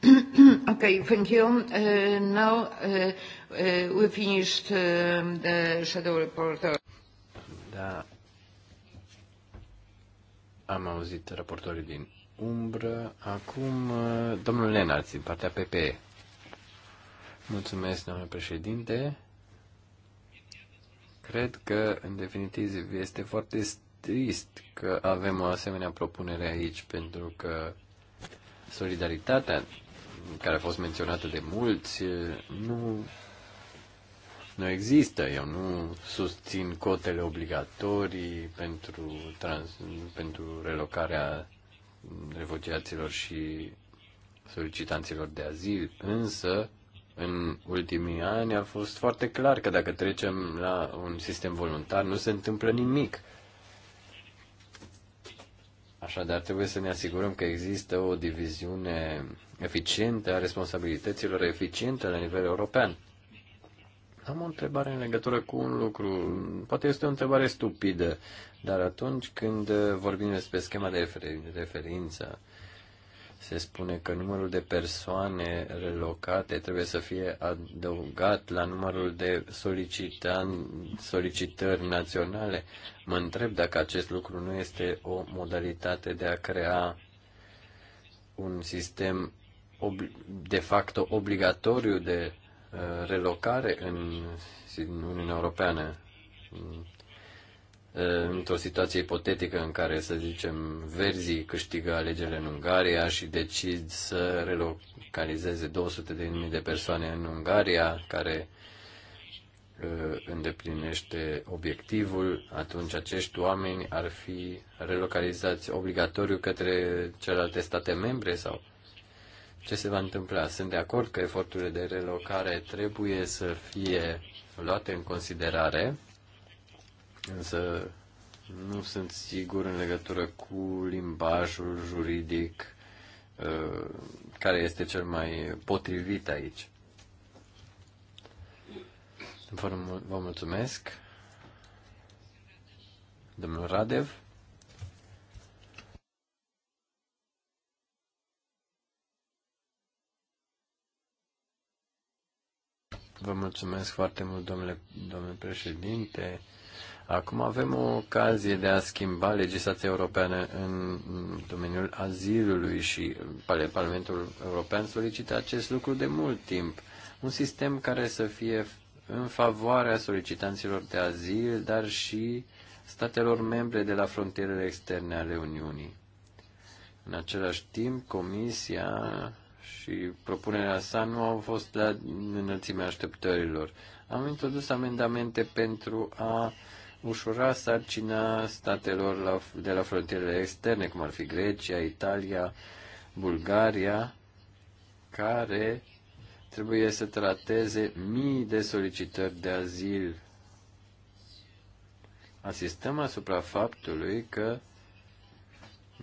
<coughs> okay, thank you. Uh, now uh, uh, we finished uh, the shadow reporter. Da. Am auzit raportorii din umbră. Acum, uh, domnul Lenarți, din partea PPE. Mulțumesc, domnule președinte. Cred că, în definitiv, este foarte trist că avem o asemenea propunere aici, pentru că solidaritatea care a fost menționată de mulți uh, nu, nu există. Eu nu susțin cotele obligatorii pentru, trans, pentru relocarea refugiaților și solicitanților de azil, însă în ultimii ani a fost foarte clar că dacă trecem la un sistem voluntar nu se întâmplă nimic. Așadar, trebuie să ne asigurăm că există o diviziune eficientă a responsabilităților eficiente la nivel european. Am o întrebare în legătură cu un lucru. Poate este o întrebare stupidă. Dar atunci când uh, vorbim despre schema de referință, se spune că numărul de persoane relocate trebuie să fie adăugat la numărul de solicitări naționale. Mă întreb dacă acest lucru nu este o modalitate de a crea un sistem de facto obligatoriu de uh, relocare în Uniunea Europeană. Uh, într-o situație ipotetică în care, să zicem, verzii câștigă alegerile în Ungaria și decid să relocalizeze 200 de mii de persoane în Ungaria, care uh, îndeplinește obiectivul, atunci acești oameni ar fi relocalizați obligatoriu către celelalte state membre sau ce se va întâmpla? Sunt de acord că eforturile de relocare trebuie să fie luate în considerare, însă nu sunt sigur în legătură cu limbajul juridic uh, care este cel mai potrivit aici. Vă mulțumesc. Domnul Radev. Vă mulțumesc foarte mult, domnule, domnule președinte. Acum avem o ocazie de a schimba legislația europeană în domeniul azilului și Parlamentul European solicită acest lucru de mult timp. Un sistem care să fie în favoarea solicitanților de azil, dar și statelor membre de la frontierele externe ale Uniunii. În același timp, Comisia și propunerea sa nu au fost la înălțimea așteptărilor. Am introdus amendamente pentru a ușura sarcina statelor la, de la frontierele externe, cum ar fi Grecia, Italia, Bulgaria, care trebuie să trateze mii de solicitări de azil. Asistăm asupra faptului că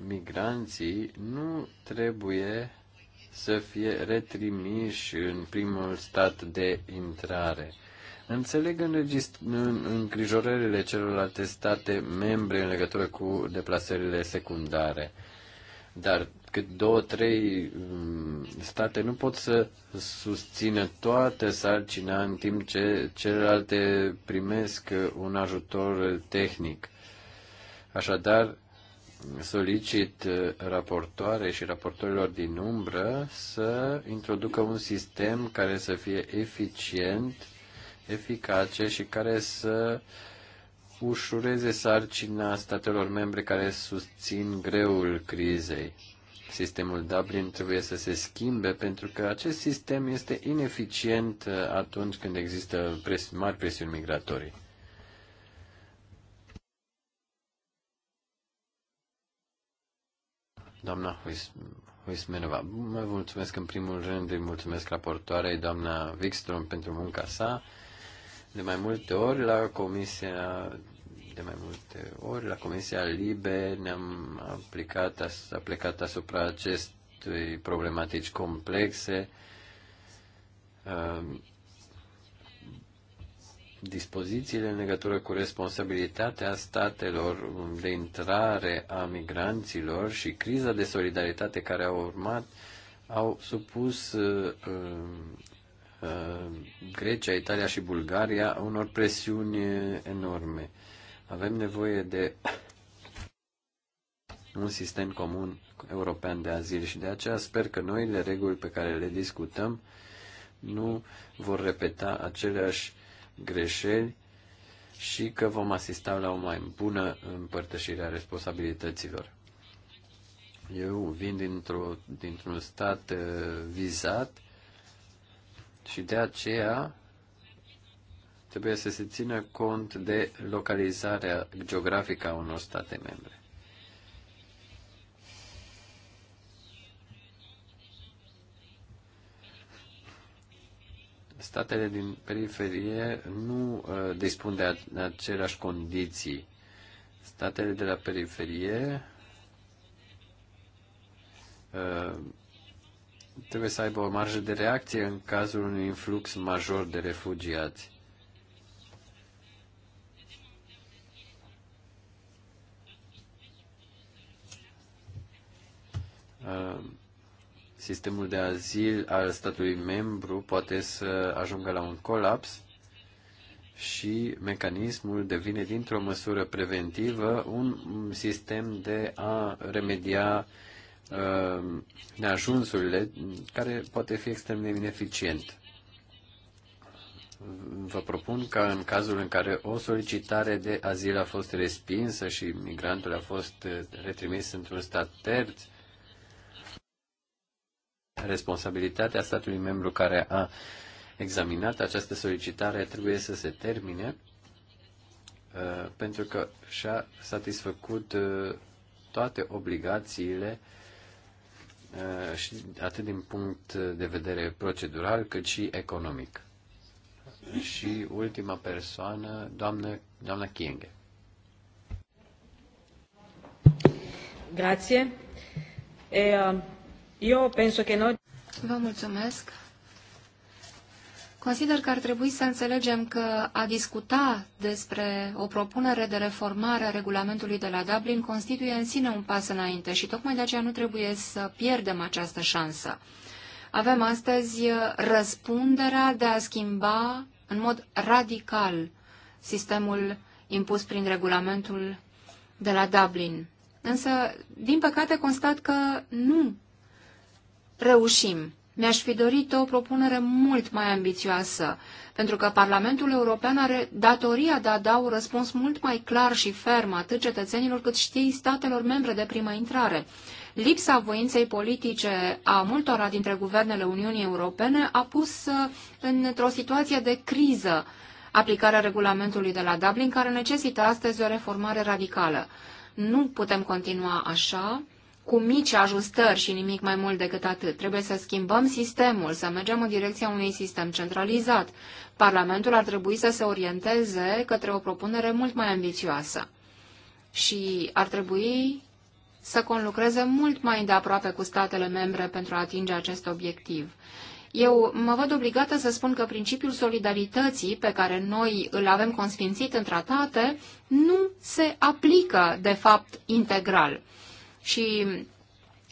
migranții nu trebuie să fie retrimiși în primul stat de intrare. Înțeleg îngrijorările celorlalte state membre în legătură cu deplasările secundare, dar cât două, trei mm, state nu pot să susțină toată sarcina în timp ce celelalte primesc un ajutor tehnic. Așadar, solicit uh, raportoare și raportorilor din umbră să introducă un sistem care să fie eficient eficace și care să ușureze sarcina statelor membre care susțin greul crizei. Sistemul Dublin trebuie să se schimbe pentru că acest sistem este ineficient uh, atunci când există pres- mari presiuni migratorii. Doamna Huismenova, mă mulțumesc în primul rând, îi mulțumesc raportoarei, doamna Wikström, pentru munca sa de mai multe ori la comisia de mai multe ori la comisia Libe ne-am aplicat, a plecat asupra acestui problematici complexe dispozițiile în legătură cu responsabilitatea statelor de intrare a migranților și criza de solidaritate care a urmat au supus uh, Uh, Grecia, Italia și Bulgaria unor presiuni enorme. Avem nevoie de un sistem comun european de azil și de aceea sper că noile reguli pe care le discutăm nu vor repeta aceleași greșeli și că vom asista la o mai bună împărtășire a responsabilităților. Eu vin dintr dintr-un stat uh, vizat și de aceea trebuie să se țină cont de localizarea geografică a unor state membre. Statele din periferie nu uh, dispun de aceleași condiții. Statele de la periferie uh, trebuie să aibă o marjă de reacție în cazul unui influx major de refugiați. Uh, sistemul de azil al statului membru poate să ajungă la un colaps și mecanismul devine dintr-o măsură preventivă un sistem de a remedia uh, Uh, neajunsurile, care poate fi extrem de ineficient. Vă propun ca în cazul în care o solicitare de azil a fost respinsă și migrantul a fost uh, retrimis într-un stat terț, responsabilitatea statului membru care a examinat această solicitare trebuie să se termine uh, pentru că și-a satisfăcut toate obligațiile Eh, și atât din punct de vedere procedural cât și economic. Și ultima persoană, doamnă, doamna Chienghe. Grație. eu eh, penso că noi... Vă mulțumesc. Consider că ar trebui să înțelegem că a discuta despre o propunere de reformare a regulamentului de la Dublin constituie în sine un pas înainte și tocmai de aceea nu trebuie să pierdem această șansă. Avem astăzi răspunderea de a schimba în mod radical sistemul impus prin regulamentul de la Dublin. Însă, din păcate, constat că nu reușim. Mi-aș fi dorit o propunere mult mai ambițioasă, pentru că Parlamentul European are datoria de a da un răspuns mult mai clar și ferm atât cetățenilor cât și statelor membre de prima intrare. Lipsa voinței politice a multora dintre guvernele Uniunii Europene a pus uh, într-o situație de criză aplicarea regulamentului de la Dublin, care necesită astăzi o reformare radicală. Nu putem continua așa, cu mici ajustări și nimic mai mult decât atât. Trebuie să schimbăm sistemul, să mergem în direcția unui sistem centralizat. Parlamentul ar trebui să se orienteze către o propunere mult mai ambițioasă. Și ar trebui să conlucreze mult mai de aproape cu statele membre pentru a atinge acest obiectiv. Eu mă văd obligată să spun că principiul solidarității pe care noi îl avem consfințit în tratate nu se aplică, de fapt, integral. Și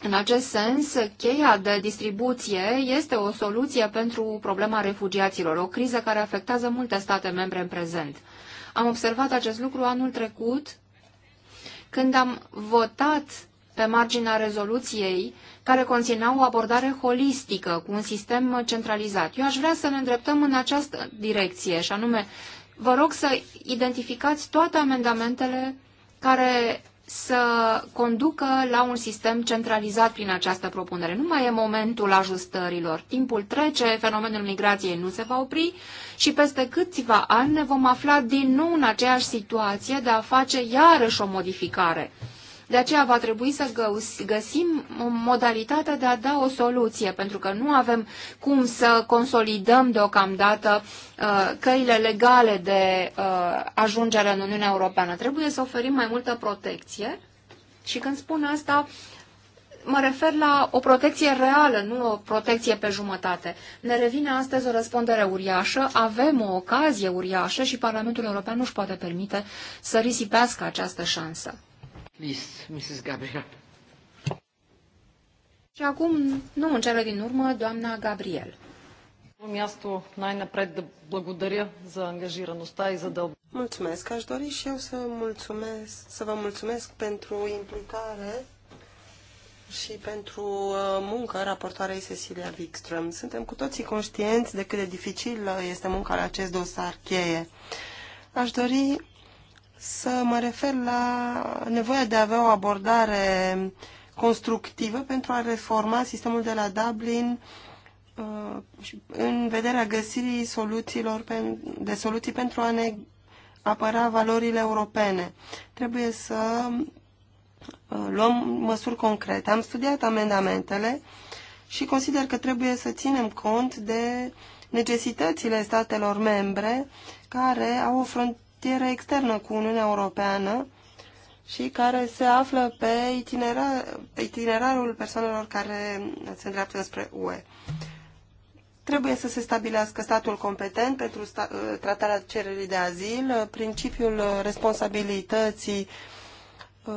în acest sens, cheia de distribuție este o soluție pentru problema refugiaților, o criză care afectează multe state membre în prezent. Am observat acest lucru anul trecut când am votat pe marginea rezoluției care conținea o abordare holistică cu un sistem centralizat. Eu aș vrea să ne îndreptăm în această direcție și anume vă rog să identificați toate amendamentele care să conducă la un sistem centralizat prin această propunere. Nu mai e momentul ajustărilor. Timpul trece, fenomenul migrației nu se va opri și peste câțiva ani ne vom afla din nou în aceeași situație de a face iarăși o modificare. De aceea va trebui să găsim o modalitate de a da o soluție, pentru că nu avem cum să consolidăm deocamdată uh, căile legale de uh, ajungere în Uniunea Europeană. Trebuie să oferim mai multă protecție și când spun asta, mă refer la o protecție reală, nu o protecție pe jumătate. Ne revine astăzi o răspundere uriașă, avem o ocazie uriașă și Parlamentul European nu își poate permite să risipească această șansă. Please, Mrs. Gabriel. Și acum, nu în cele din urmă, doamna Gabriel. Mulțumesc. Aș dori și eu să, mulțumesc, să vă mulțumesc pentru implicare și pentru uh, muncă raportoarei Cecilia Wikström. Suntem cu toții conștienți de cât de dificil este munca la acest dosar cheie. Aș dori să mă refer la nevoia de a avea o abordare constructivă pentru a reforma sistemul de la Dublin uh, în vederea găsirii soluțiilor de soluții pentru a ne apăra valorile europene. Trebuie să uh, luăm măsuri concrete. Am studiat amendamentele și consider că trebuie să ținem cont de necesitățile statelor membre care au o frontieră frontieră externă cu Uniunea Europeană și care se află pe itinerar, itinerarul persoanelor care se îndreaptă spre UE. Trebuie să se stabilească statul competent pentru sta, ă, tratarea cererii de azil, principiul responsabilității ă,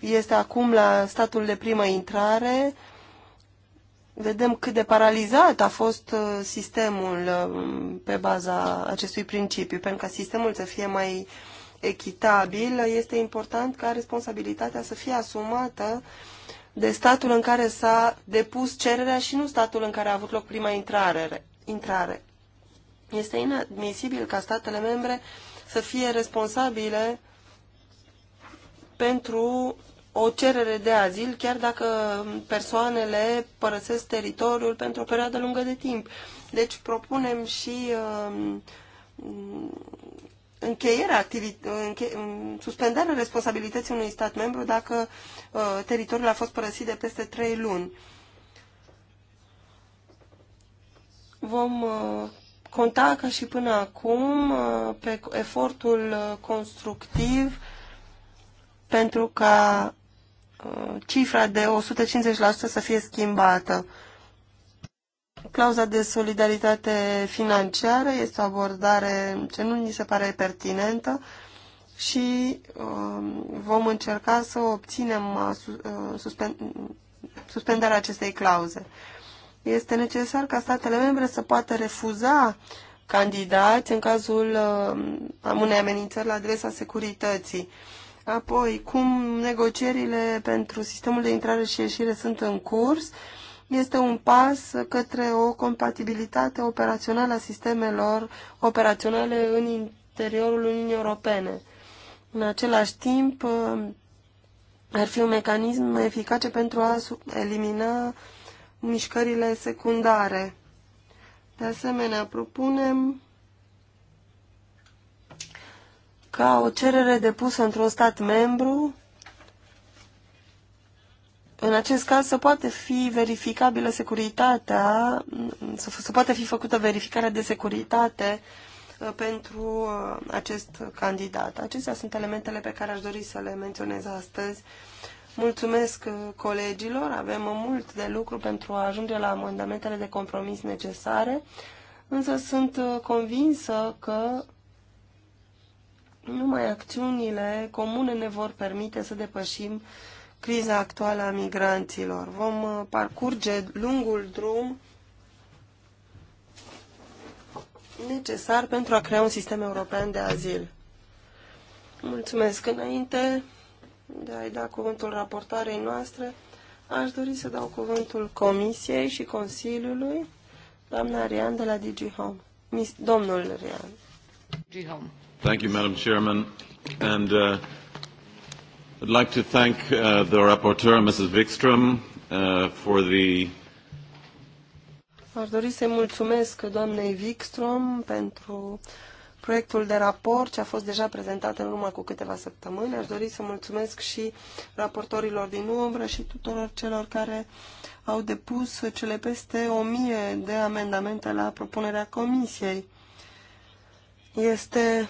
este acum la statul de primă intrare, vedem cât de paralizat a fost uh, sistemul uh, pe baza acestui principiu. Pentru ca sistemul să fie mai echitabil, este important ca responsabilitatea să fie asumată de statul în care s-a depus cererea și nu statul în care a avut loc prima intrare. intrare. Este inadmisibil ca statele membre să fie responsabile pentru o cerere de azil, chiar dacă persoanele părăsesc teritoriul pentru o perioadă lungă de timp. Deci propunem și uh, încheierea înche suspendarea responsabilității unui stat membru dacă uh, teritoriul a fost părăsit de peste trei luni. Vom uh, conta ca și până acum uh, pe efortul uh, constructiv pentru ca Uh, cifra de 150% să fie schimbată. Clauza de solidaritate financiară este o abordare ce nu ni se pare pertinentă și um, vom încerca să obținem uh, uh, suspendarea acestei clauze. Este necesar ca statele membre să poată refuza candidați în cazul unei amenințări la adresa securității. Apoi, cum negocierile pentru sistemul de intrare și ieșire sunt în curs, este un pas către o compatibilitate operațională a sistemelor operaționale în interiorul Uniunii Europene. În același timp, ar fi un mecanism eficace pentru a elimina mișcările secundare. De asemenea, propunem ca o cerere depusă într-un stat membru, în acest caz să poate fi verificabilă securitatea, să, poate fi făcută verificarea de securitate uh, pentru uh, acest candidat. Acestea sunt elementele pe care aș dori să le menționez astăzi. Mulțumesc uh, colegilor, avem mult de lucru pentru a ajunge la amendamentele de compromis necesare, însă sunt convinsă că numai acțiunile comune ne vor permite să depășim criza actuală a migranților. Vom uh, parcurge lungul drum necesar pentru a crea un sistem european de azil. Mulțumesc. Înainte de a-i da cuvântul raportarei noastre, aș dori să dau cuvântul Comisiei și Consiliului, doamna Rian de la DG Home. Domnul Rian. Thank you, Madam Chairman. And uh, I'd like to thank uh, the rapporteur, Mrs. Wikström, uh, for the Aș dori să-i mulțumesc doamnei Wikström pentru proiectul de raport ce a fost deja prezentat în urmă cu câteva săptămâni. Aș dori să mulțumesc și raportorilor din umbră și tuturor celor care au depus cele peste o mie de amendamente la propunerea comisiei este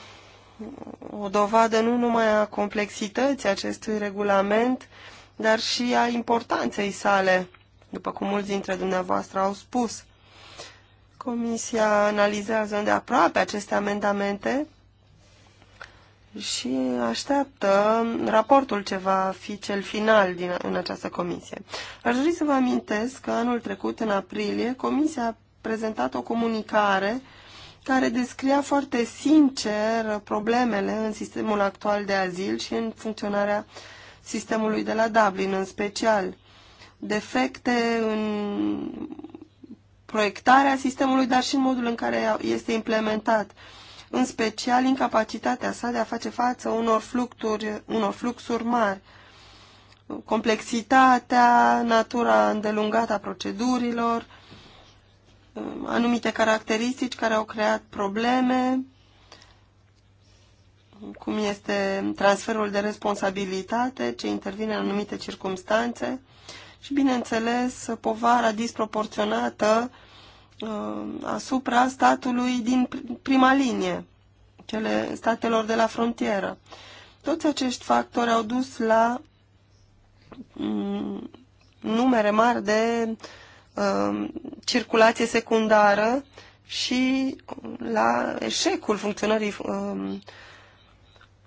o dovadă nu numai a complexității acestui regulament, dar și a importanței sale, după cum mulți dintre dumneavoastră au spus. Comisia analizează îndeaproape aceste amendamente și așteaptă raportul ce va fi cel final din, în această comisie. Aș dori să vă amintesc că anul trecut, în aprilie, Comisia a prezentat o comunicare uh, care descria foarte sincer problemele în sistemul actual de azil și în funcționarea sistemului de la Dublin în special. Defecte în proiectarea sistemului, dar și în modul în care este implementat. În special, incapacitatea sa de a face față unor, fluxuri unor fluxuri mari. Complexitatea, natura îndelungată a procedurilor, Um, anumite caracteristici care au creat probleme, cum este transferul de responsabilitate ce intervine în anumite circumstanțe și, bineînțeles, povara disproporționată um, asupra statului din prima linie, cele statelor de la frontieră. Toți acești factori au dus la mm, numere mari de Um, circulație secundară și la eșecul funcționării um,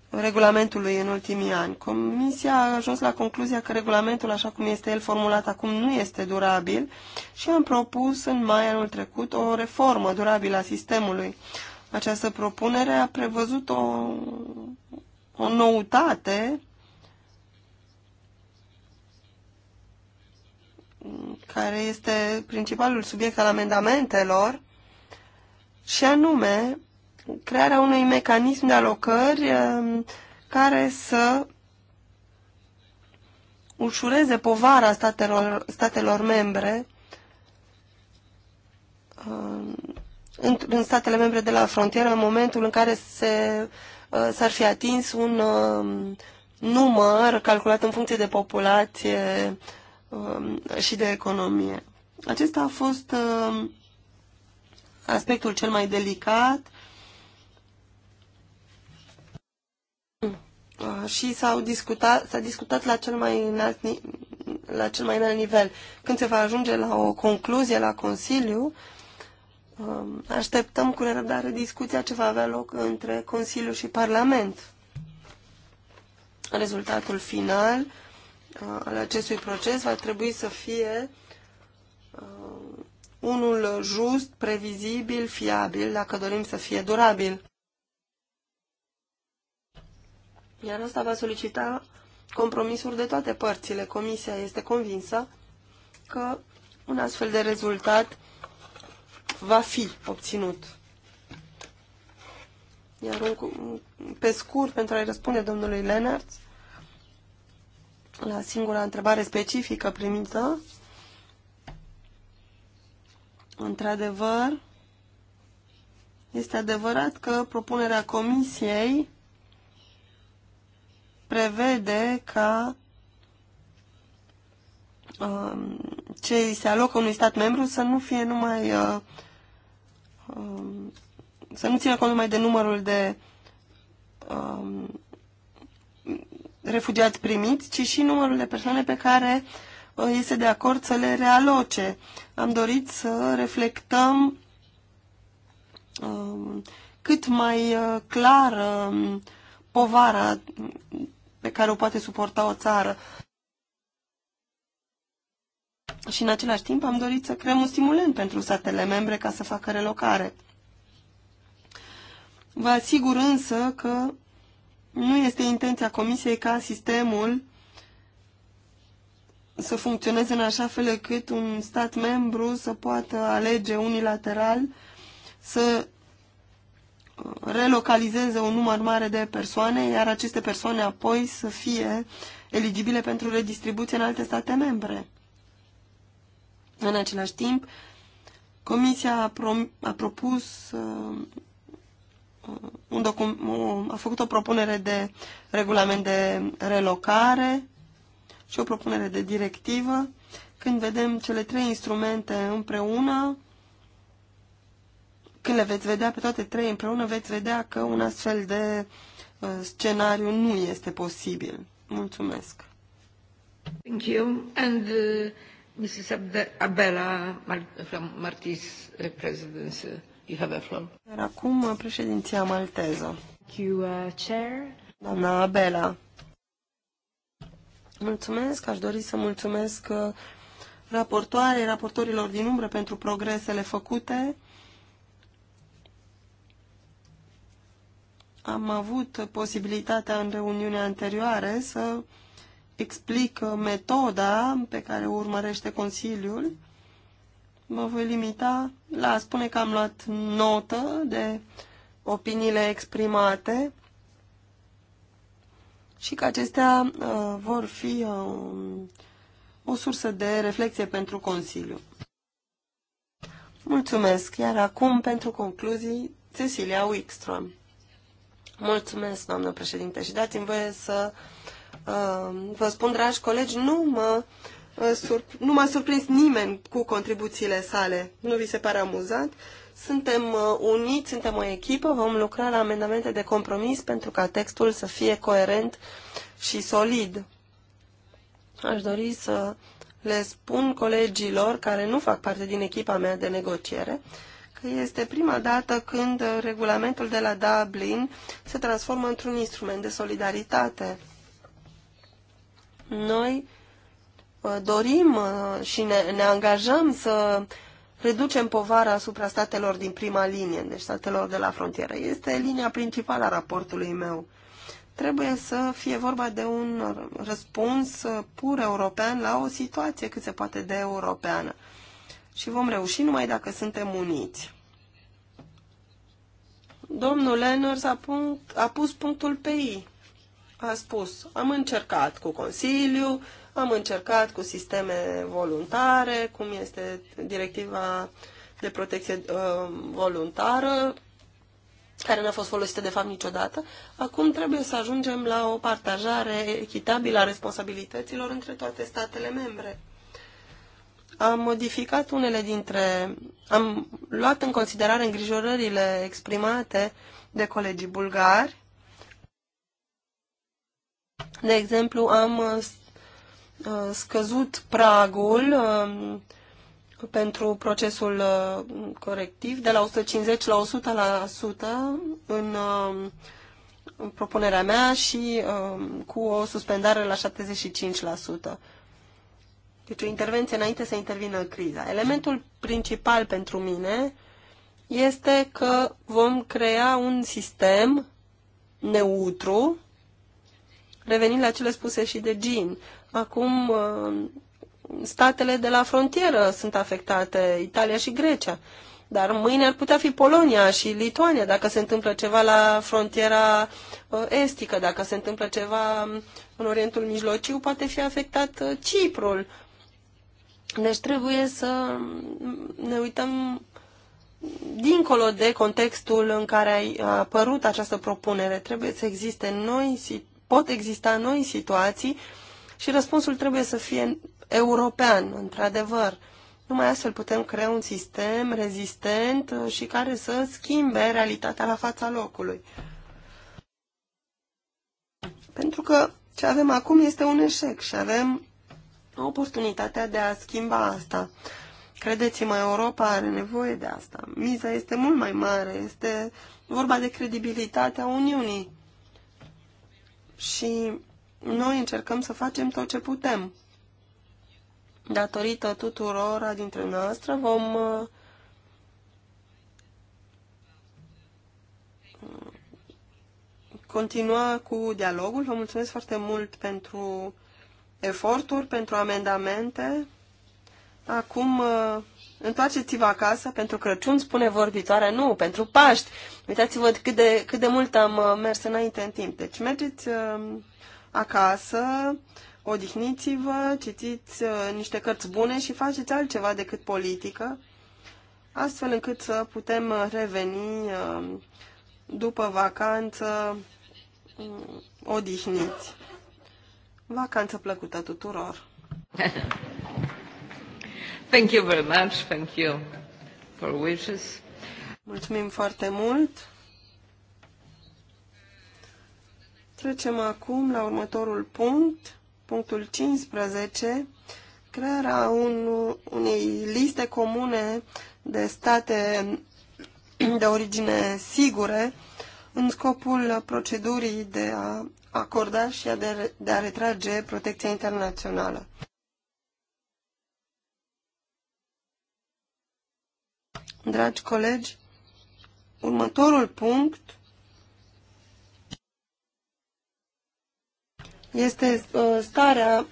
regulamentului în ultimii ani. Comisia a ajuns la concluzia că regulamentul, așa cum este el formulat acum, nu este durabil și am propus în mai anul trecut o reformă durabilă a sistemului. Această propunere a prevăzut o, o noutate care este principalul subiect al amendamentelor, și anume crearea unui mecanism de alocări eh, care să ușureze povara statelor, statelor membre eh, în, în statele membre de la frontieră în momentul în care eh, s-ar fi atins un număr calculat în funcție de populație Um, și de economie. Acesta a fost um, aspectul cel mai delicat uh, și s-a discutat, discutat la cel mai înalt la cel mai înalt nivel. Când se va ajunge la o concluzie la Consiliu, um, așteptăm cu nerăbdare discuția ce va avea loc între Consiliu și Parlament. Rezultatul final Uh, al acestui proces va trebui să fie uh, unul just, previzibil, fiabil, dacă dorim să fie durabil. Iar asta va solicita compromisuri de toate părțile. Comisia este convinsă că un astfel de rezultat va fi obținut. Iar un, pe scurt, pentru a-i răspunde domnului Lenarts, la singura întrebare specifică primită. Într-adevăr, este adevărat că propunerea comisiei prevede ca um, ce se alocă unui stat membru să nu fie numai uh, um, să nu țină cont numai de numărul de um, refugiați primiți, ci și numărul de persoane pe care uh, este de acord să le realoce. Am dorit să reflectăm um, cât mai uh, clar um, povara pe care o poate suporta o țară. Și în același timp am dorit să creăm un stimulent pentru statele membre ca să facă relocare. Vă asigur însă că nu este intenția Comisiei ca sistemul să funcționeze în așa fel încât un stat membru să poată alege unilateral să uh, relocalizeze un număr mare de persoane, iar aceste persoane apoi să fie eligibile pentru redistribuție în alte state membre. În același timp, Comisia a, pro a propus uh, Uh, un docum, a făcut o propunere de regulament de relocare și o propunere de directivă. Când vedem cele trei instrumente împreună, când le veți vedea pe toate trei împreună, veți vedea că un astfel de uh, scenariu nu este posibil. Mulțumesc. Thank you. And uh, Mrs. Abela Mart from Martis uh, President. You have the floor. acum președinția malteză. Thank you, uh, chair. Doamna Abela. Mulțumesc, aș dori să mulțumesc uh, raportoarei, raportorilor din umbră pentru progresele făcute. Am avut posibilitatea în reuniunea anterioare să explic uh, metoda pe care o urmărește Consiliul Mă voi limita la a spune că am luat notă de opiniile exprimate și că acestea uh, vor fi uh, o sursă de reflexie pentru Consiliu. Mulțumesc, iar acum, pentru concluzii, Cecilia Wickström. Mulțumesc, doamnă președinte, și dați-mi voie să uh, vă spun, dragi colegi, nu mă uh, nu m-a surprins nimeni cu contribuțiile sale. Nu vi se pare amuzant? Suntem uh, uniți, suntem o echipă, vom lucra la amendamente de compromis pentru ca textul să fie coerent și solid. Aș dori să le spun colegilor care nu fac parte din echipa mea de negociere că este prima dată când regulamentul de la Dublin se transformă într-un instrument de solidaritate. Noi Uh, dorim uh, și ne, ne angajăm să reducem povara asupra statelor din prima linie, deci statelor de la frontieră. Este linia principală a raportului meu. Trebuie să fie vorba de un răspuns uh, pur european la o situație cât se poate de europeană. Și vom reuși numai dacă suntem uniți. Domnul Lenners a, punct, a pus punctul pe I. A spus, am încercat cu Consiliu, am încercat cu sisteme voluntare, cum este directiva de protecție uh, voluntară, care n-a fost folosită de fapt niciodată. Acum trebuie să ajungem la o partajare echitabilă a responsabilităților între toate statele membre. Am modificat unele dintre... Am luat în considerare îngrijorările exprimate de colegii bulgari. De exemplu, am Uh, scăzut pragul um, pentru procesul uh, corectiv de la 150 la 100% la 100 um, în propunerea mea și um, cu o suspendare la 75%. Deci o intervenție înainte să intervină criza. Elementul principal pentru mine este că vom crea un sistem neutru, revenind la cele spuse și de Jean, Acum uh, statele de la frontieră sunt afectate, Italia și Grecia. Dar mâine ar putea fi Polonia și Lituania dacă se întâmplă ceva la frontiera uh, estică, dacă se întâmplă ceva în Orientul Mijlociu, poate fi afectat uh, Ciprul. Deci trebuie să ne uităm dincolo de contextul în care a apărut această propunere. Trebuie să existe noi, pot exista noi situații uh, și răspunsul trebuie să fie european, într-adevăr. Numai astfel putem crea un sistem rezistent și care să schimbe realitatea la fața locului. Pentru că ce avem acum este un eșec și avem oportunitatea de a schimba asta. Credeți-mă, Europa are nevoie de asta. Miza este mult mai mare, este vorba de credibilitatea Uniunii. Și noi încercăm să facem tot ce putem. Datorită tuturora dintre noastre vom uh, continua cu dialogul. Vă mulțumesc foarte mult pentru eforturi, pentru amendamente. Acum uh, întoarceți-vă acasă pentru Crăciun, spune vorbitoarea, nu, pentru Paști. Uitați-vă cât de, cât de mult am uh, mers înainte în timp. Deci mergeți acasă, odihniți-vă, citiți uh, niște cărți bune și faceți altceva decât politică, astfel încât să putem uh, reveni uh, după vacanță mm, odihniți. Vacanță plăcută tuturor! <laughs> Thank you very much. Thank you for wishes. Mulțumim foarte mult. Trecem acum la următorul punct, punctul 15, crearea un, unei liste comune de state de origine sigure în scopul procedurii de a acorda și a de, de a retrage protecția internațională. Dragi colegi, următorul punct este uh, starea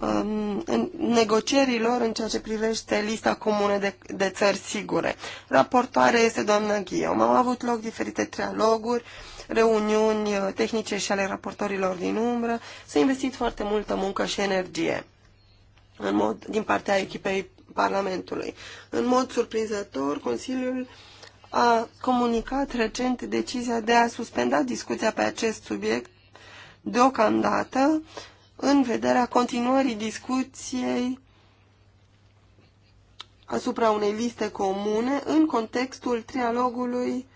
um, negocierilor în ceea ce privește lista comună de, de țări sigure. Raportoare este doamna Ghiom. Au avut loc diferite trialoguri, reuniuni uh, tehnice și ale raportorilor din umbră. S-a investit foarte multă muncă și energie în mod, din partea echipei Parlamentului. În mod surprinzător, Consiliul uh, a comunicat recent decizia de a suspenda discuția pe acest subiect deocamdată în vederea continuării discuției asupra unei liste comune în contextul trialogului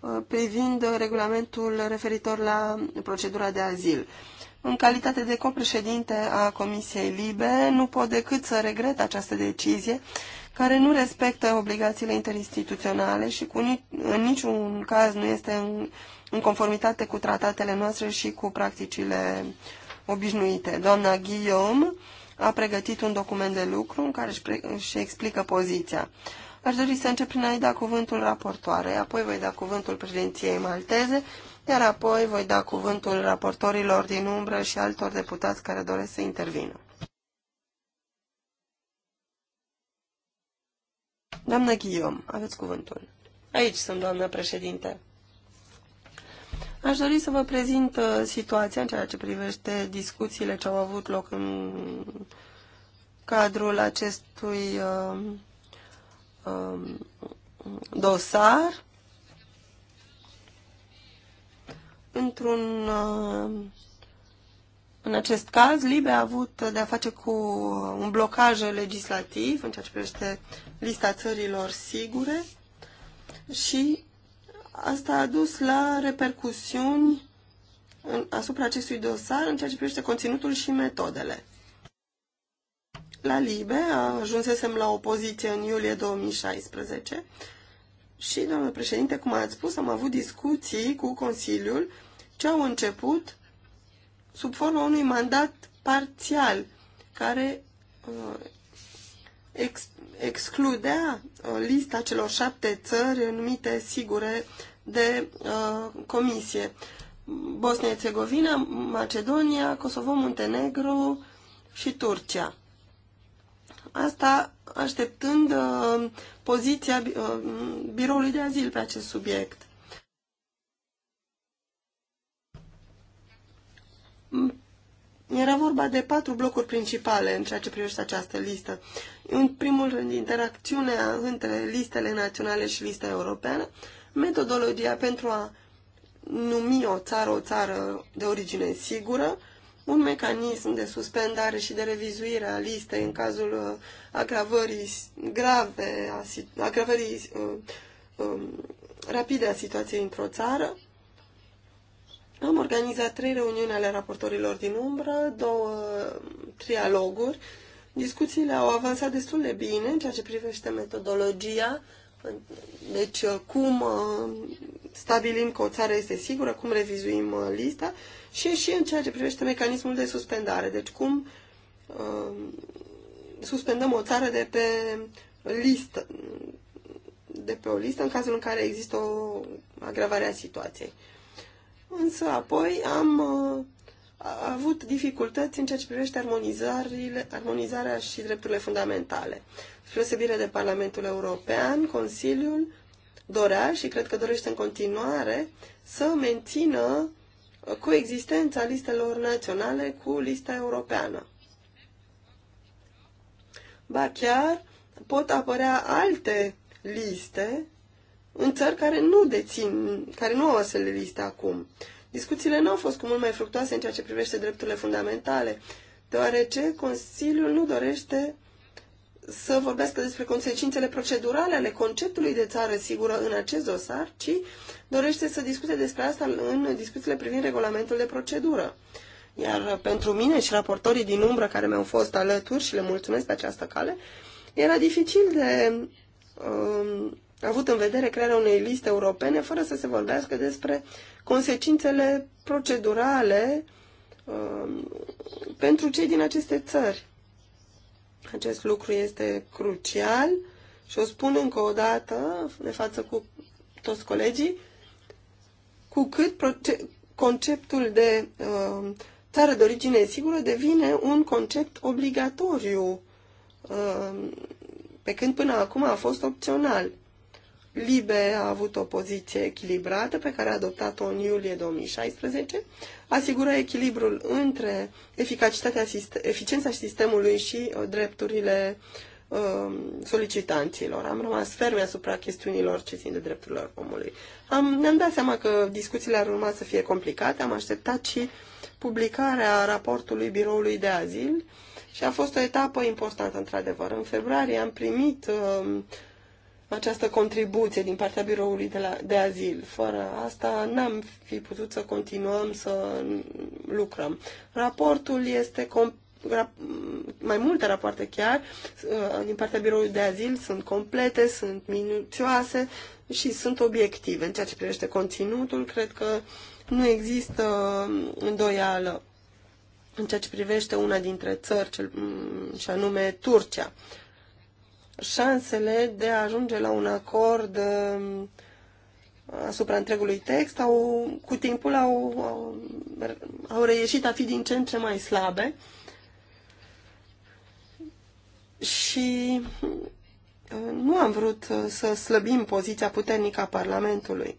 uh, privind regulamentul referitor la procedura de azil. În calitate de copreședinte a Comisiei Libe, nu pot decât să regret această decizie care nu respectă obligațiile interinstituționale și cu ni în niciun caz nu este în, în conformitate cu tratatele noastre și cu practicile obișnuite. Doamna Guillaume a pregătit un document de lucru în care își, își explică poziția. Aș dori să încep prin a-i da cuvântul raportoare, apoi voi da cuvântul președinției malteze, iar apoi voi da cuvântul raportorilor din umbră și altor deputați care doresc să intervină. Doamna Ghiom, aveți cuvântul. Aici sunt, doamna președinte. Aș dori să vă prezint uh, situația în ceea ce privește discuțiile ce au avut loc în cadrul acestui uh, uh, dosar într-un uh, în acest caz, Libe a avut de a face cu un blocaj legislativ în ceea ce privește lista țărilor sigure și asta a dus la repercusiuni în, asupra acestui dosar în ceea ce privește conținutul și metodele. La Libe ajunsesem la opoziție în iulie 2016 și, domnule președinte, cum ați spus, am avut discuții cu Consiliul ce au început sub forma unui mandat parțial care uh, excludea uh, lista celor șapte țări numite sigure de uh, comisie. Bosnia-Herzegovina, Macedonia, Kosovo, Muntenegru și Turcia. Asta așteptând uh, poziția uh, biroului de azil pe acest subiect. Era vorba de patru blocuri principale în ceea ce privește această listă. În primul rând, interacțiunea între listele naționale și lista europeană, metodologia pentru a numi o țară o țară de origine sigură, un mecanism de suspendare și de revizuire a listei în cazul uh, agravării grave, agravării uh, um, rapide a situației într-o țară, am organizat trei reuniuni ale raportorilor din umbră, două uh, trialoguri. Discuțiile au avansat destul de bine în ceea ce privește metodologia, deci uh, cum uh, stabilim că o țară este sigură, cum revizuim lista și și în ceea ce privește mecanismul de suspendare, deci cum suspendăm o țară de pe listă, de pe o listă în cazul în care există o agravare a situației însă apoi am uh, avut dificultăți în ceea ce privește armonizarea și drepturile fundamentale. Spreosebire de Parlamentul European, Consiliul dorea și cred că dorește în continuare să mențină coexistența listelor naționale cu lista europeană. Ba chiar pot apărea alte liste în țări care nu dețin, care nu au astfel de liste acum. Discuțiile nu au fost cu mult mai fructoase în ceea ce privește drepturile fundamentale, deoarece Consiliul nu dorește să vorbească despre consecințele procedurale ale conceptului de țară sigură în acest dosar, ci dorește să discute despre asta în discuțiile privind regulamentul de procedură. Iar pentru mine și raportorii din umbră care mi-au fost alături și le mulțumesc pe această cale, era dificil de um, avut în vedere crearea unei liste europene fără să se vorbească despre consecințele procedurale uh, pentru cei din aceste țări. Acest lucru este crucial și o spun încă o dată, de față cu toți colegii, cu cât conceptul de uh, țară de origine sigură devine un concept obligatoriu, uh, pe când până acum a fost opțional. Libe a avut o poziție echilibrată pe care a adoptat-o în iulie 2016, asigură echilibrul între eficacitatea, eficiența sistemului și uh, drepturile um, solicitanților. Am rămas ferme asupra chestiunilor ce țin de drepturile omului. Am, ne-am dat seama că discuțiile ar urma să fie complicate, am așteptat și publicarea raportului biroului de azil și a fost o etapă importantă, într-adevăr. În februarie am primit uh, această contribuție din partea biroului de, la, de azil. Fără asta n-am fi putut să continuăm să lucrăm. Raportul este mai multe rapoarte chiar uh, din partea biroului de azil sunt complete, sunt minuțioase și sunt obiective. În ceea ce privește conținutul, cred că nu există îndoială în ceea ce privește una dintre țări, și anume Turcia. Uh, șansele de a ajunge la un acord um, asupra întregului text au, cu timpul au, au, au reieșit a fi din ce în ce mai slabe și uh, nu am vrut uh, să slăbim poziția puternică a Parlamentului.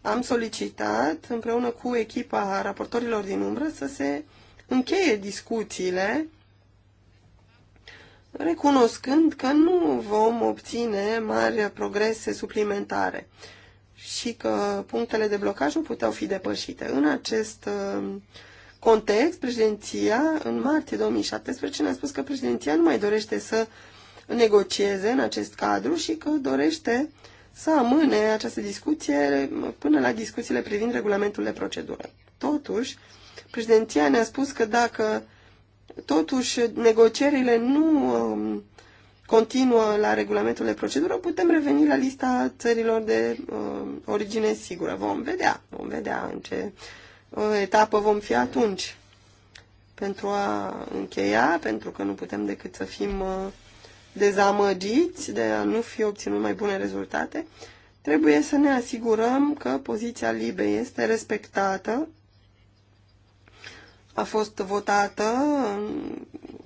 Am solicitat, împreună cu echipa raportorilor din umbră, să se încheie discuțiile recunoscând că nu vom obține mari progrese suplimentare și că punctele de blocaj nu puteau fi depășite. În acest uh, context, președinția, în martie 2017, ne-a spus că președinția nu mai dorește să negocieze în acest cadru și că dorește să amâne această discuție până la discuțiile privind regulamentul de procedură. Totuși, președinția ne-a spus că dacă totuși negocierile nu um, continuă la regulamentul de procedură, putem reveni la lista țărilor de um, origine sigură. Vom vedea, vom vedea în ce uh, etapă vom fi atunci pentru a încheia, pentru că nu putem decât să fim uh, dezamăgiți de a nu fi obținut mai bune rezultate, trebuie să ne asigurăm că poziția Libei este respectată a fost votată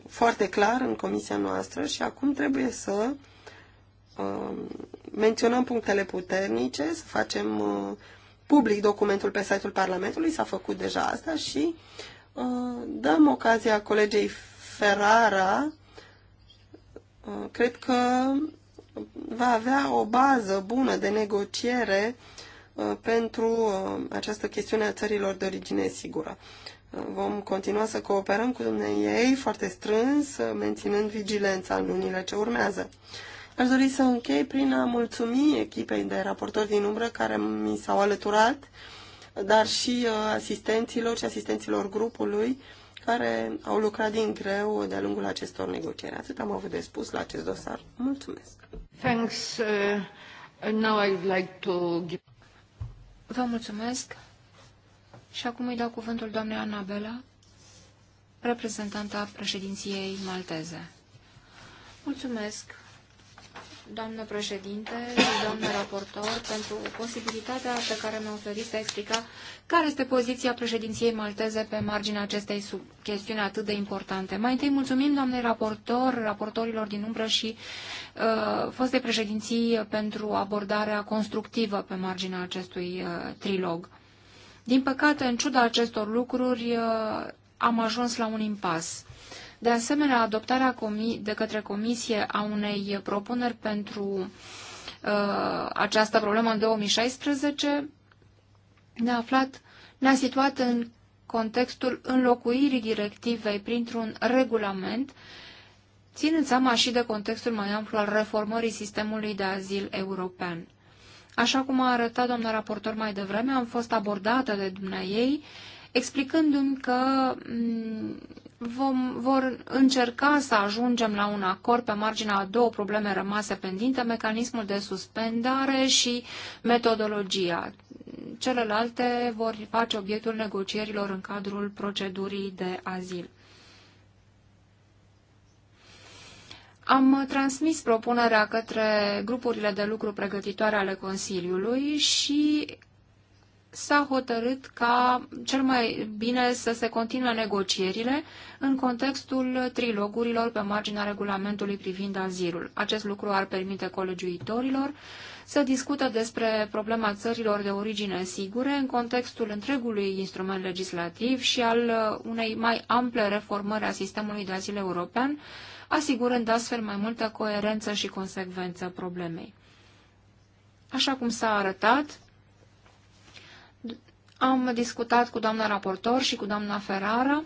foarte clar în comisia noastră și acum trebuie să um, menționăm punctele puternice, să facem uh, public documentul pe site-ul Parlamentului, s-a făcut deja asta și uh, dăm ocazia colegei Ferrara, uh, cred că va avea o bază bună de negociere pentru această chestiune a țărilor de origine sigură. Vom continua să cooperăm cu ei foarte strâns, menținând vigilența în lunile ce urmează. Aș dori să închei prin a mulțumi echipei de raportori din umbră care mi s-au alăturat, dar și uh, asistenților și asistenților grupului care au lucrat din greu de-a lungul acestor negocieri. Atât am avut de spus la acest dosar. Mulțumesc! Thanks. Uh, now I'd like to give... Vă mulțumesc! Și acum îi dau cuvântul doamnei Anabela, reprezentanta președinției malteze. Mulțumesc, doamnă președinte și doamnă raportor, pentru posibilitatea pe care mi-a oferit să explica care este poziția președinției malteze pe marginea acestei sub chestiuni atât de importante. Mai întâi mulțumim doamnei raportor, raportorilor din umbră și uh, fostei președinții pentru abordarea constructivă pe marginea acestui uh, trilog. Din păcate, în ciuda acestor lucruri, uh, am ajuns la un impas. De asemenea, adoptarea de către Comisie a unei propuneri pentru uh, această problemă în 2016 ne-a aflat, ne-a situat în contextul înlocuirii directivei printr-un regulament, ținând seama și de contextul mai amplu al reformării sistemului de azil european. Așa cum a arătat doamna raportor mai devreme, am fost abordată de dumnea ei, explicându-mi că mm, vom, vor încerca să ajungem la un acord pe marginea a două probleme rămase pendinte, mecanismul de suspendare și metodologia. Celelalte vor face obiectul negocierilor în cadrul procedurii de azil. Am transmis propunerea către grupurile de lucru pregătitoare ale Consiliului și s-a hotărât ca cel mai bine să se continue negocierile în contextul trilogurilor pe marginea regulamentului privind azilul. Acest lucru ar permite colegiuitorilor să discută despre problema țărilor de origine sigure în contextul întregului instrument legislativ și al unei mai ample reformări a sistemului de azil european, asigurând astfel mai multă coerență și consecvență problemei. Așa cum s-a arătat, am discutat cu doamna raportor și cu doamna Ferrara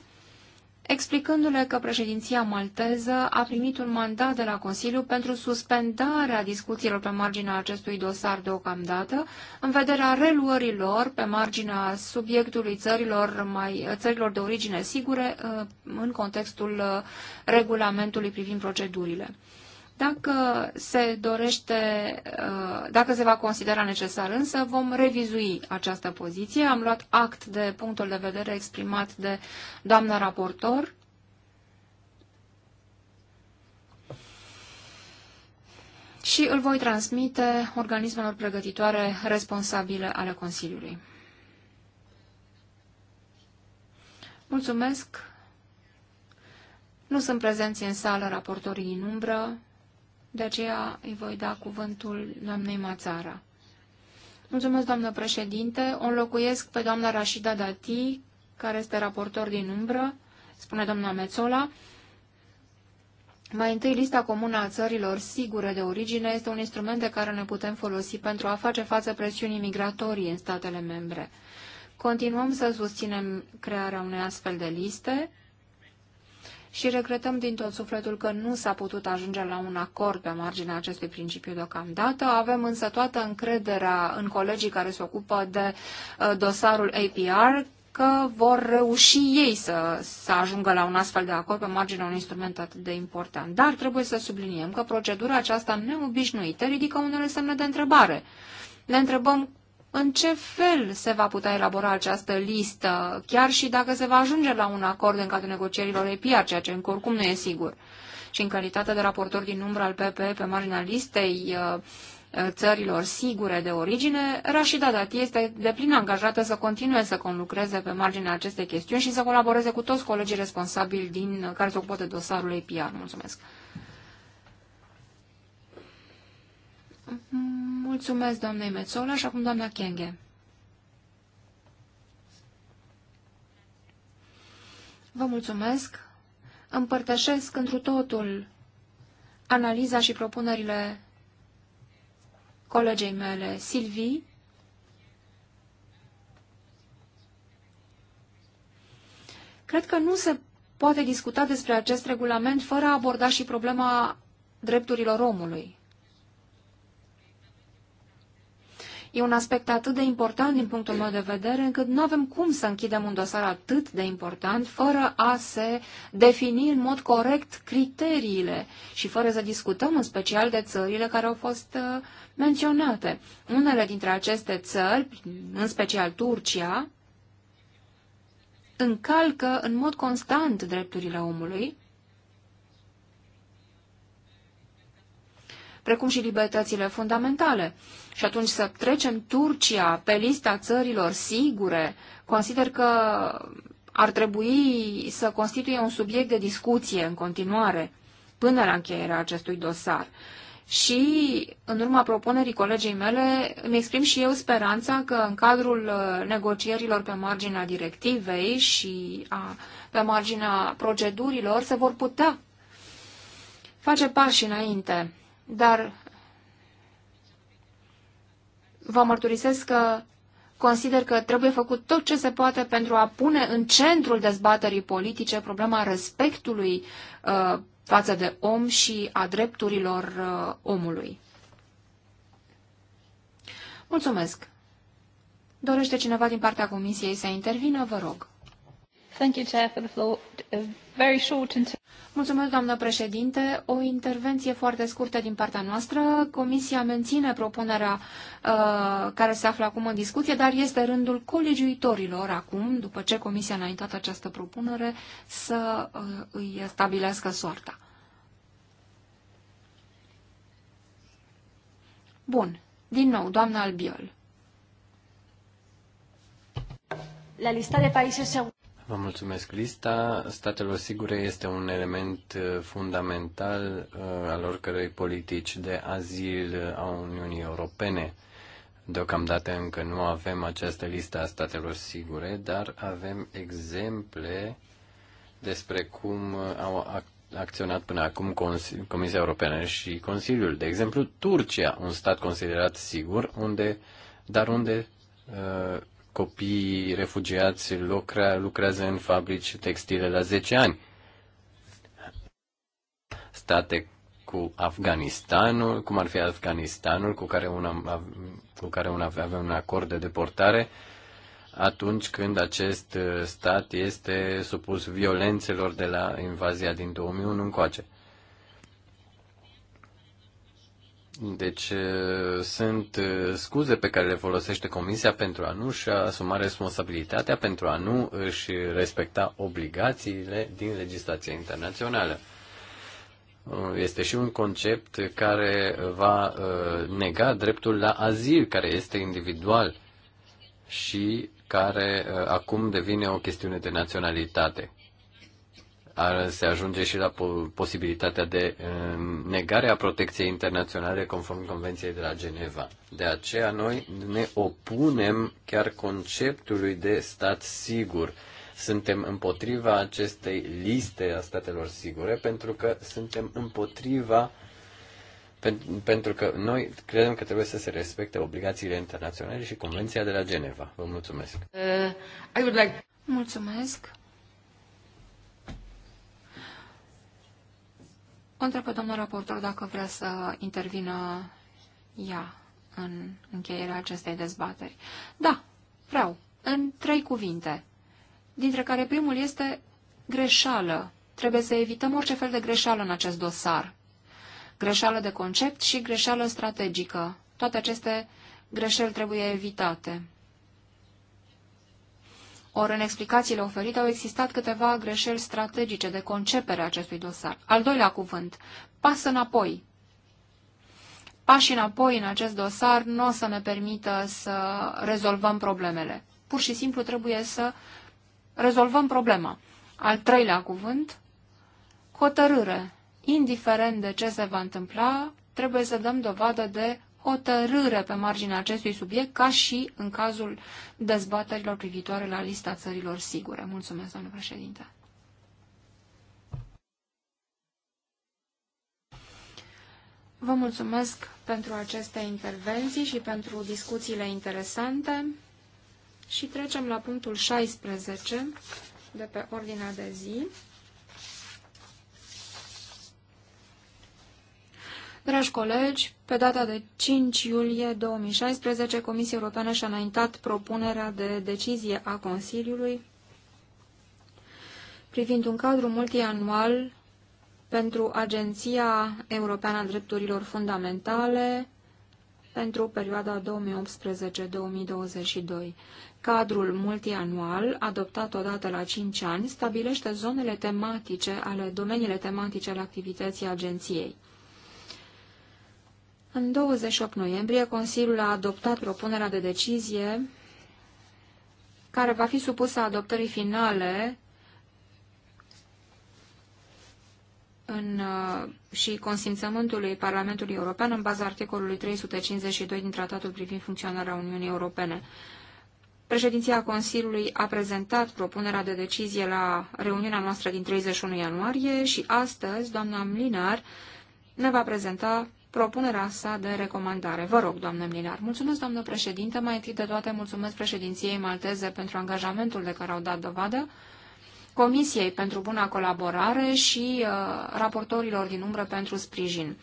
explicându-le că președinția malteză a primit un mandat de la Consiliu pentru suspendarea discuțiilor pe marginea acestui dosar deocamdată, în vederea reluărilor pe marginea subiectului țărilor, mai, țărilor de origine sigure uh, în contextul uh, regulamentului privind procedurile. Dacă se dorește, uh, dacă se va considera necesar însă, vom revizui această poziție. Am luat act de punctul de vedere exprimat de doamna raportor. Și îl voi transmite organismelor pregătitoare responsabile ale Consiliului. Mulțumesc! Nu sunt prezenți în sală raportorii în umbră, de aceea îi voi da cuvântul doamnei Mațara. Mulțumesc, doamnă președinte. O înlocuiesc pe doamna Rashida Dati, care este raportor din umbră, spune doamna Mețola. Mai întâi, lista comună a țărilor sigure de origine este un instrument de care ne putem folosi pentru a face față presiunii migratorii în statele membre. Continuăm să susținem crearea unei astfel de liste, și regretăm din tot sufletul că nu s-a putut ajunge la un acord pe marginea acestui principiu deocamdată. Avem însă toată încrederea în colegii care se ocupă de uh, dosarul APR, că vor reuși ei să, să ajungă la un astfel de acord pe marginea unui instrument atât de important. Dar trebuie să subliniem că procedura aceasta neobișnuită ridică unele semne de întrebare. Ne întrebăm în ce fel se va putea elabora această listă, chiar și dacă se va ajunge la un acord în cadrul negocierilor EPR, ceea ce încă oricum nu e sigur. Și în calitate de raportor din umbră al PPE pe marginea listei uh, uh, țărilor sigure de origine, Rashida Dati este de plin angajată să continue să conlucreze pe marginea acestei chestiuni și să colaboreze cu toți colegii responsabili din care se ocupă de dosarul EPR. Mulțumesc! Mulțumesc doamnei Mețola și acum doamna Kenge. Vă mulțumesc. Împărtășesc întru totul analiza și propunerile colegei mele, Silvii, Cred că nu se poate discuta despre acest regulament fără a aborda și problema drepturilor omului. E un aspect atât de important din punctul meu de vedere, încât nu avem cum să închidem un dosar atât de important fără a se defini în mod corect criteriile și fără să discutăm în special de țările care au fost uh, menționate. Unele dintre aceste țări, în special Turcia, încalcă în mod constant drepturile omului, precum și libertățile fundamentale. Și atunci să trecem Turcia pe lista țărilor sigure, consider că ar trebui să constituie un subiect de discuție în continuare până la încheierea acestui dosar. Și, în urma propunerii colegei mele, îmi exprim și eu speranța că în cadrul uh, negocierilor pe marginea directivei și a, pe marginea procedurilor se vor putea face pași înainte dar vă mărturisesc că consider că trebuie făcut tot ce se poate pentru a pune în centrul dezbaterii politice problema respectului uh, față de om și a drepturilor uh, omului. Mulțumesc. Dorește cineva din partea Comisiei să intervină? Vă rog. Thank you, Chair, for the floor. Very short and Mulțumesc, doamnă președinte. O intervenție foarte scurtă din partea noastră. Comisia menține propunerea uh, care se află acum în discuție, dar este rândul colegiuitorilor acum, după ce Comisia a înaintat această propunere, să uh, îi stabilească soarta. Bun. Din nou, doamna Albiol. La lista de países Vă mulțumesc. Lista statelor sigure este un element uh, fundamental uh, al oricărei politici de azil uh, a Uniunii Europene. Deocamdată încă nu avem această listă a statelor sigure, dar avem exemple despre cum au acționat până acum Comisia Europeană și Consiliul. De exemplu, Turcia, un stat considerat sigur, unde, dar unde copiii refugiați lucra, lucrează în fabrici textile la 10 ani. State cu Afganistanul, cum ar fi Afganistanul, cu care, una, cu care una, avem un acord de deportare, atunci când acest stat este supus violențelor de la invazia din 2001 încoace. Deci uh, sunt uh, scuze pe care le folosește Comisia pentru a nu-și asuma responsabilitatea, pentru a nu își respecta obligațiile din legislația internațională. Uh, este și un concept care va nega dreptul la azil, care este individual și care acum devine o chestiune de naționalitate se ajunge și la posibilitatea de eh, negare a protecției internaționale conform Convenției de la Geneva. De aceea noi ne opunem chiar conceptului de stat sigur. Suntem împotriva acestei liste a statelor sigure pentru că suntem împotriva pentru că noi credem că trebuie să se respecte obligațiile internaționale și Convenția de la Geneva. Vă mulțumesc. Uh, I would like... Mulțumesc. O întreb pe domnul raportor dacă vrea să intervină ea în încheierea acestei dezbateri. Da, vreau. În trei cuvinte, dintre care primul este greșeală. Trebuie să evităm orice fel de greșeală în acest dosar. Greșeală de concept și greșeală strategică. Toate aceste greșeli trebuie evitate. Ori în explicațiile oferite au existat câteva greșeli strategice de concepere a acestui dosar. Al doilea cuvânt, pas înapoi. Pașii înapoi în acest dosar nu o să ne permită să rezolvăm problemele. Pur și simplu trebuie să rezolvăm problema. Al treilea cuvânt, hotărâre. Indiferent de ce se va întâmpla, trebuie să dăm dovadă de hotărâre pe marginea acestui subiect, ca și în cazul dezbaterilor privitoare la lista țărilor sigure. Mulțumesc, domnule președinte. Vă mulțumesc pentru aceste intervenții și pentru discuțiile interesante și trecem la punctul 16 de pe ordinea de zi. Dragi colegi, pe data de 5 iulie 2016, Comisia Europeană și-a înaintat propunerea de decizie a Consiliului privind un cadru multianual pentru Agenția Europeană a Drepturilor Fundamentale pentru perioada 2018-2022. Cadrul multianual, adoptat odată la 5 ani, stabilește zonele tematice ale domeniile tematice ale activității agenției. În 28 noiembrie, Consiliul a adoptat propunerea de decizie care va fi supusă adoptării finale în, uh, și consimțământului Parlamentului European în baza articolului 352 din Tratatul privind funcționarea Uniunii Europene. Președinția Consiliului a prezentat propunerea de decizie la reuniunea noastră din 31 ianuarie și astăzi doamna Mlinar ne va prezenta propunerea sa de recomandare. Vă rog, doamnă Milar. Mulțumesc, doamnă președinte. Mai întâi de toate, mulțumesc președinției malteze pentru angajamentul de care au dat dovadă, Comisiei pentru buna colaborare și uh, raportorilor din umbră pentru sprijin.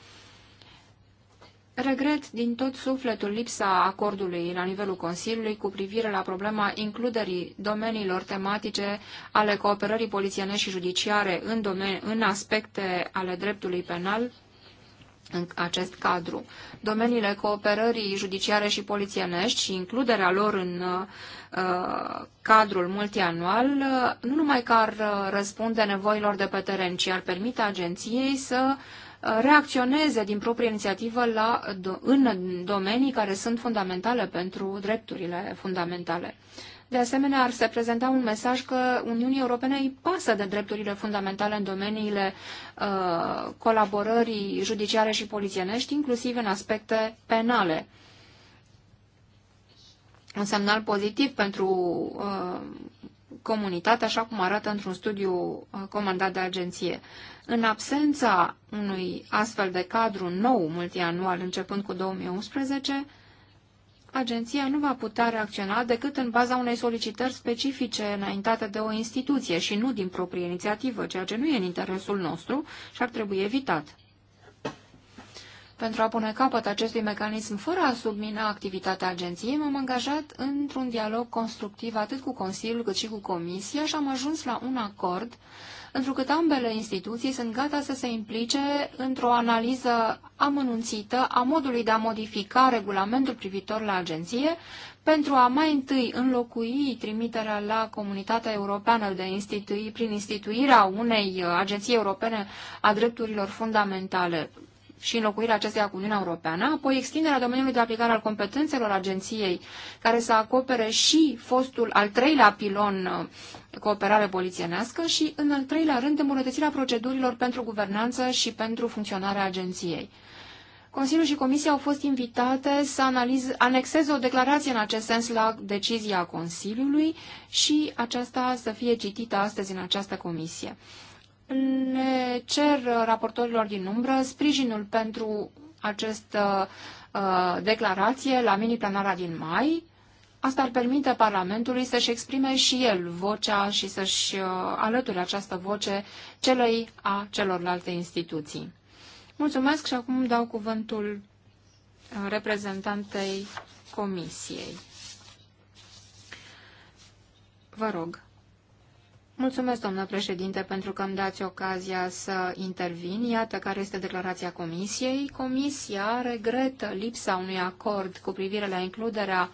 Regret din tot sufletul lipsa acordului la nivelul Consiliului cu privire la problema includerii domeniilor tematice ale cooperării polițienești și judiciare în, în aspecte ale dreptului penal în acest cadru. Domeniile cooperării judiciare și polițienești și includerea lor în uh, cadrul multianual uh, nu numai că ar uh, răspunde nevoilor de pe teren, ci ar permite agenției să uh, reacționeze din proprie inițiativă la, în domenii care sunt fundamentale pentru drepturile fundamentale. De asemenea, ar se prezenta un mesaj că Uniunii Europene îi pasă de drepturile fundamentale în domeniile uh, colaborării judiciare și polițienești, inclusiv în aspecte penale. Un semnal pozitiv pentru uh, comunitate, așa cum arată într-un studiu uh, comandat de agenție. În absența unui astfel de cadru nou multianual începând cu 2011, agenția nu va putea reacționa decât în baza unei solicitări specifice înaintate de o instituție și nu din proprie inițiativă, ceea ce nu e în interesul nostru și ar trebui evitat. Pentru a pune capăt acestui mecanism fără a submina activitatea agenției, m-am angajat într-un dialog constructiv atât cu Consiliul cât și cu Comisia și am ajuns la un acord întrucât ambele instituții sunt gata să se implice într-o analiză amănunțită a modului de a modifica regulamentul privitor la agenție pentru a mai întâi înlocui trimiterea la Comunitatea Europeană de institui, prin instituirea unei agenții europene a drepturilor fundamentale și înlocuirea acesteia cu Uniunea Europeană, apoi extinderea domeniului de aplicare al competențelor agenției, care să acopere și fostul al treilea pilon uh, cooperare polițienească și, în al treilea rând, îmbunătățirea procedurilor pentru guvernanță și pentru funcționarea agenției. Consiliul și Comisia au fost invitate să analiz, anexeze o declarație în acest sens la decizia Consiliului și aceasta să fie citită astăzi în această comisie. Ne cer raportorilor din umbră sprijinul pentru această uh, declarație la mini-planara din mai. Asta ar permite Parlamentului să-și exprime și el vocea și să-și uh, alăture această voce celei a celorlalte instituții. Mulțumesc și acum dau cuvântul uh, reprezentantei Comisiei. Vă rog. Mulțumesc, domnule președinte, pentru că îmi dați ocazia să intervin. Iată care este declarația Comisiei. Comisia regretă lipsa unui acord cu privire la includerea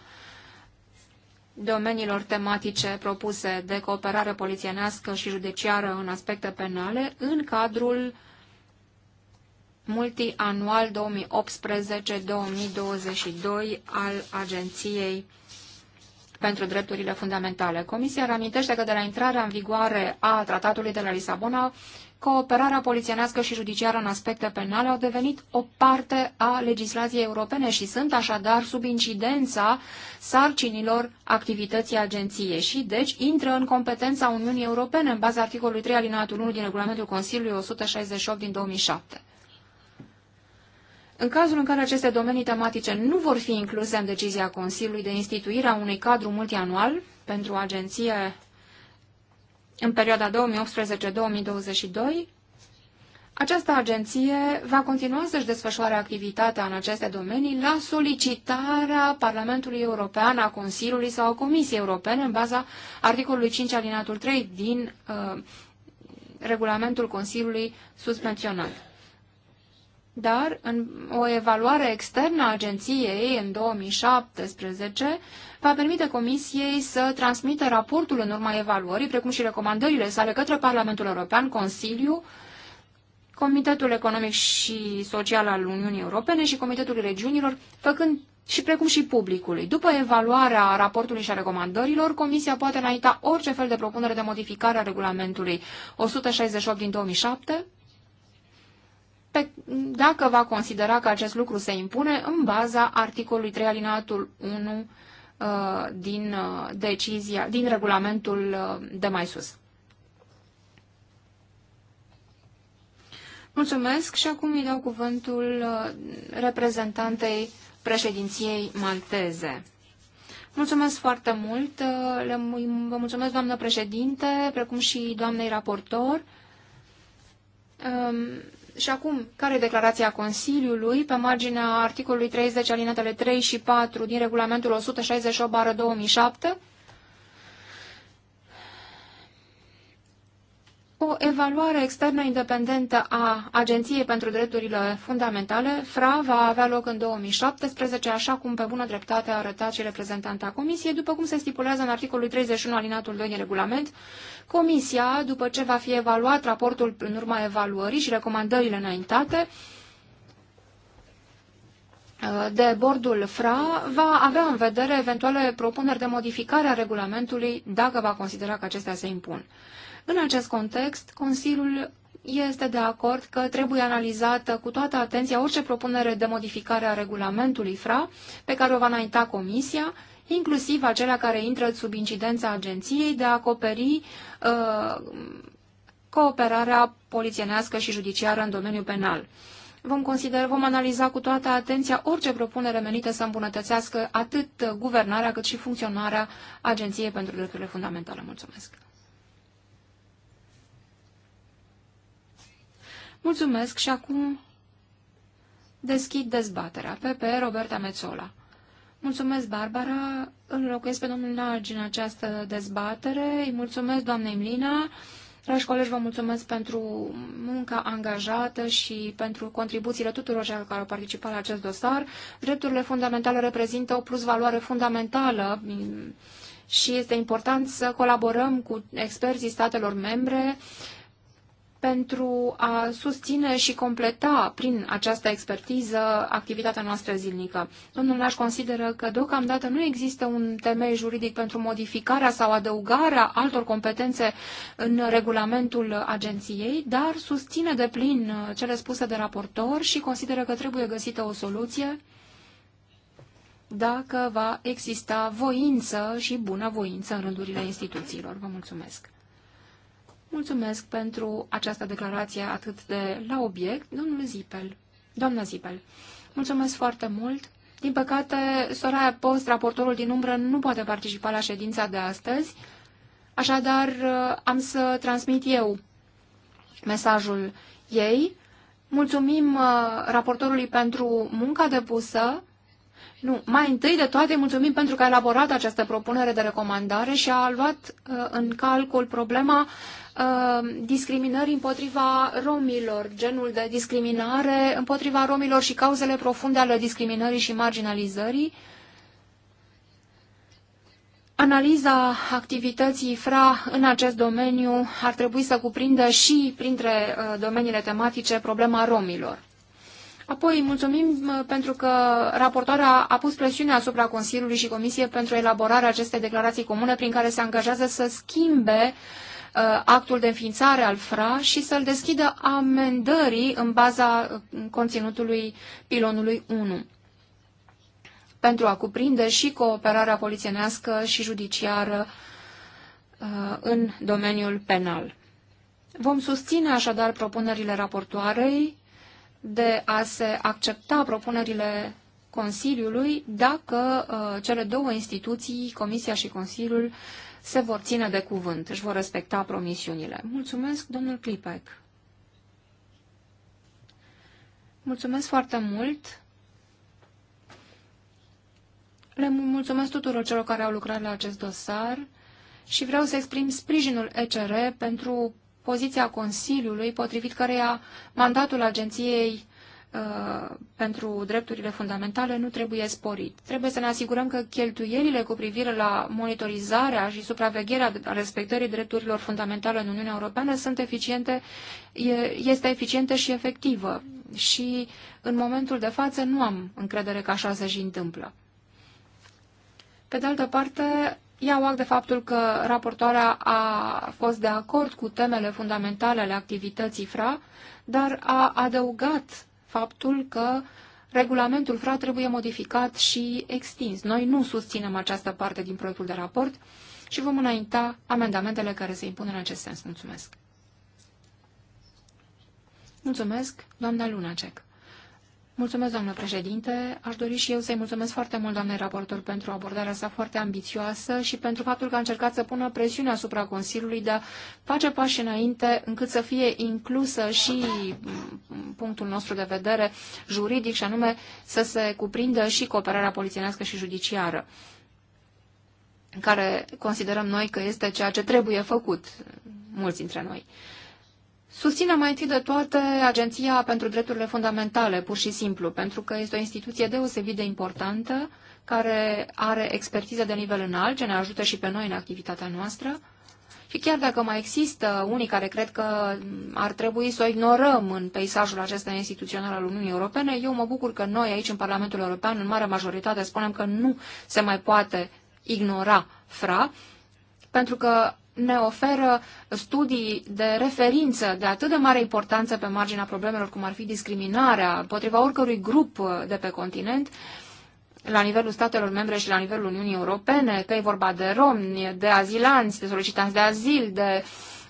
domeniilor tematice propuse de cooperare polițienească și judiciară în aspecte penale în cadrul multianual 2018-2022 al Agenției pentru drepturile fundamentale. Comisia reamintește că de la intrarea în vigoare a tratatului de la Lisabona, cooperarea polițienească și judiciară în aspecte penale au devenit o parte a legislației europene și sunt așadar sub incidența sarcinilor activității agenției și deci intră în competența Uniunii Europene în baza articolului 3 alineatul 1 din regulamentul Consiliului 168 din 2007. În cazul în care aceste domenii tematice nu vor fi incluse în decizia Consiliului de instituire a unui cadru multianual pentru agenție în perioada 2018-2022, această agenție va continua să-și desfășoare activitatea în aceste domenii la solicitarea Parlamentului European, a Consiliului sau a Comisiei Europene în baza articolului 5 alinatul 3 din uh, regulamentul Consiliului suspensionat dar în o evaluare externă a agenției în 2017 va permite Comisiei să transmită raportul în urma evaluării, precum și recomandările sale către Parlamentul European, Consiliu, Comitetul Economic și Social al Uniunii Europene și Comitetul Regiunilor, făcând și precum și publicului. După evaluarea raportului și a recomandărilor, Comisia poate înainta orice fel de propunere de modificare a regulamentului 168 din 2007, pe, dacă va considera că acest lucru se impune în baza articolului 3 alinatul 1 uh, din uh, decizia, din regulamentul uh, de mai sus. Mulțumesc și acum îi dau cuvântul uh, reprezentantei președinției malteze. Mulțumesc foarte mult, uh, le, vă mulțumesc doamnă președinte, precum și doamnei raportor. Um, și acum, care e declarația Consiliului pe marginea articolului 30 alinatele 3 și 4 din regulamentul 168 2007? o evaluare externă independentă a Agenției pentru Drepturile Fundamentale, FRA, va avea loc în 2017, așa cum pe bună dreptate a arătat și reprezentanta Comisiei, după cum se stipulează în articolul 31 alinatul 2 din regulament. Comisia, după ce va fi evaluat raportul în urma evaluării și recomandările înaintate, de bordul FRA va avea în vedere eventuale propuneri de modificare a regulamentului dacă va considera că acestea se impun. În acest context, Consiliul este de acord că trebuie analizată cu toată atenția orice propunere de modificare a regulamentului FRA pe care o va înainta Comisia, inclusiv acelea care intră sub incidența agenției de a acoperi uh, cooperarea polițienească și judiciară în domeniul penal. Vom, consider, vom analiza cu toată atenția orice propunere menită să îmbunătățească atât guvernarea cât și funcționarea Agenției pentru Drepturile Fundamentale. Mulțumesc! Mulțumesc și acum deschid dezbaterea. PP Roberta Mețola. Mulțumesc, Barbara. Îl locuiesc pe domnul Nagi în această dezbatere. Îi mulțumesc, doamne Mlina. Dragi colegi, vă mulțumesc pentru munca angajată și pentru contribuțiile tuturor celor care au participat la acest dosar. Drepturile fundamentale reprezintă o plusvaloare fundamentală și este important să colaborăm cu experții statelor membre pentru a susține și completa prin această expertiză activitatea noastră zilnică. Domnul Naș consideră că deocamdată nu există un temei juridic pentru modificarea sau adăugarea altor competențe în regulamentul agenției, dar susține de plin cele spuse de raportor și consideră că trebuie găsită o soluție dacă va exista voință și bună voință în rândurile instituțiilor. Vă mulțumesc! Mulțumesc pentru această declarație atât de la obiect, domnul Zipel. Doamna Zipel, mulțumesc foarte mult. Din păcate, Soraya Post, raportorul din umbră, nu poate participa la ședința de astăzi, așadar uh, am să transmit eu mesajul ei. Mulțumim uh, raportorului pentru munca depusă nu, mai întâi de toate mulțumim pentru că a elaborat această propunere de recomandare și a luat uh, în calcul problema uh, discriminării împotriva romilor, genul de discriminare împotriva romilor și cauzele profunde ale discriminării și marginalizării. Analiza activității FRA în acest domeniu ar trebui să cuprindă și, printre uh, domeniile tematice, problema romilor. Apoi, mulțumim uh, pentru că raportoarea a pus presiune asupra Consiliului și Comisiei pentru elaborarea acestei declarații comune prin care se angajează să schimbe uh, actul de înființare al FRA și să-l deschidă amendării în baza uh, conținutului pilonului 1 pentru a cuprinde și cooperarea polițienească și judiciară în domeniul penal. Vom susține așadar propunerile raportoarei de a se accepta propunerile Consiliului dacă uh, cele două instituții, Comisia și Consiliul, se vor ține de cuvânt, își vor respecta promisiunile. Mulțumesc, domnul Clipec. Mulțumesc foarte mult. Le mulțumesc tuturor celor care au lucrat la acest dosar și vreau să exprim sprijinul ECR pentru poziția Consiliului, potrivit căreia mandatul agenției uh, pentru drepturile fundamentale nu trebuie sporit. Trebuie să ne asigurăm că cheltuielile cu privire la monitorizarea și supravegherea respectării drepturilor fundamentale în Uniunea Europeană sunt eficiente, este eficientă și efectivă. Și în momentul de față nu am încredere că așa se și întâmplă. Pe de altă parte, iau act de faptul că raportoarea a fost de acord cu temele fundamentale ale activității FRA, dar a adăugat faptul că regulamentul FRA trebuie modificat și extins. Noi nu susținem această parte din proiectul de raport și vom înainta amendamentele care se impun în acest sens. Mulțumesc! Mulțumesc, doamna Lunacek! Mulțumesc, doamnă președinte. Aș dori și eu să-i mulțumesc foarte mult, doamnei raportor, pentru abordarea sa foarte ambițioasă și pentru faptul că a încercat să pună presiune asupra Consiliului de a face pași înainte încât să fie inclusă și punctul nostru de vedere juridic și anume să se cuprindă și cooperarea polițienească și judiciară care considerăm noi că este ceea ce trebuie făcut, mulți dintre noi susține mai întâi de toate Agenția pentru Drepturile Fundamentale, pur și simplu, pentru că este o instituție deosebit de importantă, care are expertiză de nivel înalt, ce ne ajută și pe noi în activitatea noastră. Și chiar dacă mai există unii care cred că ar trebui să o ignorăm în peisajul acesta instituțional al Uniunii Europene, eu mă bucur că noi aici în Parlamentul European, în mare majoritate, spunem că nu se mai poate ignora FRA, pentru că ne oferă studii de referință de atât de mare importanță pe marginea problemelor cum ar fi discriminarea împotriva oricărui grup de pe continent, la nivelul statelor membre și la nivelul Uniunii Europene, că e vorba de romi, de azilanți, de solicitanți de azil, de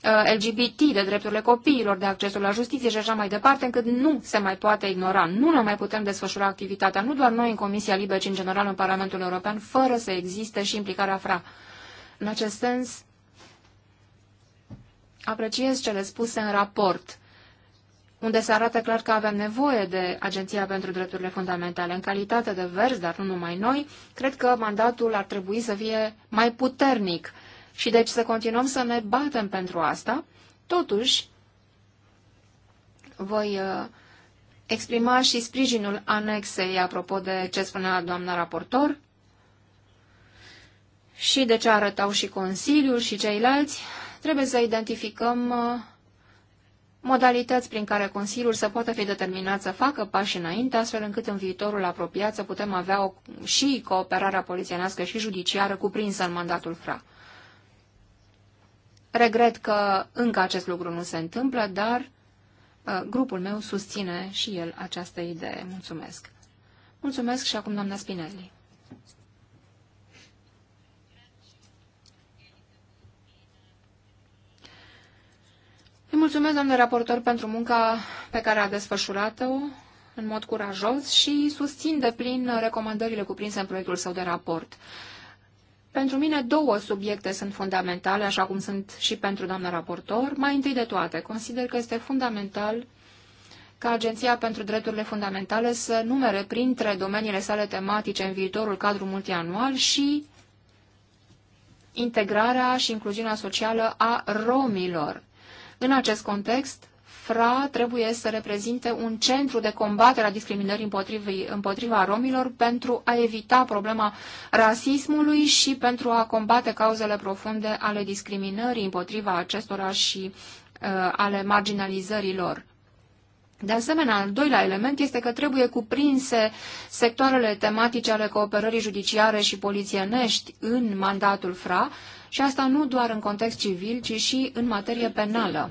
uh, LGBT, de drepturile copiilor, de accesul la justiție și așa mai departe, încât nu se mai poate ignora. Nu ne mai putem desfășura activitatea, nu doar noi în Comisia Liberă, ci în general în Parlamentul European, fără să existe și implicarea FRA. În acest sens, apreciez cele spuse în raport, unde se arată clar că avem nevoie de Agenția pentru Drepturile Fundamentale. În calitate de vers, dar nu numai noi, cred că mandatul ar trebui să fie mai puternic și deci să continuăm să ne batem pentru asta. Totuși, voi uh, exprima și sprijinul anexei apropo de ce spunea doamna raportor și de ce arătau și Consiliul și ceilalți, trebuie să identificăm uh, modalități prin care Consiliul să poată fi determinat să facă pași înainte, astfel încât în viitorul apropiat să putem avea o, și cooperarea polițienească și judiciară cuprinsă în mandatul FRA. Regret că încă acest lucru nu se întâmplă, dar uh, grupul meu susține și el această idee. Mulțumesc! Mulțumesc și acum doamna Spinelli. Îi mulțumesc, doamne raportor, pentru munca pe care a desfășurat-o în mod curajos și susțin de plin recomandările cuprinse în proiectul său de raport. Pentru mine două subiecte sunt fundamentale, așa cum sunt și pentru doamna raportor. Mai întâi de toate, consider că este fundamental ca Agenția pentru Drepturile Fundamentale să numere printre domeniile sale tematice în viitorul cadru multianual și integrarea și incluziunea socială a romilor. În acest context, FRA trebuie să reprezinte un centru de combatere a discriminării împotriva, împotriva romilor pentru a evita problema rasismului și pentru a combate cauzele profunde ale discriminării împotriva acestora și uh, ale marginalizărilor. De asemenea, al doilea element este că trebuie cuprinse sectoarele tematice ale cooperării judiciare și polițienești în mandatul FRA, și asta nu doar în context civil, ci și în materie penală.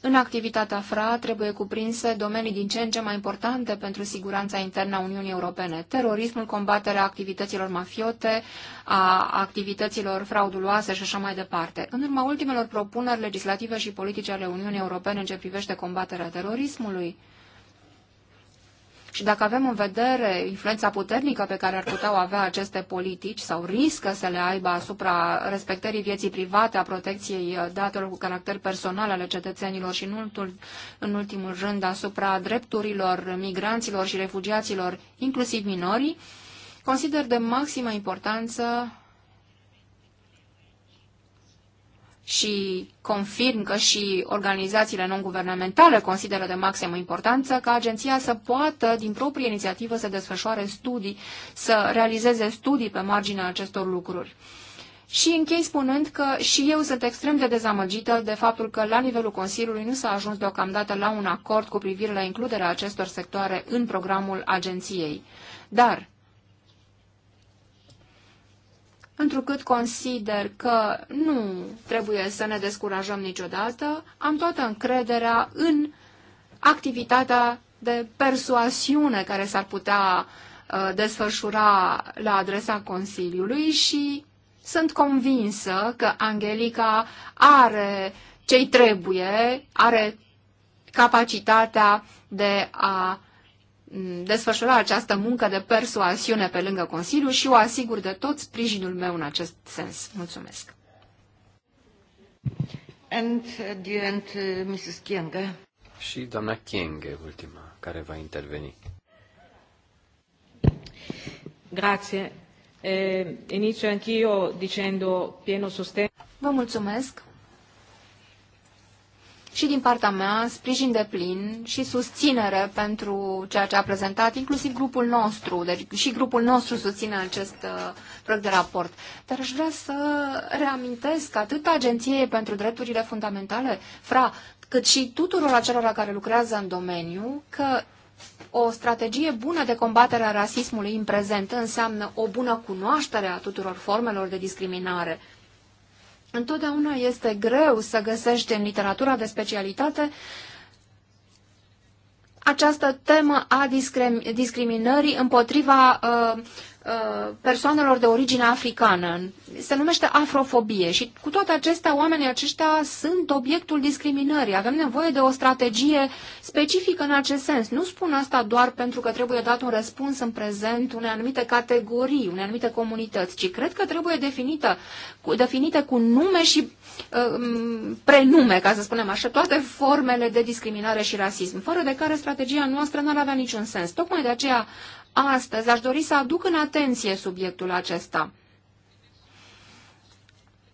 În activitatea FRA trebuie cuprinse domenii din ce în ce mai importante pentru siguranța internă a Uniunii Europene. Terorismul, combaterea activităților mafiote, a activităților frauduloase și așa mai departe. În urma ultimelor propuneri legislative și politice ale Uniunii Europene în ce privește combaterea terorismului, și dacă avem în vedere influența puternică pe care ar putea o avea aceste politici sau riscă să le aibă asupra respectării vieții private, a protecției uh, datelor cu caracter personal ale cetățenilor și în, în ultimul rând asupra drepturilor migranților și refugiaților, inclusiv minorii, consider de maximă importanță și confirm că și organizațiile non-guvernamentale consideră de maximă importanță ca agenția să poată, din proprie inițiativă, să desfășoare studii, să realizeze studii pe marginea acestor lucruri. Și închei spunând că și eu sunt extrem de dezamăgită de faptul că la nivelul Consiliului nu s-a ajuns deocamdată la un acord cu privire la includerea acestor sectoare în programul agenției. Dar întrucât consider că nu trebuie să ne descurajăm niciodată, am toată încrederea în activitatea de persoasiune care s-ar putea uh, desfășura la adresa Consiliului și sunt convinsă că Angelica are ce trebuie, are capacitatea de a desfășura această muncă de persoasiune pe lângă Consiliu și o asigur de tot sprijinul meu în acest sens. Mulțumesc. And at the end, Mrs. Kienge. Și doamna Kienge, ultima, care va interveni. Grazie. Eh, inizio anch'io dicendo pieno sostegno. Vă mulțumesc și din partea mea sprijin de plin și susținere pentru ceea ce a prezentat, inclusiv grupul nostru, deci și grupul nostru susține acest uh, proiect de raport. Dar aș vrea să reamintesc atât Agenției pentru Drepturile Fundamentale, FRA, cât și tuturor acelora care lucrează în domeniu, că o strategie bună de combatere a rasismului în prezent înseamnă o bună cunoaștere a tuturor formelor de discriminare, Întotdeauna este greu să găsești în literatura de specialitate această temă a discriminării împotriva uh, Uh, persoanelor de origine africană. Se numește afrofobie și cu toate acestea, oamenii aceștia sunt obiectul discriminării. Avem nevoie de o strategie specifică în acest sens. Nu spun asta doar pentru că trebuie dat un răspuns în prezent unei anumite categorii, unei anumite comunități, ci cred că trebuie definită, cu, definite cu nume și uh, prenume, ca să spunem așa, toate formele de discriminare și rasism, fără de care strategia noastră n-ar avea niciun sens. Tocmai de aceea Astăzi aș dori să aduc în atenție subiectul acesta.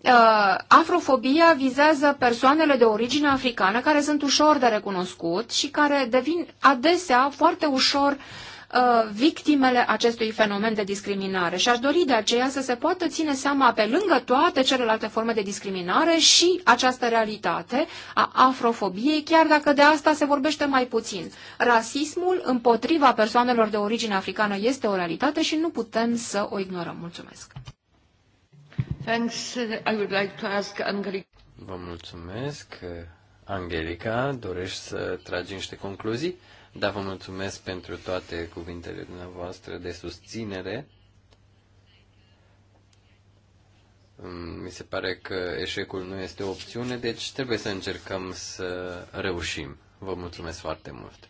Uh, afrofobia vizează persoanele de origine africană care sunt ușor de recunoscut și care devin adesea foarte ușor uh, Uh, victimele acestui fenomen de discriminare și aș dori de aceea să se poată ține seama pe lângă toate celelalte forme de discriminare și această realitate a afrofobiei, chiar dacă de asta se vorbește mai puțin. Rasismul împotriva persoanelor de origine africană este o realitate și nu putem să o ignorăm. Mulțumesc! Thanks. I would like to ask Angelica. Vă mulțumesc. Angelica, dorești să tragi niște concluzii? Da, vă mulțumesc pentru toate cuvintele dumneavoastră de susținere. Mm, Mi se pare că eșecul nu este o opțiune, deci trebuie să încercăm să reușim. Vă mulțumesc foarte mult.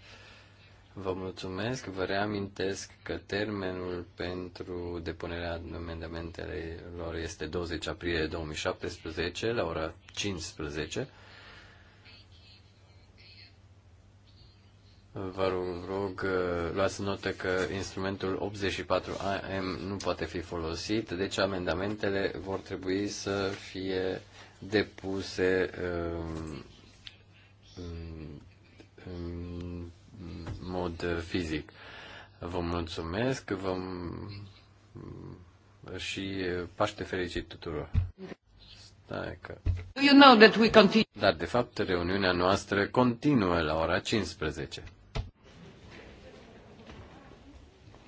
Vă mulțumesc, vă reamintesc că termenul pentru depunerea amendamentelor este 20 aprilie 2017 la ora 15. Vă rog, luați note că instrumentul 84 AM nu poate fi folosit, deci amendamentele vor trebui să fie depuse um, în mod fizic. Vă mulțumesc vă... și Paște fericit tuturor! You know that we continue. Dar, de fapt, reuniunea noastră continuă la ora 15.